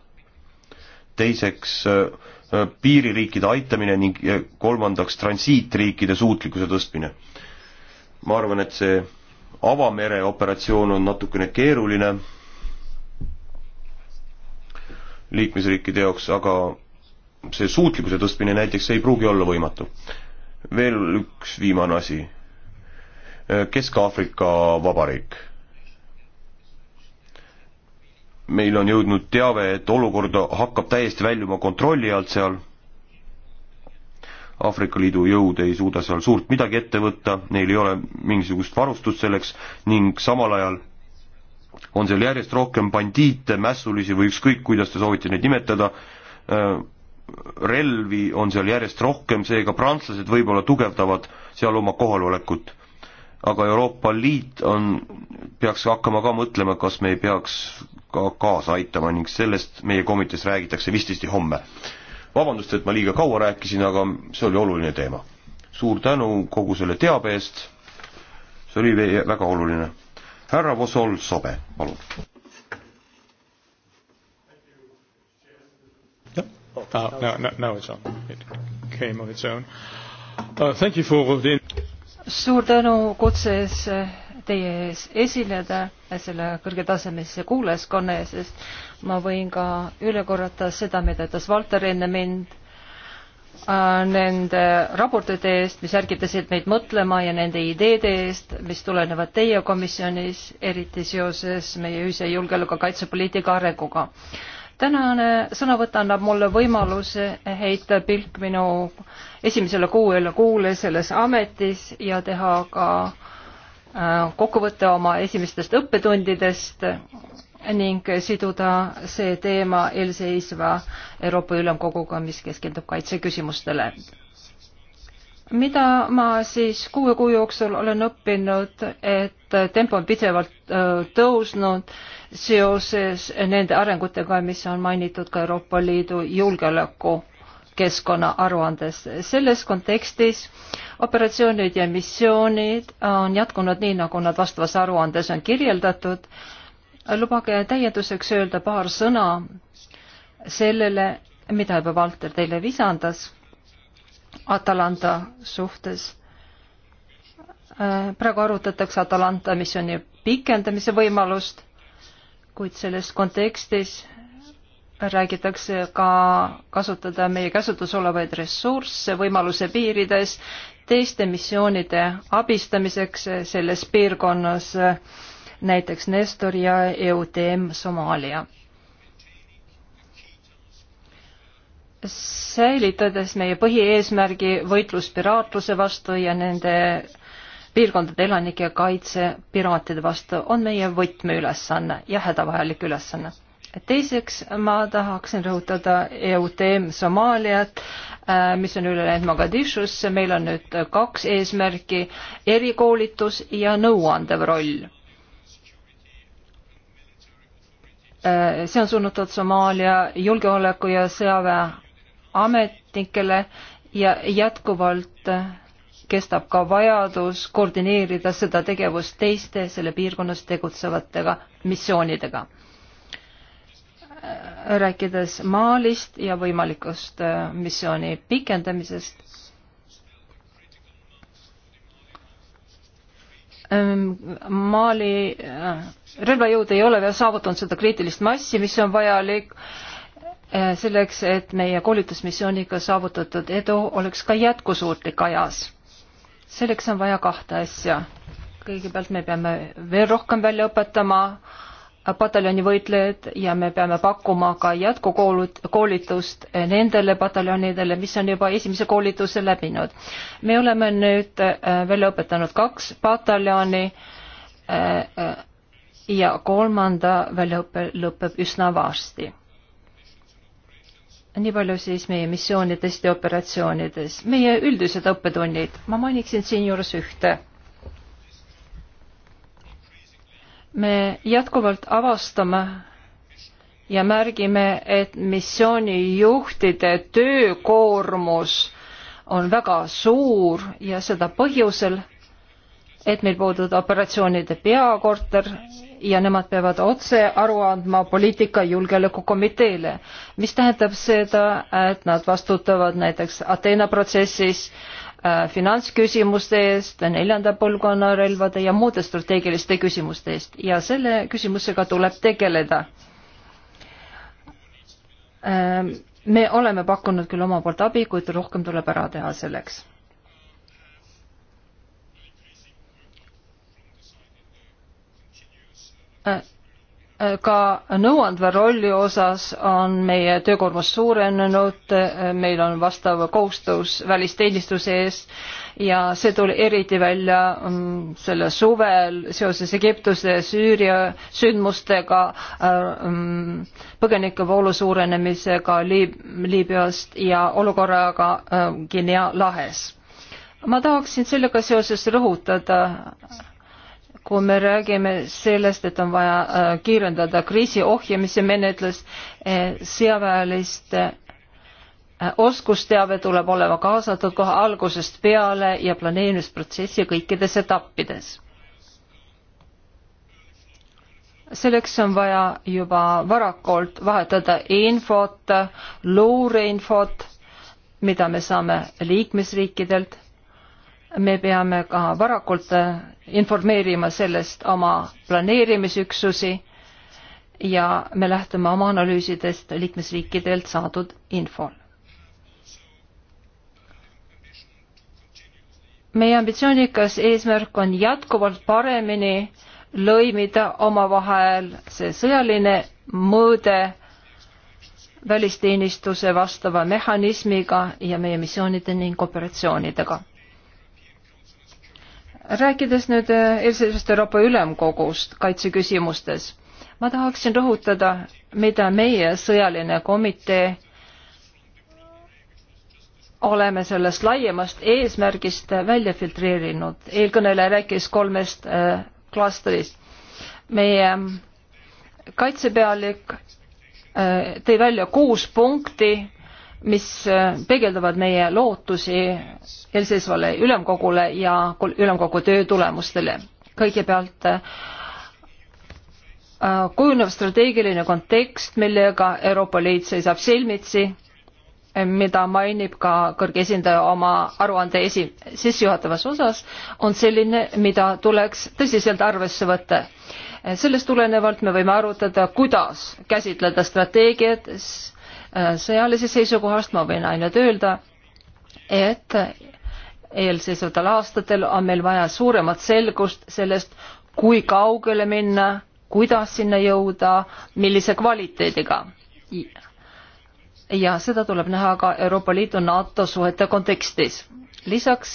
teiseks äh, piiririikide aitamine ning kolmandaks transiitriikide suutlikkuse tõstmine. ma arvan, et see avamere operatsioon on natukene keeruline liikmesriikide jaoks, aga see suutlikkuse tõstmine näiteks ei pruugi olla võimatu. veel üks viimane asi. Kesk-Aafrika Vabariik meil on jõudnud teave, et olukord hakkab täiesti väljuma kontrolli alt seal. Aafrika Liidu jõud ei suuda seal suurt midagi ette võtta, neil ei ole mingisugust varustust selleks ning samal ajal on seal järjest rohkem bandiite, mässulisi või ükskõik, kuidas te soovite neid nimetada, äh, relvi on seal järjest rohkem, seega prantslased võib-olla tugevdavad seal oma kohalolekut aga Euroopa Liit on, peaks hakkama ka mõtlema, kas me ei peaks ka kaasa aitama ning sellest meie komitees räägitakse vist vist homme. vabandust, et ma liiga kaua rääkisin, aga see oli oluline teema. suur tänu kogu selle teabe eest, see oli väga oluline. härra Vosol Sobe, palun. Oh, no, no, no, it's on. It came of its own. Uh, thank you for the... Suur tänu kutse eest teie ees esineda selle kõrgetasemelise kuulajaskonna ees, sest ma võin ka üle korrata seda, mida ütles Valter enne mind äh, nende raportite eest, mis ärgitasid meid mõtlema ja nende ideede eest, mis tulenevad teie komisjonis, eriti seoses meie ühise julgeoleku kaitsepoliitika arenguga. tänane sõnavõtt annab mulle võimaluse heita pilk minu esimesele kuuele kuule selles ametis ja teha ka Äh, kokkuvõte oma esimestest õppetundidest ning siduda see teema eelseisva Euroopa Ülemkoguga, mis keskendub kaitseküsimustele. mida ma siis kuue kuu jooksul olen õppinud, et tempo on pidevalt äh, tõusnud seoses nende arengutega, mis on mainitud ka Euroopa Liidu julgeolekukeskkonna aruandes. selles kontekstis äh, operatsioonid ja missioonid on jätkunud nii, nagu nad vastavas aruandes on kirjeldatud. lubage täienduseks öelda paar sõna sellele, mida juba Valter teile visandas Atalanta suhtes. praegu arutatakse Atalanta missiooni pikendamise võimalust, kuid selles kontekstis räägitakse ka kasutada meie käsutus olevaid ressursse võimaluse piirides teiste missioonide abistamiseks selles piirkonnas, näiteks Nestor ja EUTM Somaalia. säilitades meie põhieesmärgi võitlus piraatluse vastu ja nende piirkondade elanike kaitse piraatide vastu on meie võtmeülesanne ja hädavajalik ülesanne teiseks ma tahaksin rõhutada EUTM Somaaliat, äh, mis on üle läinud Mogadishusse, meil on nüüd kaks eesmärki, erikoolitus ja nõuandev roll. Äh, see on suunatud Somaalia julgeoleku ja sõjaväeametnikele ja jätkuvalt äh, kestab ka vajadus koordineerida seda tegevust teiste selle piirkonnas tegutsevatega missioonidega rääkides Maalist ja võimalikust äh, missiooni pikendamisest, Mali ähm, äh, relvajõud ei ole veel saavutanud seda kriitilist massi, mis on vajalik äh, selleks, et meie koolitusmissiooniga saavutatud edu oleks ka jätkusuutlik ajas. selleks on vaja kahte asja. kõigepealt me peame veel rohkem välja õpetama äh, pataljoni võitlejad ja me peame pakkuma ka jätkukoolitust nendele pataljonidele, mis on juba esimese koolituse läbinud. me oleme nüüd äh, välja õpetanud kaks pataljoni äh, äh, ja kolmanda väljaõpe lõpeb üsna varsti. nii palju siis meie missioonidest ja operatsioonidest. meie üldised õppetunnid, ma mainiksin siinjuures ühte me jätkuvalt avastame ja märgime, et missioonijuhtide töökoormus on väga suur ja seda põhjusel, et meil puudub operatsioonide peakorter ja nemad peavad otse aru andma poliitika julgeolekukomiteele, mis tähendab seda, et nad vastutavad näiteks Ateena protsessis äh, Äh, finantsküsimuste eest, neljanda põlvkonna relvade ja muude strateegiliste küsimuste eest ja selle küsimusega tuleb tegeleda. Ähm, me oleme pakkunud küll oma poolt abi, kuid rohkem tuleb ära teha selleks. Äh, ka nõuandva rolli osas on meie töökoormus suurenenud, meil on vastav kohustus välisteenistuse ees ja see tuli eriti välja mm, selle suvel seoses Egiptuse ja Süüria sündmustega, mm, põgenikevoolu suurenemisega Liib-, Liibüast ja olukorraga mm, Guinea lahes. ma tahaksin sellega seoses rõhutada kui me räägime sellest, et on vaja äh, kiirendada kriisi ohjamise menetlus, äh, sõjaväeliste äh, oskusteave tuleb olema kaasatud kohe algusest peale ja planeerimisprotsessi kõikides etappides. selleks on vaja juba varakult vahetada infot, luureinfot, mida me saame liikmesriikidelt me peame ka varakult äh, informeerima sellest oma planeerimisüksusi ja me lähtume oma analüüsidest liikmesriikidelt saadud infol. meie ambitsioonikas eesmärk on jätkuvalt paremini lõimida omavahel see sõjaline mõõde välisteenistuse vastava mehhanismiga ja meie missioonide ning operatsioonidega rääkides nüüd äh, eilsest Euroopa Ülemkogust kaitseküsimustes, ma tahaksin rõhutada, mida meie sõjaline komitee oleme sellest laiemast eesmärgist välja filtreerinud. eelkõneleja rääkis kolmest äh, klastrist. meie kaitsepealik äh, tõi välja kuus punkti mis äh, peegeldavad meie lootusi eelseisvale ülemkogule ja ülemkogu töö tulemustele. kõigepealt äh, äh, kujunev strateegiline kontekst, millega Euroopa Liit seisab silmitsi, mida mainib ka kõrge esindaja oma aruande esi, sissejuhatavas osas, on selline, mida tuleks tõsiselt arvesse võtta. sellest tulenevalt me võime arutada, kuidas käsitleda strateegiat, Äh, sõjalise seisukohast ma võin ainult öelda, et eelseisvatel aastatel on meil vaja suuremat selgust sellest, kui kaugele minna, kuidas sinna jõuda, millise kvaliteediga. ja seda tuleb näha ka Euroopa Liidu NATO suhete kontekstis. lisaks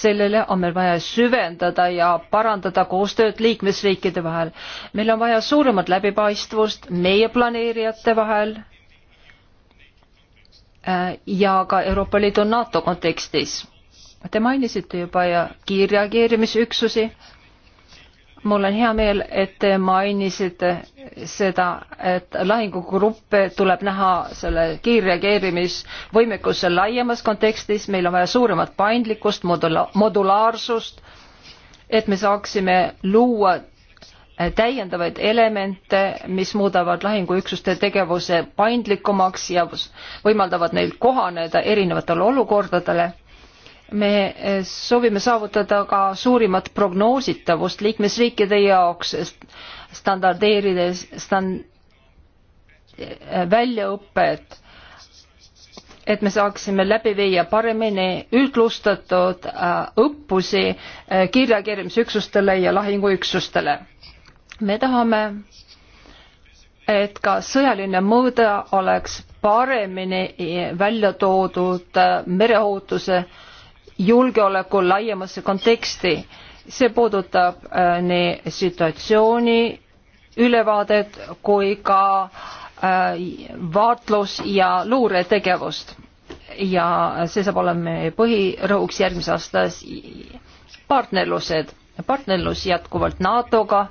sellele on meil vaja süvendada ja parandada koostööd liikmesriikide vahel. meil on vaja suuremat läbipaistvust meie planeerijate vahel Äh, ja ka Euroopa Liidu NATO kontekstis. Te mainisite juba ja kiirreageerimisüksusi. mul on hea meel, et te mainisite seda, et lahingugruppe tuleb näha selle kiirreageerimisvõimekuse laiemas kontekstis, meil on vaja suuremat paindlikkust modula, modulaarsust, et me saaksime luua täiendavaid elemente, mis muudavad lahinguüksuste tegevuse paindlikumaks ja võimaldavad neil kohaneda erinevatele olukordadele. me eh, soovime saavutada ka suurimat prognoositavust liikmesriikide jaoks, standardeerides stand, väljaõpet, et me saaksime läbi viia paremini ühtlustatud äh, õppusi äh, kiirreageerimisüksustele ja lahinguüksustele me tahame, et ka sõjaline mõõde oleks paremini välja toodud äh, mereohutuse julgeoleku laiemasse konteksti. see puudutab äh, nii situatsiooni ülevaadet kui ka äh, vaatlus ja luuretegevust ja see saab olema meie põhirõhuks järgmise aasta partnerlused, partnerlus jätkuvalt NATO-ga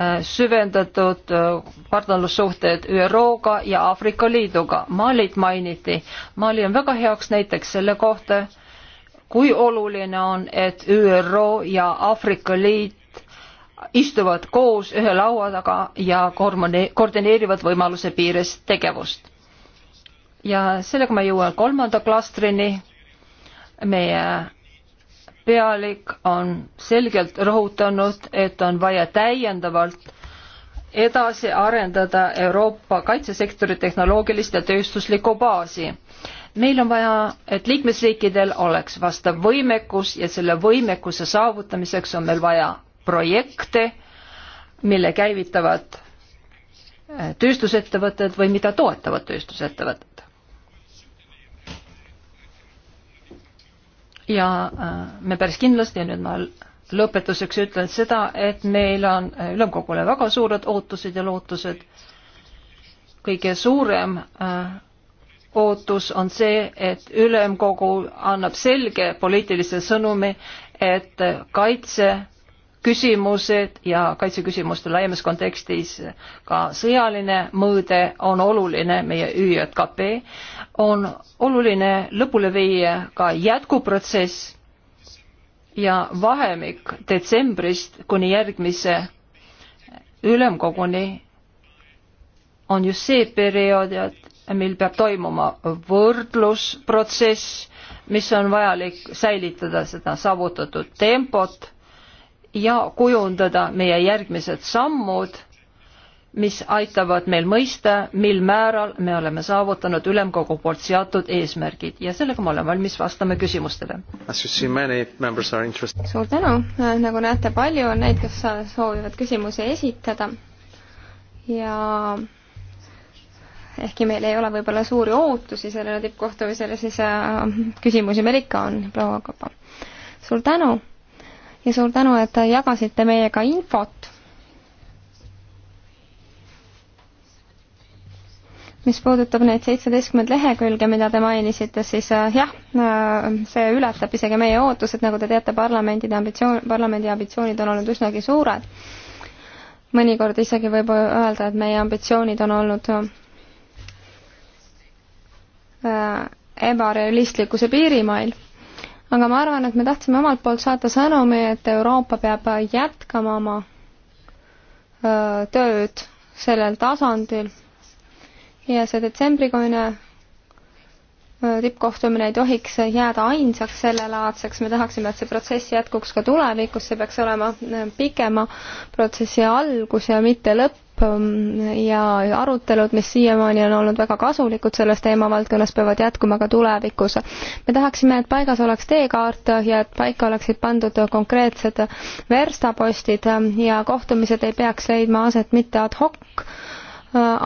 Äh, süvendatud äh, partnerlussuhted ÜRO-ga ja Aafrika Liiduga. Malit mainiti. Mali on väga heaks näiteks selle kohta, kui oluline on, et ÜRO ja Aafrika Liit istuvad koos ühe laua taga ja koordineerivad võimaluse piires tegevust. ja sellega ma jõuan kolmanda klastrini, meie pealik on selgelt rõhutanud, et on vaja täiendavalt edasi arendada Euroopa kaitsesektori tehnoloogilist ja tööstuslikku baasi. meil on vaja, et liikmesriikidel oleks vastav võimekus ja selle võimekuse saavutamiseks on meil vaja projekte, mille käivitavad äh, tööstusettevõtted või mida toetavad tööstusettevõtted. ja äh, me päris kindlasti ja nüüd ma lõpetuseks ütlen seda, et meil on äh, ülemkogule väga suured ootused ja lootused. kõige suurem äh, ootus on see, et ülemkogu annab selge poliitilise sõnumi, et kaitse küsimused ja kaitseküsimuste laiemas kontekstis ka sõjaline mõõde on oluline, meie ÜJKP on oluline lõpule viia ka jätkuprotsess ja vahemik detsembrist kuni järgmise ülemkoguni on just see periood, mil peab toimuma võrdlusprotsess, mis on vajalik säilitada seda saavutatud tempot ja kujundada meie järgmised sammud, mis aitavad meil mõista, mil määral me oleme saavutanud ülemkogu poolt seatud eesmärgid ja sellega ma olen valmis vastama küsimustele. suur tänu, äh, nagu näete, palju on neid, kes äh, soovivad küsimusi esitada ja ehkki meil ei ole võib-olla suuri ootusi sellele tippkohtumisele, siis äh, küsimusi meil ikka on, proua Kapa. suur tänu ja suur tänu, et jagasite meiega infot, mis puudutab neid seitseteistkümmet lehekülge, mida te mainisite, siis äh, jah, äh, see ületab isegi meie ootused, nagu te teate, parlamendide ambitsioon, parlamendi ambitsioonid on olnud üsnagi suured. mõnikord isegi võib öelda, et meie ambitsioonid on olnud äh, ebarealistlikkuse piirimail aga ma arvan, et me tahtsime omalt poolt saata sõnumi, et Euroopa peab jätkama oma öö, tööd sellel tasandil ja see detsembrikuine tippkohtumine ei tohiks jääda ainsaks sellelaadseks, me tahaksime, et see protsess jätkuks ka tulevikus, see peaks olema pikema protsessi algus ja mitte lõpp Ähm, ja arutelud, mis siiamaani on olnud väga kasulikud selles teemavaldkonnas, peavad jätkuma ka tulevikus. me tahaksime, et paigas oleks teekaart ja et paika oleksid pandud konkreetsed verstapostid ja kohtumised ei peaks leidma aset mitte ad hoc äh,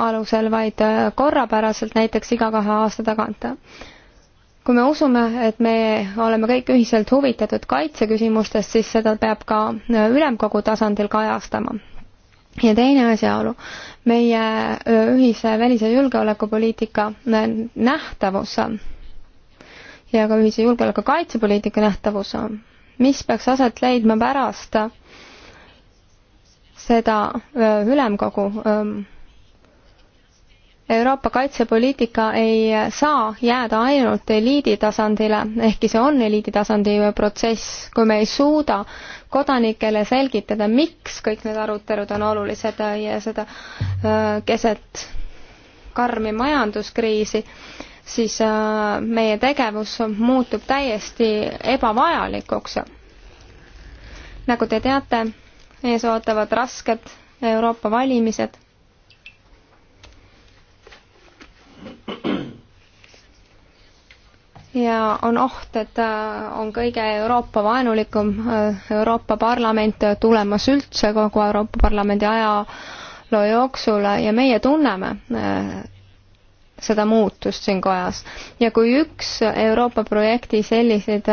alusel, vaid äh, korrapäraselt, näiteks iga kahe aasta tagant kui me usume, et me oleme kõik ühiselt huvitatud kaitseküsimustest, siis seda peab ka äh, ülemkogu tasandil kajastama ja teine asjaolu, meie ühise välis- ja julgeolekupoliitika nähtavus ja ka ühise julgeoleku kaitsepoliitika nähtavus, mis peaks aset leidma pärast seda ülemkogu Euroopa kaitsepoliitika ei saa jääda ainult eliidi tasandile, ehkki see on eliidi tasandi protsess, kui me ei suuda kodanikele selgitada, miks kõik need arutelud on olulised ja seda äh, keset karmi majanduskriisi, siis äh, meie tegevus muutub täiesti ebavajalikuks. nagu te teate, ees ootavad rasked Euroopa valimised ja on oht, et äh, on kõige Euroopa vaenulikum äh, Euroopa Parlament tulemas üldse kogu Euroopa Parlamendi ajaloo jooksul ja meie tunneme äh, seda muutust siin kojas. ja kui üks Euroopa projekti selliseid,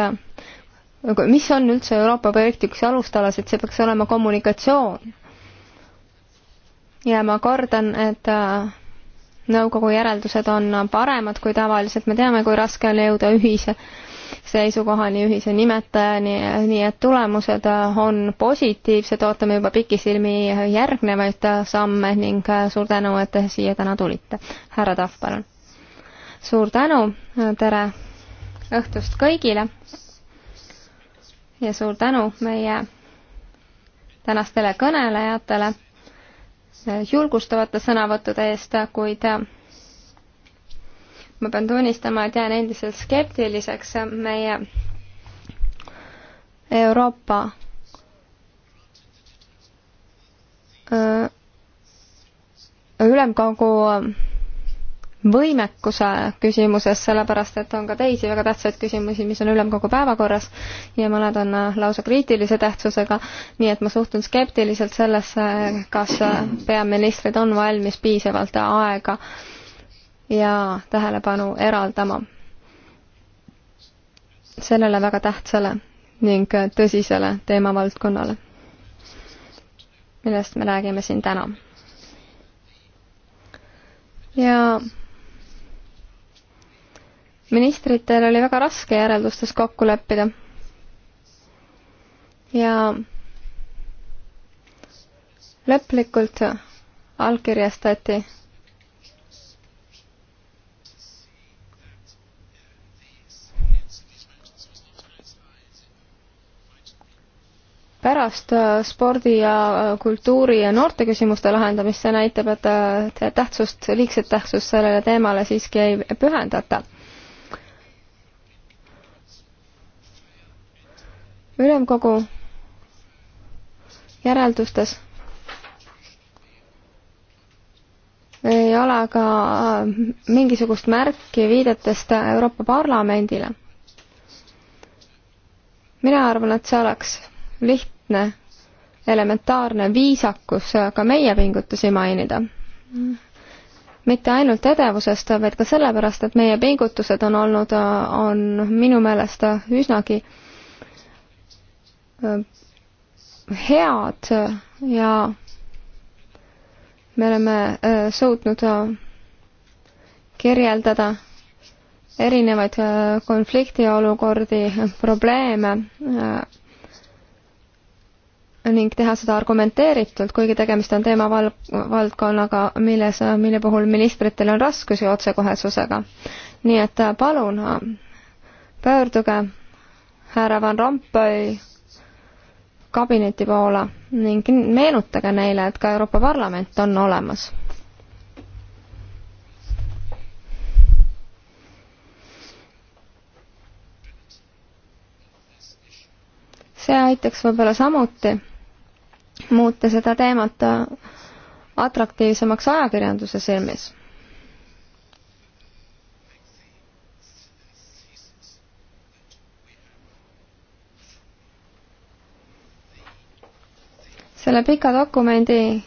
mis on üldse Euroopa projekti üks alustalasid, see peaks olema kommunikatsioon. ja ma kordan, et nõukogu järeldused on paremad kui tavaliselt, me teame, kui raske on jõuda ühise seisukohani, ühise nimetajani, nii et tulemused on positiivsed, ootame juba pikisilmi järgnevaid samme ning suur tänu, et te siia täna tulite. härra Tahv, palun. suur tänu, tere õhtust kõigile ja suur tänu meie tänastele kõnelejatele julgustavate sõnavõttude eest, kuid ma pean tunnistama, et jään endiselt skeptiliseks meie Euroopa äh, ülemkogu võimekuse küsimuses, sellepärast et on ka teisi väga tähtsaid küsimusi, mis on ülemkogu päevakorras ja mõned on äh, lausa kriitilise tähtsusega, nii et ma suhtun skeptiliselt sellesse, kas äh, peaministrid on valmis piisavalt aega ja tähelepanu eraldama sellele väga tähtsale ning äh, tõsisele teemavaldkonnale, millest me räägime siin täna ja ministritel oli väga raske järeldustes kokku leppida. ja lõplikult allkirjastati pärast spordi ja kultuuri ja noorte küsimuste lahendamist, see näitab, et tähtsust, liigset tähtsust sellele teemale siiski ei pühendata ülemkogu järeldustes ei ole ka äh, mingisugust märki viidetest Euroopa Parlamendile. mina arvan, et see oleks lihtne, elementaarne viisakus ka meie pingutusi mainida. mitte ainult edevusest, vaid ka sellepärast, et meie pingutused on olnud, äh, on minu meelest üsnagi äh, head ja me oleme äh, suutnud äh, kirjeldada erinevaid äh, konfliktiolukordi, probleeme ning teha seda argumenteeritult, kuigi tegemist on teemaval-, valdkonnaga, milles, mille puhul ministritel on raskusi otsekohesusega. nii et palun pöörduge härra Van Rompuy kabineti poole ning meenutage neile, et ka Euroopa Parlament on olemas. see aitaks võib-olla samuti muuta seda teemat atraktiivsemaks ajakirjanduse silmis selle pika dokumendi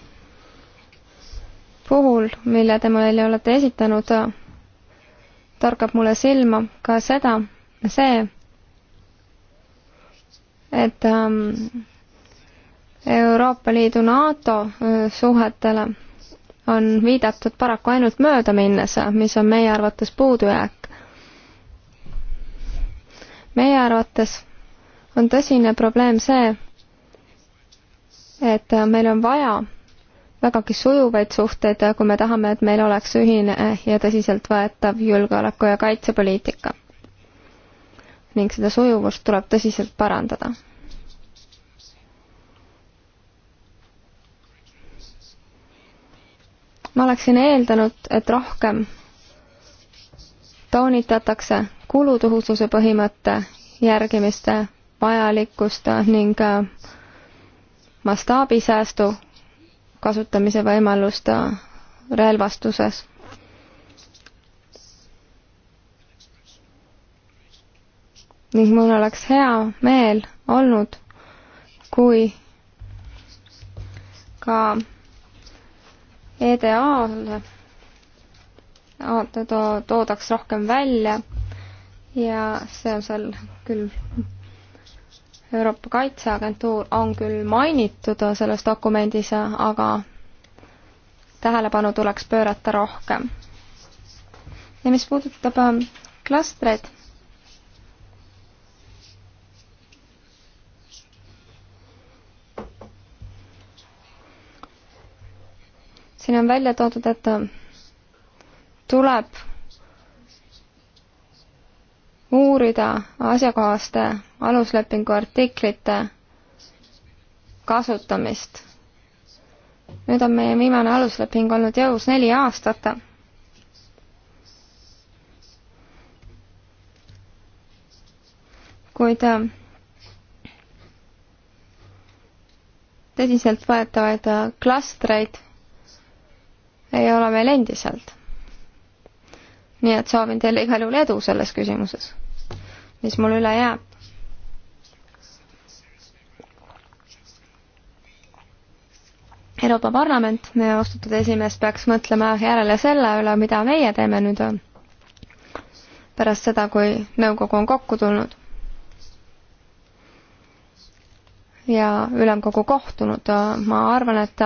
puhul, mille te meile olete esitanud, torkab mulle silma ka seda, see, et ähm, Euroopa Liidu NATO äh, suhetele on viidatud paraku ainult möödaminnes, mis on meie arvates puudujääk. meie arvates on tõsine probleem see, et äh, meil on vaja vägagi sujuvaid suhteid, äh, kui me tahame, et meil oleks ühine äh, ja tõsiseltvõetav julgeoleku- ja kaitsepoliitika. ning seda sujuvust tuleb tõsiselt parandada. ma oleksin eeldanud, et rohkem toonitatakse kulutõhususe põhimõtte järgimiste vajalikkust ning äh, mastaabisäästu kasutamise võimalust relvastuses. ning mul oleks hea meel olnud, kui ka EDA-le toodaks rohkem välja ja see on seal küll Euroopa Kaitseagentuur on küll mainitud selles dokumendis, aga tähelepanu tuleks pöörata rohkem. ja mis puudutab ähm, klastreid, siin on välja toodud, et ähm, tuleb uurida asjakohaste aluslepingu artiklite kasutamist. nüüd on meie viimane alusleping olnud jõus neli aastat. kuid äh, tõsiseltvõetavaid äh, klastreid ei ole meil endiselt. nii et soovin teile igal juhul edu selles küsimuses mis mul üle jääb. Euroopa Parlament, meie austatud esimees, peaks mõtlema järele selle üle, mida meie teeme nüüd pärast seda, kui nõukogu on kokku tulnud ja ülemkogu kohtunud. ma arvan, et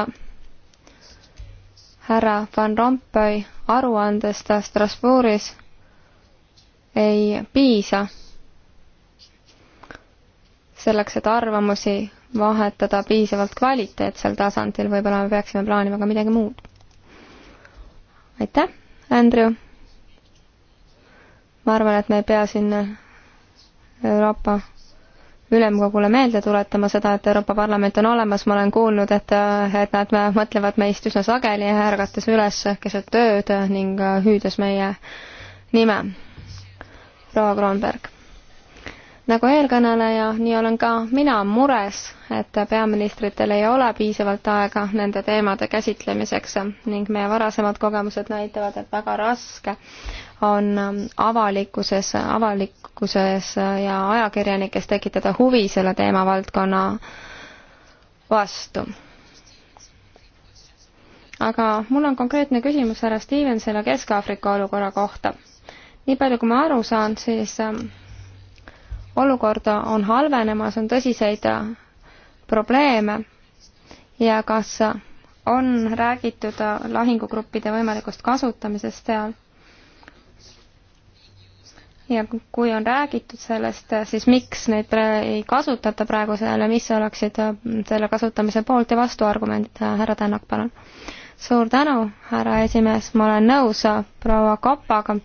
härra Van Rompuy aruandest Strasbourgis ei piisa selleks, et arvamusi vahetada piisavalt kvaliteetsel tasandil, võib-olla me peaksime plaanima ka midagi muud. aitäh, Andrew! ma arvan, et me ei pea siin Euroopa Ülemkogule meelde tuletama seda, et Euroopa Parlament on olemas, ma olen kuulnud, et, et nad mõtlevad meist üsna sageli, ärgates üles keset ööd ning hüüdes meie nime. proua Kroonberg nagu eelkõneleja, nii olen ka mina mures, et peaministritel ei ole piisavalt aega nende teemade käsitlemiseks ning meie varasemad kogemused näitavad, et väga raske on avalikkuses, avalikkuses ja ajakirjanikes tekitada huvi selle teemavaldkonna vastu aga mul on konkreetne küsimus härra Stevensile Kesk-Aafrika olukorra kohta. nii palju, kui ma aru saan, siis olukorda on halvenemas, on tõsiseid probleeme ja kas on räägitud lahingugruppide võimalikust kasutamisest seal? ja kui on räägitud sellest, siis miks neid ei kasutata praegu seal ja mis oleksid selle kasutamise poolt ja vastuargumendid, härra Tänak, palun? suur tänu, härra esimees, ma olen nõus proua Kopaga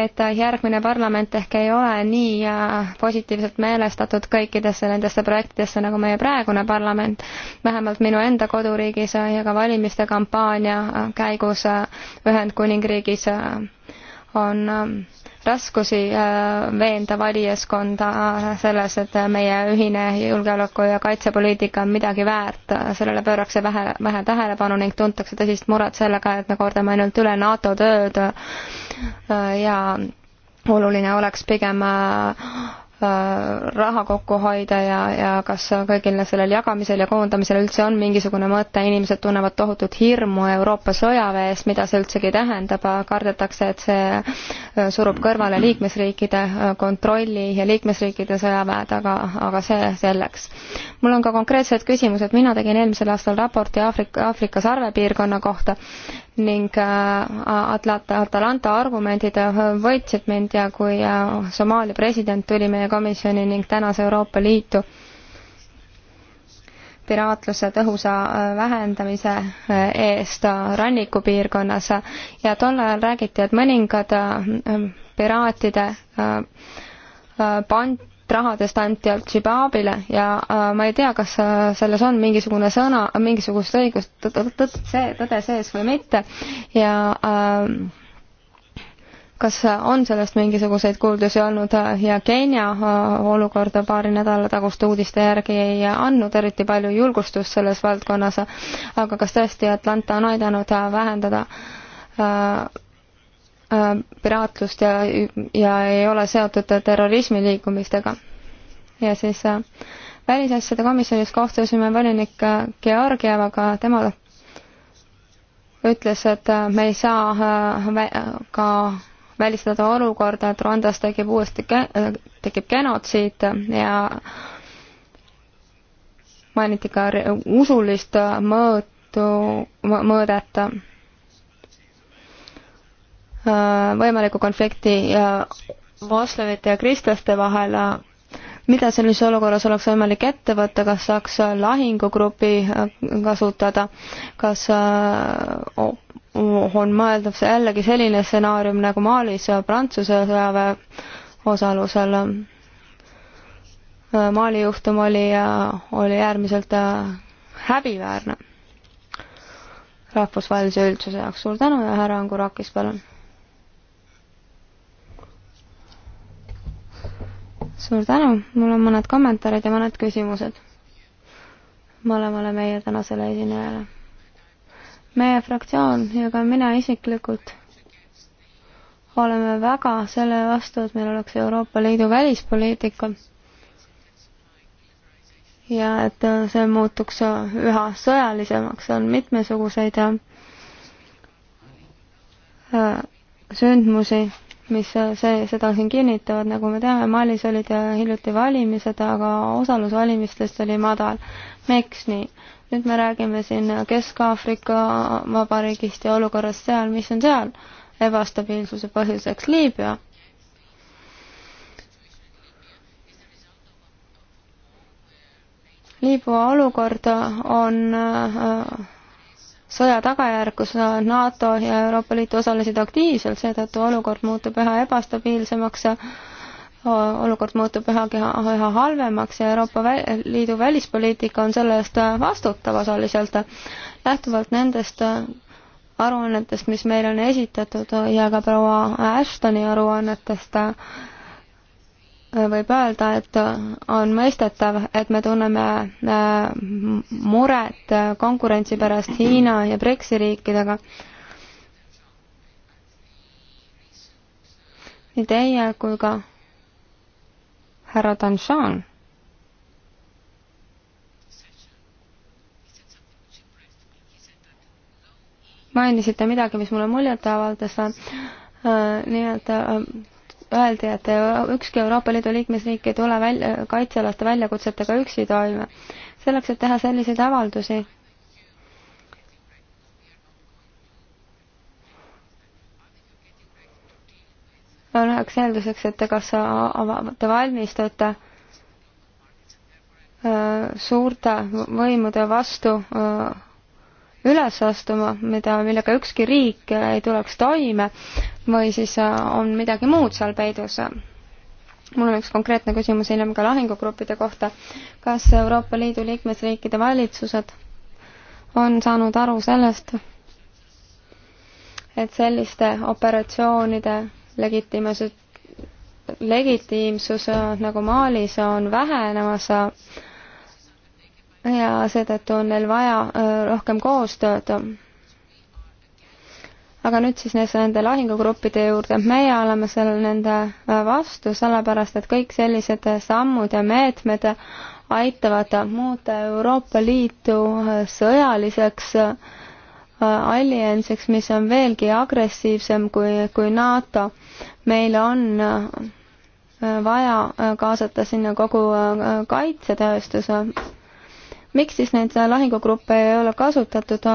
et järgmine parlament ehk ei ole nii äh, positiivselt meelestatud kõikidesse nendesse projektidesse nagu meie praegune parlament. vähemalt minu enda koduriigis ja ka valimiste kampaania äh, käigus äh, Ühendkuningriigis on ähm, raskusi äh, veenda valijaskonda äh, selles, et meie ühine julgeoleku- ja kaitsepoliitika on midagi väärt, sellele pöörakse vähe, vähe tähelepanu ning tuntakse tõsist muret sellega, et me kordame ainult üle NATO tööd äh, ja oluline oleks pigem Äh, raha kokku hoida ja, ja kas kõigil sellel jagamisel ja koondamisel üldse on mingisugune mõte, inimesed tunnevad tohutut hirmu Euroopa sõjaväe ees, mida see üldsegi tähendab, kardetakse, et see äh, surub kõrvale liikmesriikide äh, kontrolli ja liikmesriikide sõjaväed, aga, aga see selleks. mul on ka konkreetsed küsimused, mina tegin eelmisel aastal raporti Aafrika, Aafrika sarvepiirkonna kohta ning äh, Atlanta, Atalanta argumendid äh, võitsid mind ja kui äh, Somaalia president tuli meie komisjoni ning tänas Euroopa Liitu piraatluse tõhusa vähendamise eest rannikupiirkonnas ja tol ajal räägiti, et mõningad piraatide pant-, rahadest anti Al-Shabaabile ja äh, ma ei tea, kas äh, selles on mingisugune sõna, mingisugust õigust tõde, tõde sees või mitte ja äh, kas on sellest mingisuguseid kuuldusi olnud äh, ja Keenia äh, olukorda paari nädala taguste uudiste järgi ei andnud eriti palju julgustust selles valdkonnas, aga kas tõesti Atlanta on aidanud äh, vähendada äh, Äh, piraatlust ja, ja ei ole seotud terrorismiliikumistega. ja siis äh, välisasjade komisjonis kohtusime volinik äh, Georgievaga, tema ütles, et me ei saa ka välistada olukorda, et Rwandas tekib uuesti, tekib genotsiid ja mainiti ka usulist mõõtu, mõõdet Äh, võimaliku konflikti äh, moslemite ja kristlaste vahel. Äh, mida sellises olukorras oleks võimalik ette võtta, kas saaks lahingugrupi kasutada, kas on mõeldav see jällegi selline stsenaarium nagu Malis Prantsuse sõjaväe osalusel? Mali juhtum oli, oli äärmiselt häbiväärne rahvusvahelise üldsuse jaoks. suur tänu ja härra Angurakis, palun! suur tänu, mul on mõned kommentaarid ja mõned küsimused mõlemale meie tänasele esinejale. meie fraktsioon ja ka mina isiklikult oleme väga selle vastu, et meil oleks Euroopa Liidu välispoliitika ja et see muutuks üha sõjalisemaks, on mitmesuguseid äh, sündmusi mis äh, see, seda siin kinnitavad, nagu me teame, Malis olid äh, hiljuti valimised, aga osalus valimistest oli madal. miks nii? nüüd me räägime siin Kesk-Aafrika Vabariigist ja olukorrast seal, mis on seal ebastabiilsuse põhjuseks Liibüa. Liibüa olukord on äh, sõja tagajärg, kus NATO ja Euroopa Liit osalesid aktiivselt, seetõttu olukord muutub üha ebastabiilsemaks, olukord muutub üha, üha halvemaks ja Euroopa Liidu välispoliitika on selle eest vastutav osaliselt. lähtuvalt nendest äh, aruannetest, mis meile on esitatud ja ka proua Ashtoni aruannetest, võib öelda, et on mõistetav, et me tunneme äh, muret äh, konkurentsi pärast Hiina ja BRICS-i riikidega. nii teie kui ka härra Danshan mainisite midagi, mis mulle muljet avaldas. Äh, nimelt öeldi, et äh, ükski Euroopa Liidu liikmesriik ei tule välja, kaitsealaste väljakutsetega üksi toime. selleks, et teha selliseid avaldusi, on üheks eelduseks, et kas äh, te valmistute äh, suurte võimude vastu öö, üles astuma, mida, millega ükski riik ei tuleks toime või siis äh, on midagi muud seal peidus. mul on üks konkreetne küsimus hiljem ka lahingugruppide kohta. kas Euroopa Liidu liikmesriikide valitsused on saanud aru sellest, et selliste operatsioonide legitiimsus, legitiimsus äh, nagu Malis on vähenemas ja seetõttu on neil vaja äh, rohkem koostööd. aga nüüd siis nende lahingugruppide juurde, meie oleme seal nende äh, vastu, sellepärast et kõik sellised sammud ja meetmed aitavad muuta Euroopa Liitu äh, sõjaliseks alliansiks, mis on veelgi agressiivsem kui, kui NATO. meil on vaja kaasata sinna kogu kaitsetööstuse miks siis neid lahingugruppe ei ole kasutatud,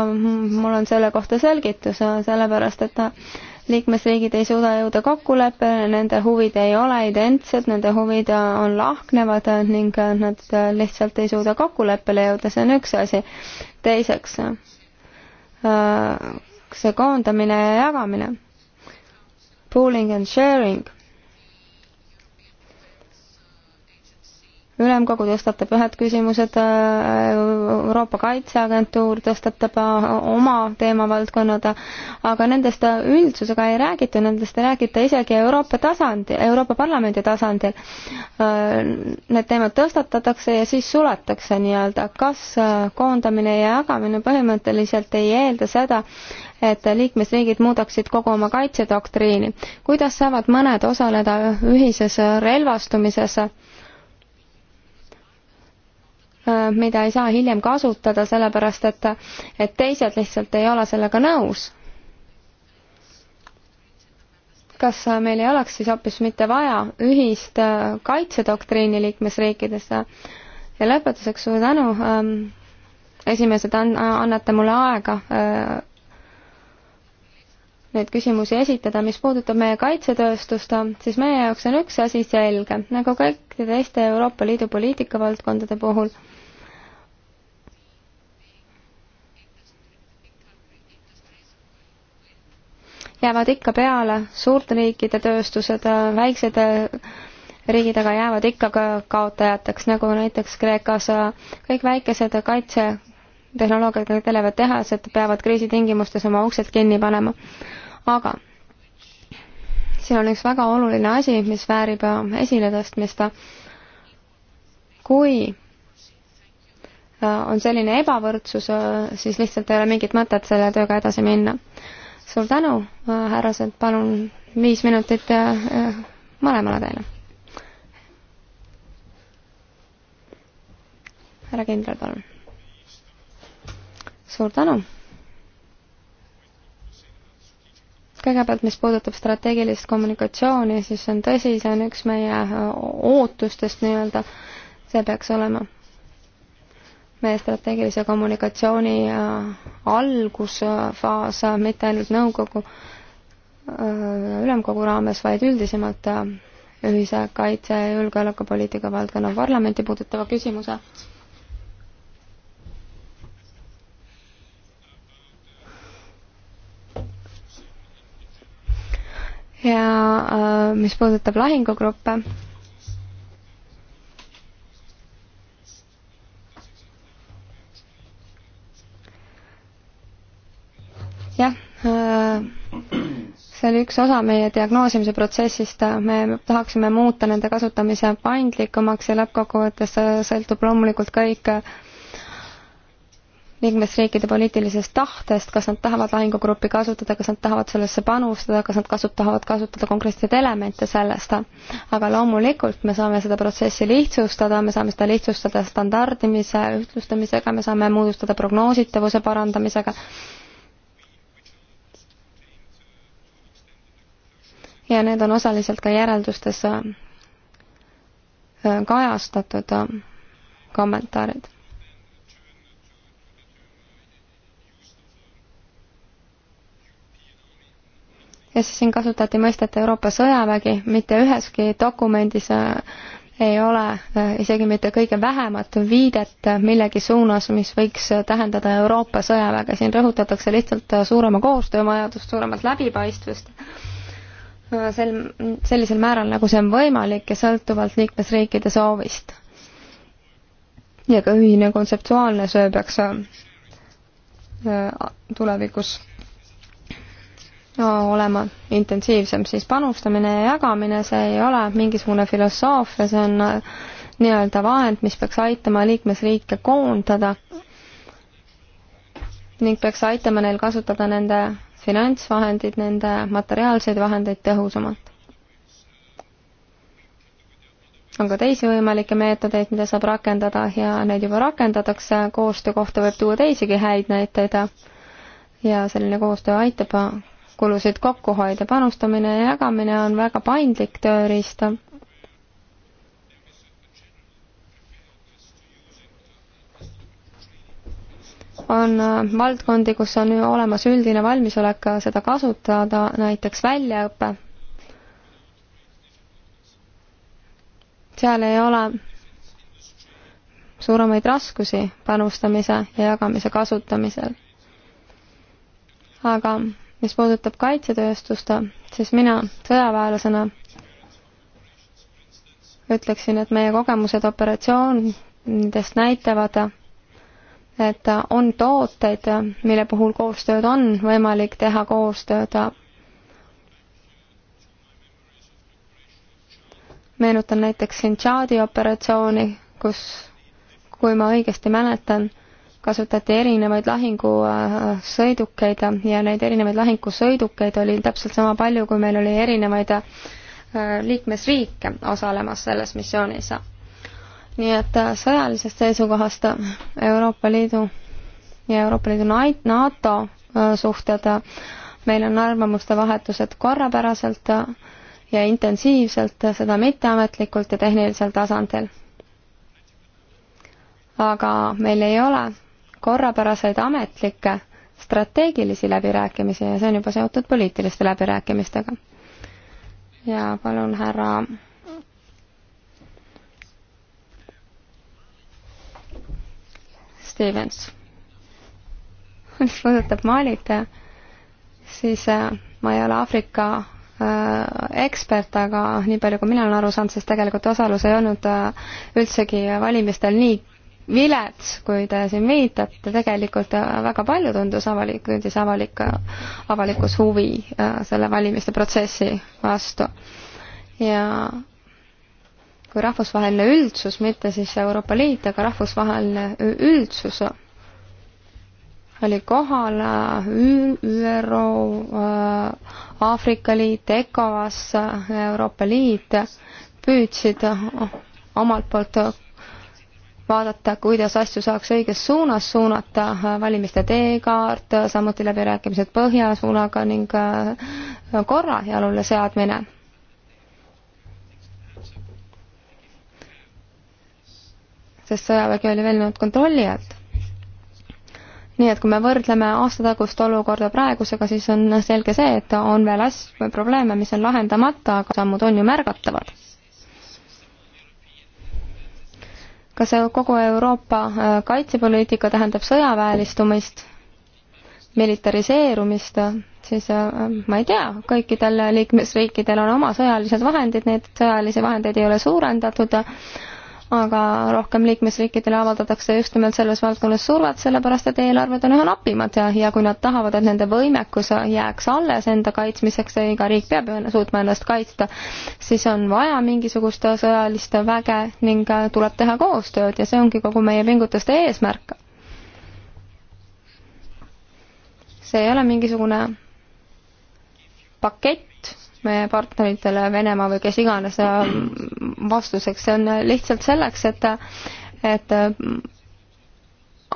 mul on selle kohta selgitus, sellepärast et liikmesriigid ei suuda jõuda kokkuleppele, nende huvid ei ole identsed, nende huvid on lahknevad ning nad lihtsalt ei suuda kokkuleppele jõuda, see on üks asi. teiseks, see koondamine ja jagamine, pooling and sharing ülemkogu tõstatab ühed küsimused, äh, Euroopa Kaitseagentuur tõstatab äh, oma teemavaldkonnad, aga nendest äh, üldsusega ei räägita, nendest ei räägita isegi Euroopa tasandil, Euroopa Parlamendi tasandil. Need teemad tõstatatakse ja siis suletakse nii-öelda. kas koondamine ja jagamine põhimõtteliselt ei eelda seda, et liikmesriigid muudaksid kogu oma kaitsedoktriini. kuidas saavad mõned osaleda ühises relvastumises Äh, mida ei saa hiljem kasutada, sellepärast et, et teised lihtsalt ei ole sellega nõus. kas meil ei oleks siis hoopis mitte vaja ühist äh, kaitsedoktriini liikmesriikides? ja lõpetuseks suur tänu, ähm, esimesed an-, annate mulle aega äh, neid küsimusi esitada, mis puudutab meie kaitsetööstust, siis meie jaoks on üks asi selge, nagu kõikide teiste Euroopa Liidu poliitikavaldkondade puhul jäävad ikka peale, suurte riikide tööstused, väiksed riigid aga jäävad ikka ka kaotajateks, nagu näiteks Kreekas kõik väikesed kaitsetehnoloogiaga tegelevad tehased peavad kriisitingimustes oma uksed kinni panema. aga siin on üks väga oluline asi, mis väärib esiletõstmist. kui äh, on selline ebavõrdsus, äh, siis lihtsalt ei ole mingit mõtet selle tööga edasi minna suur tänu, äh, härrased, palun viis minutit äh, äh, mõlemale teile. härra kindral, palun. suur tänu. kõigepealt, mis puudutab strateegilist kommunikatsiooni, siis on tõsi, see on üks meie ootustest nii-öelda, see peaks olema meie strateegilise kommunikatsiooni äh, algusfaas, äh, mitte ainult nõukogu äh, ülemkogu raames, vaid üldisemalt ühise kaitse- ja julgeolekupoliitika valdkonna parlamenti puudutava küsimuse. ja mis puudutab lahingugruppe, oli üks osa meie diagnoosimise protsessist, me tahaksime muuta nende kasutamise paindlikumaks ja lõppkokkuvõttes sõltub loomulikult kõik liikmesriikide poliitilisest tahtest, kas nad tahavad lahingugruppi kasutada, kas nad tahavad sellesse panustada, kas nad kasut-, tahavad kasutada konkreetseid elemente sellest. aga loomulikult me saame seda protsessi lihtsustada, me saame seda lihtsustada standardimise, ühtlustamisega, me saame moodustada prognoositavuse parandamisega ja need on osaliselt ka järeldustes äh, kajastatud äh, kommentaarid. ja siis siin kasutati mõistet Euroopa sõjavägi, mitte üheski dokumendis äh, ei ole isegi mitte kõige vähemat viidet millegi suunas, mis võiks tähendada Euroopa sõjaväge, siin rõhutatakse lihtsalt suurema koostöö vajadust, suuremat läbipaistvust Äh, sel, sellisel määral, nagu see on võimalik ja sõltuvalt liikmesriikide soovist. ja ka ühine kontseptuaalne söö peaks äh, äh, tulevikus no, olema intensiivsem, siis panustamine ja jagamine, see ei ole mingisugune filosoofia, see on nii-öelda vahend, mis peaks aitama liikmesriike koondada ning peaks aitama neil kasutada nende finantsvahendid, nende materiaalseid vahendeid tõhusamalt. on ka teisi võimalikke meetodeid, mida saab rakendada ja neid juba rakendatakse, koostöö kohta võib tuua teisigi häid näiteid ja selline koostöö aitab kulusid kokku hoida, panustamine ja jagamine on väga paindlik tööriist on äh, valdkondi, kus on olemas üldine valmisolek äh, seda kasutada, näiteks väljaõpe. seal ei ole suuremaid raskusi panustamise ja jagamise kasutamisel. aga mis puudutab kaitsetööstust, siis mina sõjaväelasena ütleksin, et meie kogemused operatsioonidest näitavad, et on tooteid, mille puhul koostööd on võimalik teha koostööd. meenutan näiteks siin Tšaadi operatsiooni, kus, kui ma õigesti mäletan, kasutati erinevaid lahingusõidukeid ja neid erinevaid lahingusõidukeid oli täpselt sama palju, kui meil oli erinevaid äh, liikmesriike osalemas selles missioonis nii et äh, sõjalisest seisukohast äh, Euroopa Liidu ja Euroopa Liidu NATO äh, suhted, meil on arvamuste vahetused korrapäraselt ja intensiivselt, seda mitteametlikult ja tehnilisel tasandil. aga meil ei ole korrapäraseid ametlikke strateegilisi läbirääkimisi ja see on juba seotud poliitiliste läbirääkimistega. ja palun, härra Stevens. mis puudutab Malit, siis äh, ma ei ole Aafrika äh, ekspert, aga nii palju, kui mina olen aru saanud, siis tegelikult osalus ei olnud äh, üldsegi valimistel nii vilets, kui te siin viitate, tegelikult väga palju tundus avalik, tundis avalik, avalikkus huvi selle valimiste protsessi vastu. ja kui rahvusvaheline üldsus, mitte siis Euroopa Liit, aga rahvusvaheline üldsus oli kohal ÜRO, äh, Aafrika Liit, ECOWAS, Euroopa Liit püüdsid omalt poolt vaadata, kuidas asju saaks õiges suunas suunata, äh, valimiste teekaart, samuti läbirääkimised põhja suunaga ning äh, korra jalule seadmine sest sõjavägi oli väljunud kontrolli alt. nii et kui me võrdleme aastatagust olukorda praegusega, siis on selge see, et on veel asju, probleeme, mis on lahendamata, aga sammud on ju märgatavad. kas kogu Euroopa äh, kaitsepoliitika tähendab sõjaväelistumist, militariseerumist, siis äh, ma ei tea, kõikidel liikmesriikidel on oma sõjalised vahendid, neid sõjalisi vahendeid ei ole suurendatud aga rohkem liikmesriikidele avaldatakse just nimelt selles valdkonnas survet, sellepärast et eelarved on üha napimad ja, ja kui nad tahavad, et nende võimekus jääks alles enda kaitsmiseks ja iga riik peab suutma ennast kaitsta, siis on vaja mingisugust sõjalist väge ning tuleb teha koostööd ja see ongi kogu meie pingutuste eesmärk. see ei ole mingisugune pakett, meie partneritele, Venemaa või kes iganes äh, vastuseks, see on lihtsalt selleks, et, et äh,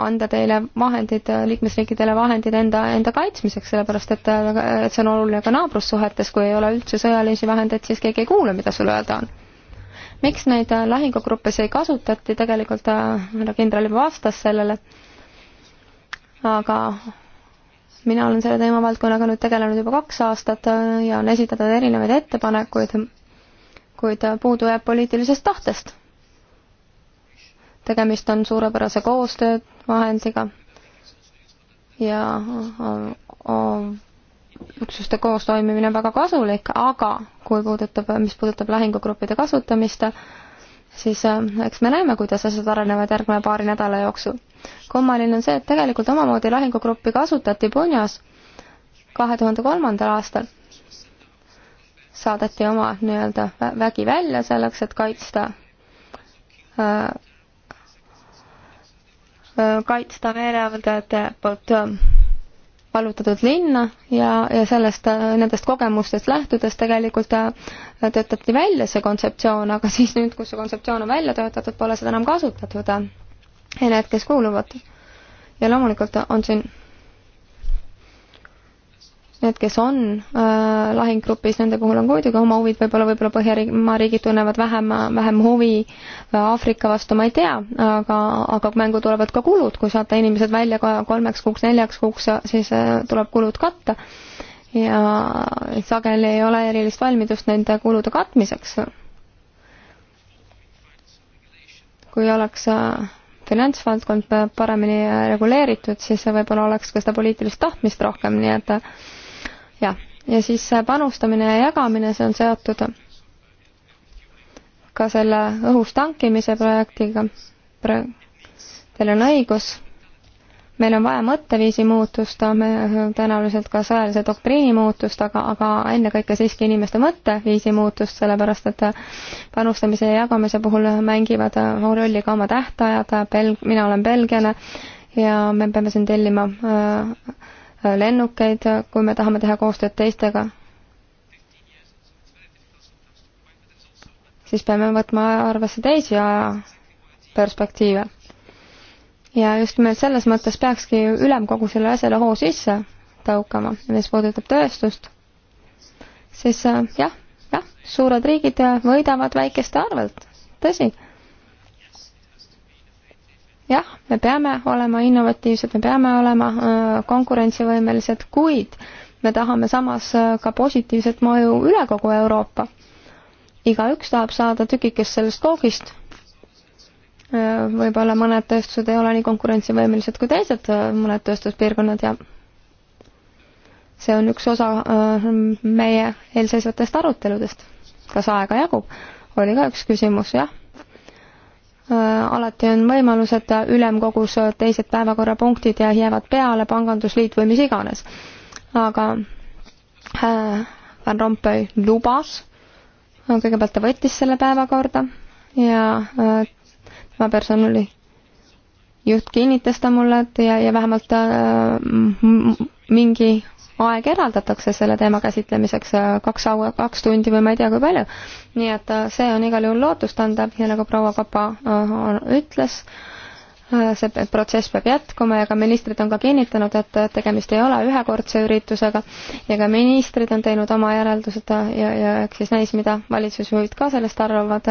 anda teile vahendid, äh, liikmesriikidele vahendid enda, enda kaitsmiseks, sellepärast et, et see on oluline ka naabrussuhetes, kui ei ole üldse sõjalisi vahendeid, siis keegi ei kuule, mida sul öelda on. miks neid lahingugruppes ei kasutati, tegelikult härra kindral juba vastas sellele, aga mina olen selle teemavaldkonnaga nüüd tegelenud juba kaks aastat äh, ja on esitatud erinevaid ettepanekuid, kuid äh, puudu jääb poliitilisest tahtest. tegemist on suurepärase koostöövahendiga ja üksuste äh, koostoimimine on väga kasulik, aga kui puudutab, mis puudutab lahingugruppide kasutamist, siis äh, eks me näeme, kuidas asjad arenevad järgneva paari nädala jooksul. kummaline on see, et tegelikult omamoodi lahingugruppi kasutati Punjas kahe tuhande kolmandal aastal. saadeti oma nii-öelda vägi välja selleks, et kaitsta äh, äh kaitsta meeleavaldajate poolt äh, vallutatud linna ja, ja sellest, nendest kogemustest lähtudes tegelikult äh, töötati välja see kontseptsioon, aga siis nüüd, kus see kontseptsioon on välja töötatud, pole seda enam kasutatud. ja need, kes kuuluvad. ja loomulikult on siin need, kes on äh, lahinggrupis, nende puhul on muidugi oma huvid võib-olla, võib-olla Põhjamaa riigid tunnevad vähem, vähem huvi äh, Aafrika vastu, ma ei tea, aga, aga mängu tulevad ka kulud, kui saata inimesed välja kolmeks kuuks, neljaks kuuks, siis äh, tuleb kulud katta. ja sageli ei ole erilist valmidust nende kulude katmiseks. kui oleks äh, finantsvaldkond paremini äh, reguleeritud, siis võib-olla oleks ka seda poliitilist tahtmist rohkem, nii et äh, jah, ja siis panustamine ja jagamine, see on seotud ka selle õhus tankimise projektiga. Teil on õigus, meil on vaja mõtteviisi muutust, tõenäoliselt ka sõjalise doktriini muutust, aga, aga ennekõike siiski inimeste mõtteviisi muutust, sellepärast et panustamise ja jagamise puhul mängivad rolli ka oma tähtajad, Bel-, mina olen belglane ja me peame siin tellima äh, lennukeid, kui me tahame teha koostööd teistega, siis peame võtma arvesse teisi ajaperspektiive. ja just nimelt selles mõttes peakski ülemkogu sellele asjale hoo sisse tõukama, mis puudutab tööstust, siis äh, jah, jah, suured riigid äh, võidavad väikeste arvelt, tõsi jah, me peame olema innovatiivsed, me peame olema äh, konkurentsivõimelised, kuid me tahame samas äh, ka positiivset mõju üle kogu Euroopa. igaüks tahab saada tükikest sellest koogist. Äh, võib-olla mõned tööstused ei ole nii konkurentsivõimelised kui teised mõned tööstuspiirkonnad ja see on üks osa meie eelseisvatest aruteludest. kas aega jagub? oli ka üks küsimus, jah Äh, alati on võimalus, et ülemkogus teised päevakorrapunktid jäävad peale, pangandusliit või mis iganes. aga äh, Van Rompuy lubas, äh, kõigepealt ta võttis selle päevakorda ja tema personali juht kinnitas ta mulle, et ja, ja vähemalt mingi aeg eraldatakse selle teema käsitlemiseks, äh, kaks au-, kaks tundi või ma ei tea, kui palju. nii et äh, see on igal juhul lootustandev ja nagu proua Kapa äh, ütles, Äh, see protsess peab jätkuma ja ka ministrid on ka kinnitanud, et tegemist ei ole ühekordse üritusega ja ka ministrid on teinud oma järeldused äh, ja, ja eks siis näis, mida valitsusjuhid ka sellest arvavad.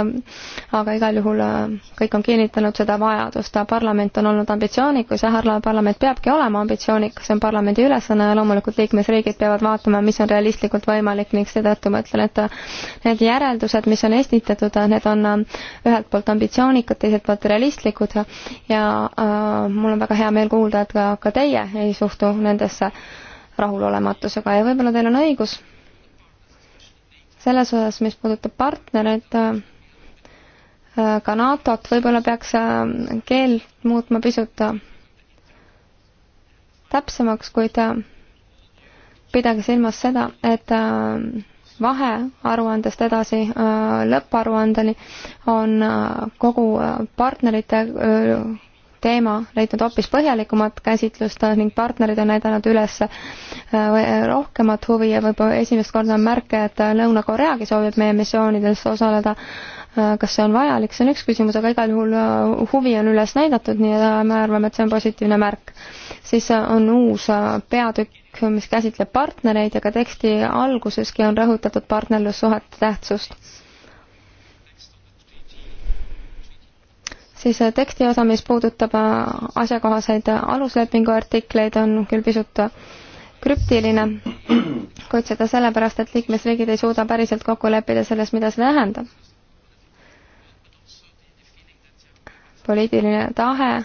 aga igal juhul äh, kõik on kinnitanud seda vajadust, parlament on olnud ambitsioonikas ja parlament peabki olema ambitsioonikas, see on parlamendi ülesanne ja loomulikult liikmesriigid peavad vaatama, mis on realistlikult võimalik ning seetõttu ma ütlen, et need järeldused, mis on esitatud, need on ühelt poolt ambitsioonikad, teiselt poolt realistlikud ja ja äh, mul on väga hea meel kuulda, et ka, ka teie ei suhtu nendesse rahulolematusega ja võib-olla teil on õigus selles osas, mis puudutab partnereid, äh, äh, ka NATO-t, võib-olla peaks keel muutma pisut täpsemaks, kuid pidage silmas seda, et vahearuandest edasi lõpparuandeni on kogu partnerite teema leidnud hoopis põhjalikumat käsitlust ning partnerid on näidanud üles äh, rohkemat huvi ja võib-olla esimest korda on märke, et Lõuna-Koreagi soovib meie missioonides osaleda. Äh, kas see on vajalik, see on üks küsimus, aga igal juhul äh, huvi on üles näidatud, nii et me arvame, et see on positiivne märk. siis on uus peatükk, mis käsitleb partnereid ja ka teksti alguseski on rõhutatud partnerlussuhete tähtsust siis teksti osa, mis puudutab äh, asjakohaseid aluslepingu artikleid, on küll pisut krüptiline, kuid seda sellepärast, et liikmesriigid ei suuda päriselt kokku leppida selles, mida see tähendab. poliitiline tahe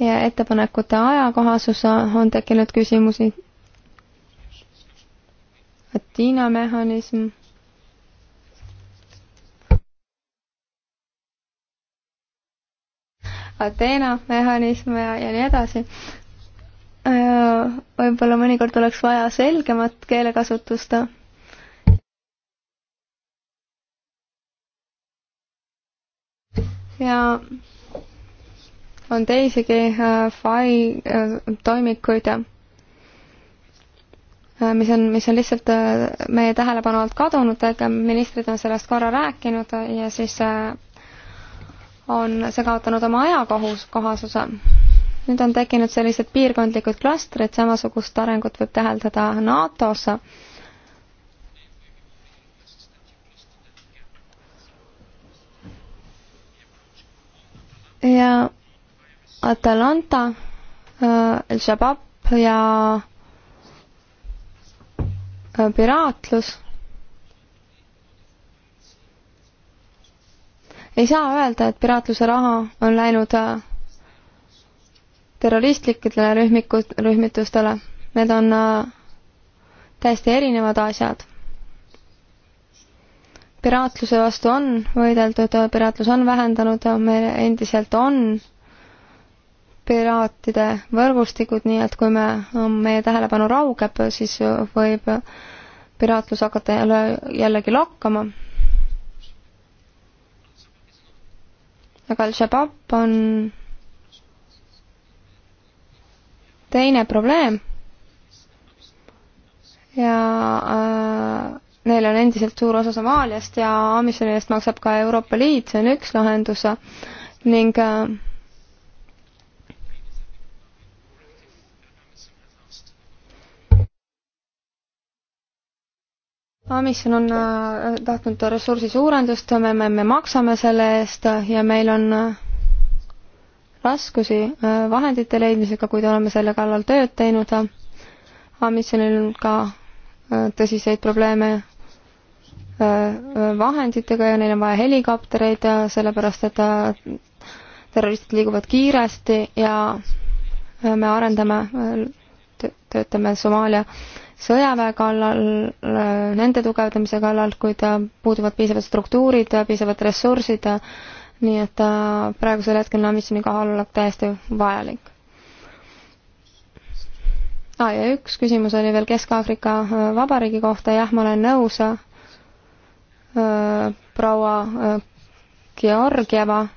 ja ettepanekute ajakohasus on tekkinud küsimusi. Tiina mehhanism Ateena mehhanism ja, ja nii edasi. Äh, võib-olla mõnikord oleks vaja selgemat keelekasutust. ja on teisigi äh, fai-, äh, toimikuid ja mis on, mis on lihtsalt meie tähelepanu alt kadunud, aga ministrid on sellest korra rääkinud ja siis on see kaotanud oma ajakohus, kohasuse. nüüd on tekkinud sellised piirkondlikud klastrid, samasugust arengut võib täheldada NATO-s. ja Atalanta, äh, El Shabab ja äh, piraatlus ei saa öelda, et piraatluse raha on läinud äh, terroristlikele rühmikud, rühmitustele. Need on äh, täiesti erinevad asjad. piraatluse vastu on võideldud, äh, piraatlus on vähendanud, meil endiselt on piraatide võrgustikud, nii et kui me, meie tähelepanu raugeb, siis võib piraatlus hakata jälle, jällegi lakkama aga Al-Shabaab on teine probleem ja äh, neil on endiselt suur osa Somaaliast ja Amisjoni eest maksab ka Euroopa Liit, see on üks lahendus ning äh, komisjon on äh, tahtnud ressursi suurendust, me, me, me maksame selle eest ja meil on äh, raskusi äh, vahendite leidmisega, kuid oleme selle kallal tööd teinud. komisjonil on ka tõsiseid probleeme vahenditega ja neil on vaja helikoptereid, sellepärast et terroristid liiguvad kiiresti ja me arendame, töötame Somaalia sõjaväe kallal, äh, nende tugevdamise kallal, kuid puuduvad piisavad struktuurid, piisavad ressursid, nii et praegusel hetkel NAMIS-i kohalolek täiesti vajalik. aa, ah, ja üks küsimus oli veel Kesk-Aafrika äh, Vabariigi kohta, jah, ma olen nõus äh, proua Georgieva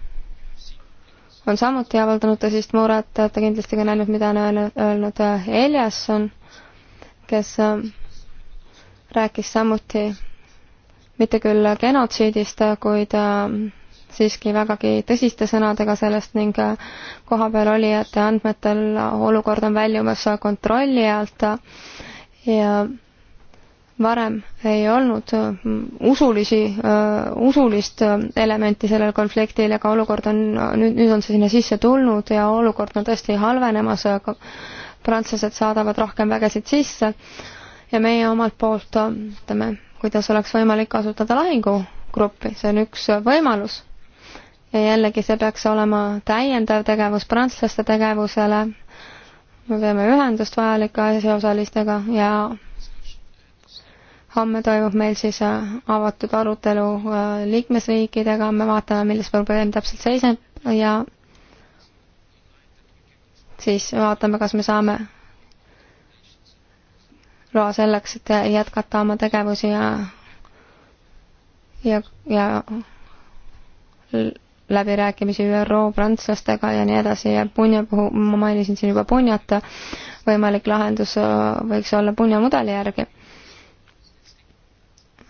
on samuti avaldanud tõsist muret, ta kindlasti ka näinud, mida on öelnud Eliasson kes äh, rääkis samuti mitte küll genotsiidist, kuid äh, siiski vägagi tõsiste sõnadega sellest ning äh, kohapeal olijate andmetel olukord on väljumas kontrolli alt ja varem ei olnud usulisi, usulist elementi sellel konfliktil, aga olukord on, nüüd, nüüd on see sinna sisse tulnud ja olukord on tõesti halvenemas prantslased saadavad rohkem vägesid sisse ja meie omalt poolt äh, ütleme, kuidas oleks võimalik kasutada lahingugruppi, see on üks võimalus. ja jällegi, see peaks olema täiendav tegevus prantslaste tegevusele, me peame ühendust vajalike asjaosalistega ja homme toimub meil siis äh, avatud arutelu äh, liikmesriikidega, me vaatame, milles probleem täpselt seisneb ja siis vaatame, kas me saame loa selleks, et jätkata oma tegevusi ja ja, ja läbirääkimisi ÜRO prantslastega ja nii edasi ja punja puhul, ma mainisin siin juba punjat, võimalik lahendus võiks olla punja mudeli järgi.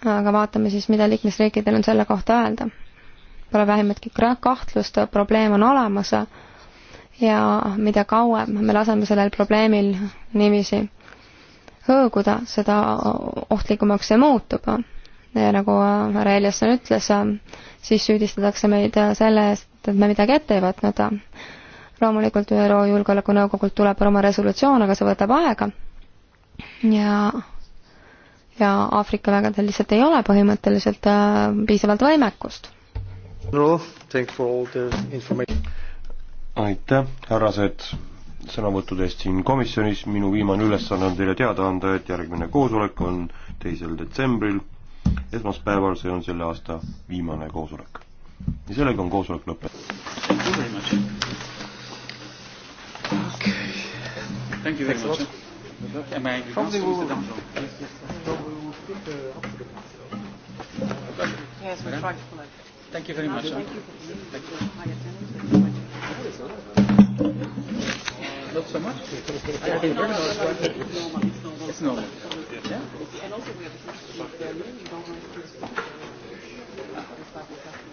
aga vaatame siis, mida liikmesriikidel on selle kohta öelda. Pole vähimatki kahtlust, probleem on olemas ja mida kauem me laseme sellel probleemil niiviisi hõõguda, seda ohtlikumaks see muutub. ja nagu härra Eljasson ütles, siis süüdistatakse meid selle eest, et me midagi ette ei võtnud. loomulikult ÜRO Julgeolekunõukogult tuleb oma resolutsioon, aga see võtab aega. ja ja Aafrika vägedel lihtsalt ei ole põhimõtteliselt äh, piisavalt võimekust. no thank for all the information aitäh, härrased, sõnavõttude eest siin komisjonis, minu viimane ülesanne on teile teada anda, et järgmine koosolek on teisel detsembril, esmaspäeval, see on selle aasta viimane koosolek. ja sellega on koosolek lõppenud. Okay. Thank you very Thanks much. Am I Something will... Mr. Damsel? Yes, yes. So we will speak uh, after the council. Yes, we'll try to connect. Thank you very much. Thank you. Thank you. Not so much. I think no, no, no, no, it's normal. It's normal. It's normal. Yeah. And also we have to keep the moving down.